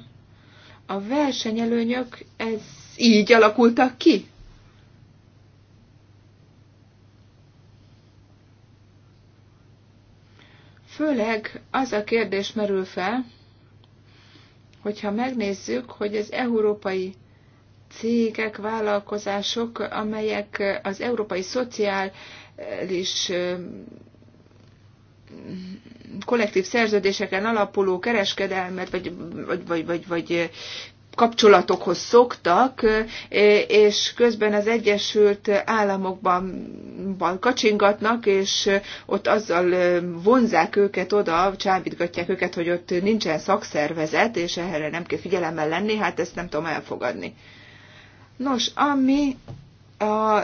a versenyelőnyök ez így alakultak ki. főleg az a kérdés merül fel, hogyha megnézzük, hogy az európai cégek, vállalkozások, amelyek az európai szociális kollektív szerződéseken alapuló kereskedelmet, vagy, vagy, vagy, vagy, vagy kapcsolatokhoz szoktak, e, és közben az Egyesült Államokban kacsingatnak, és ott azzal e, vonzák őket oda, csábítgatják őket, hogy ott nincsen szakszervezet, és erre nem kell figyelemmel lenni, hát ezt nem tudom elfogadni. Nos, ami a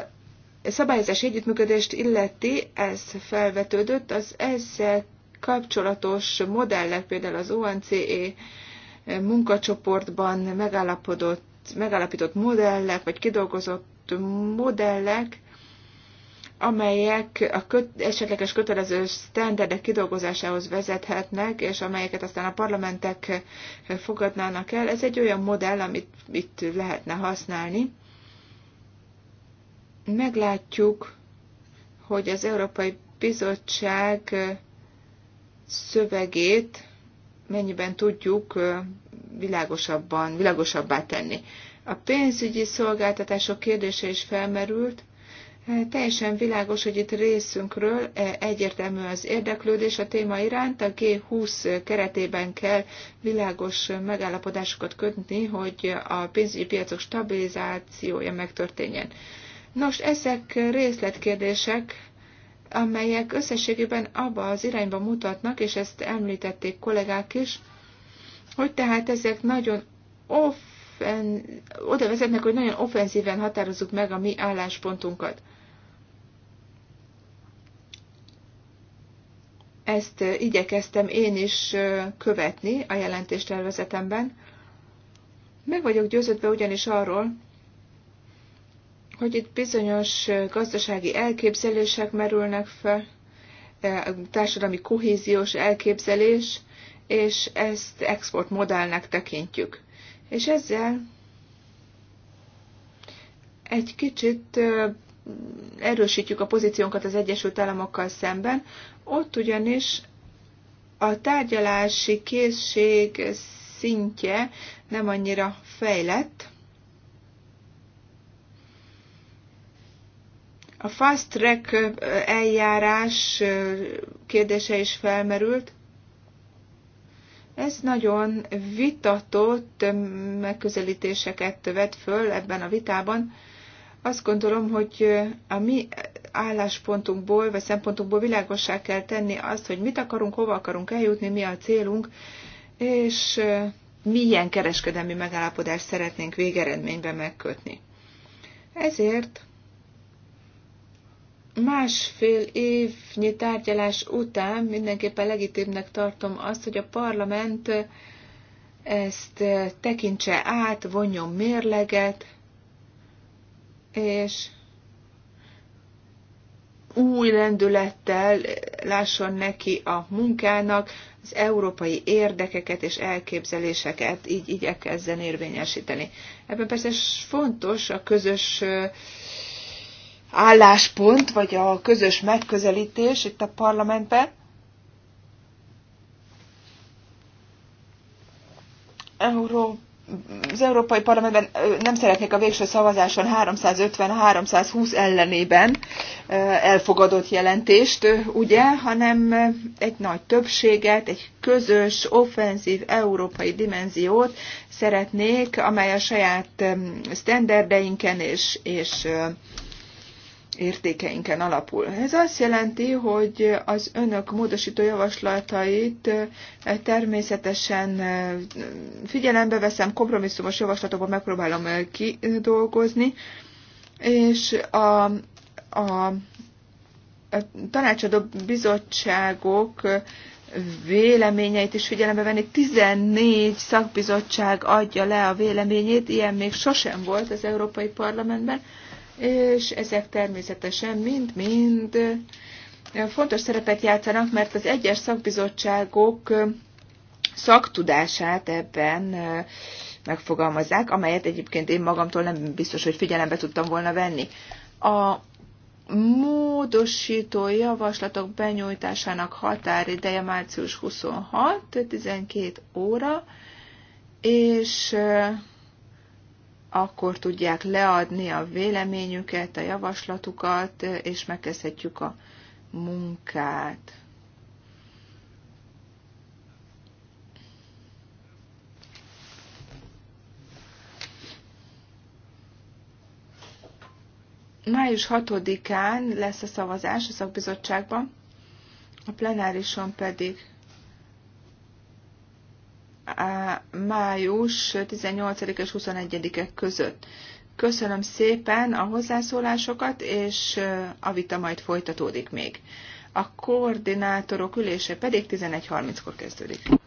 szabályozás együttműködést illeti, ez felvetődött, az ezzel kapcsolatos modellek, például az ONCE, munkacsoportban megállapodott, megállapított modellek, vagy kidolgozott modellek, amelyek a köt, esetleges kötelező sztenderdek kidolgozásához vezethetnek, és amelyeket aztán a parlamentek fogadnának el. Ez egy olyan modell, amit itt lehetne használni. Meglátjuk, hogy az Európai Bizottság szövegét mennyiben tudjuk világosabban, világosabbá tenni. A pénzügyi szolgáltatások kérdése is felmerült. Teljesen világos, hogy itt részünkről egyértelmű az érdeklődés a téma iránt. A G20 keretében kell világos megállapodásokat kötni, hogy a pénzügyi piacok stabilizációja megtörténjen. Nos, ezek részletkérdések, amelyek összességében abba az irányba mutatnak, és ezt említették kollégák is, hogy tehát ezek nagyon offen, oda vezetnek, hogy nagyon offenzíven határozzuk meg a mi álláspontunkat. Ezt eh, igyekeztem én is eh, követni a jelentéstervezetemben. Meg vagyok győződve ugyanis arról, hogy itt bizonyos gazdasági elképzelések merülnek fel, társadalmi kohéziós elképzelés, és ezt exportmodellnek tekintjük. És ezzel egy kicsit erősítjük a pozíciónkat az Egyesült Államokkal szemben. Ott ugyanis a tárgyalási készség szintje nem annyira fejlett, A fast track eljárás kérdése is felmerült. Ez nagyon vitatott megközelítéseket vett föl ebben a vitában. Azt gondolom, hogy a mi álláspontunkból, vagy szempontunkból világossá kell tenni azt, hogy mit akarunk, hova akarunk eljutni, mi a célunk, és milyen kereskedelmi megállapodást szeretnénk végeredményben megkötni. Ezért másfél évnyi tárgyalás után mindenképpen legitimnek tartom azt, hogy a parlament ezt tekintse át, vonjon mérleget, és új lendülettel lásson neki a munkának, az európai érdekeket és elképzeléseket így igyekezzen érvényesíteni. Ebben persze fontos a közös álláspont, vagy a közös megközelítés itt a parlamentben. Euró, az Európai Parlamentben nem szeretnék a végső szavazáson 350-320 ellenében elfogadott jelentést, ugye, hanem egy nagy többséget, egy közös, offenzív európai dimenziót szeretnék, amely a saját sztenderdeinken és, és értékeinken alapul. Ez azt jelenti, hogy az önök módosító javaslatait eh, természetesen eh, figyelembe veszem, kompromisszumos javaslatokban megpróbálom eh, kidolgozni, és a, a a tanácsadó bizottságok véleményeit is figyelembe venni. 14 szakbizottság adja le a véleményét, ilyen még sosem volt az Európai Parlamentben és ezek természetesen mind-mind fontos szerepet játszanak, mert az egyes szakbizottságok szaktudását ebben megfogalmazzák, amelyet egyébként én magamtól nem biztos, hogy figyelembe tudtam volna venni. A módosító javaslatok benyújtásának határideje március 26, 12 óra, és akkor tudják leadni a véleményüket, a javaslatukat, és megkezdhetjük a munkát. Május 6-án lesz a szavazás a szakbizottságban, a plenárison pedig május 18 és 21-e között. Köszönöm szépen a hozzászólásokat, és a vita majd folytatódik még. A koordinátorok ülése pedig 11.30-kor kezdődik.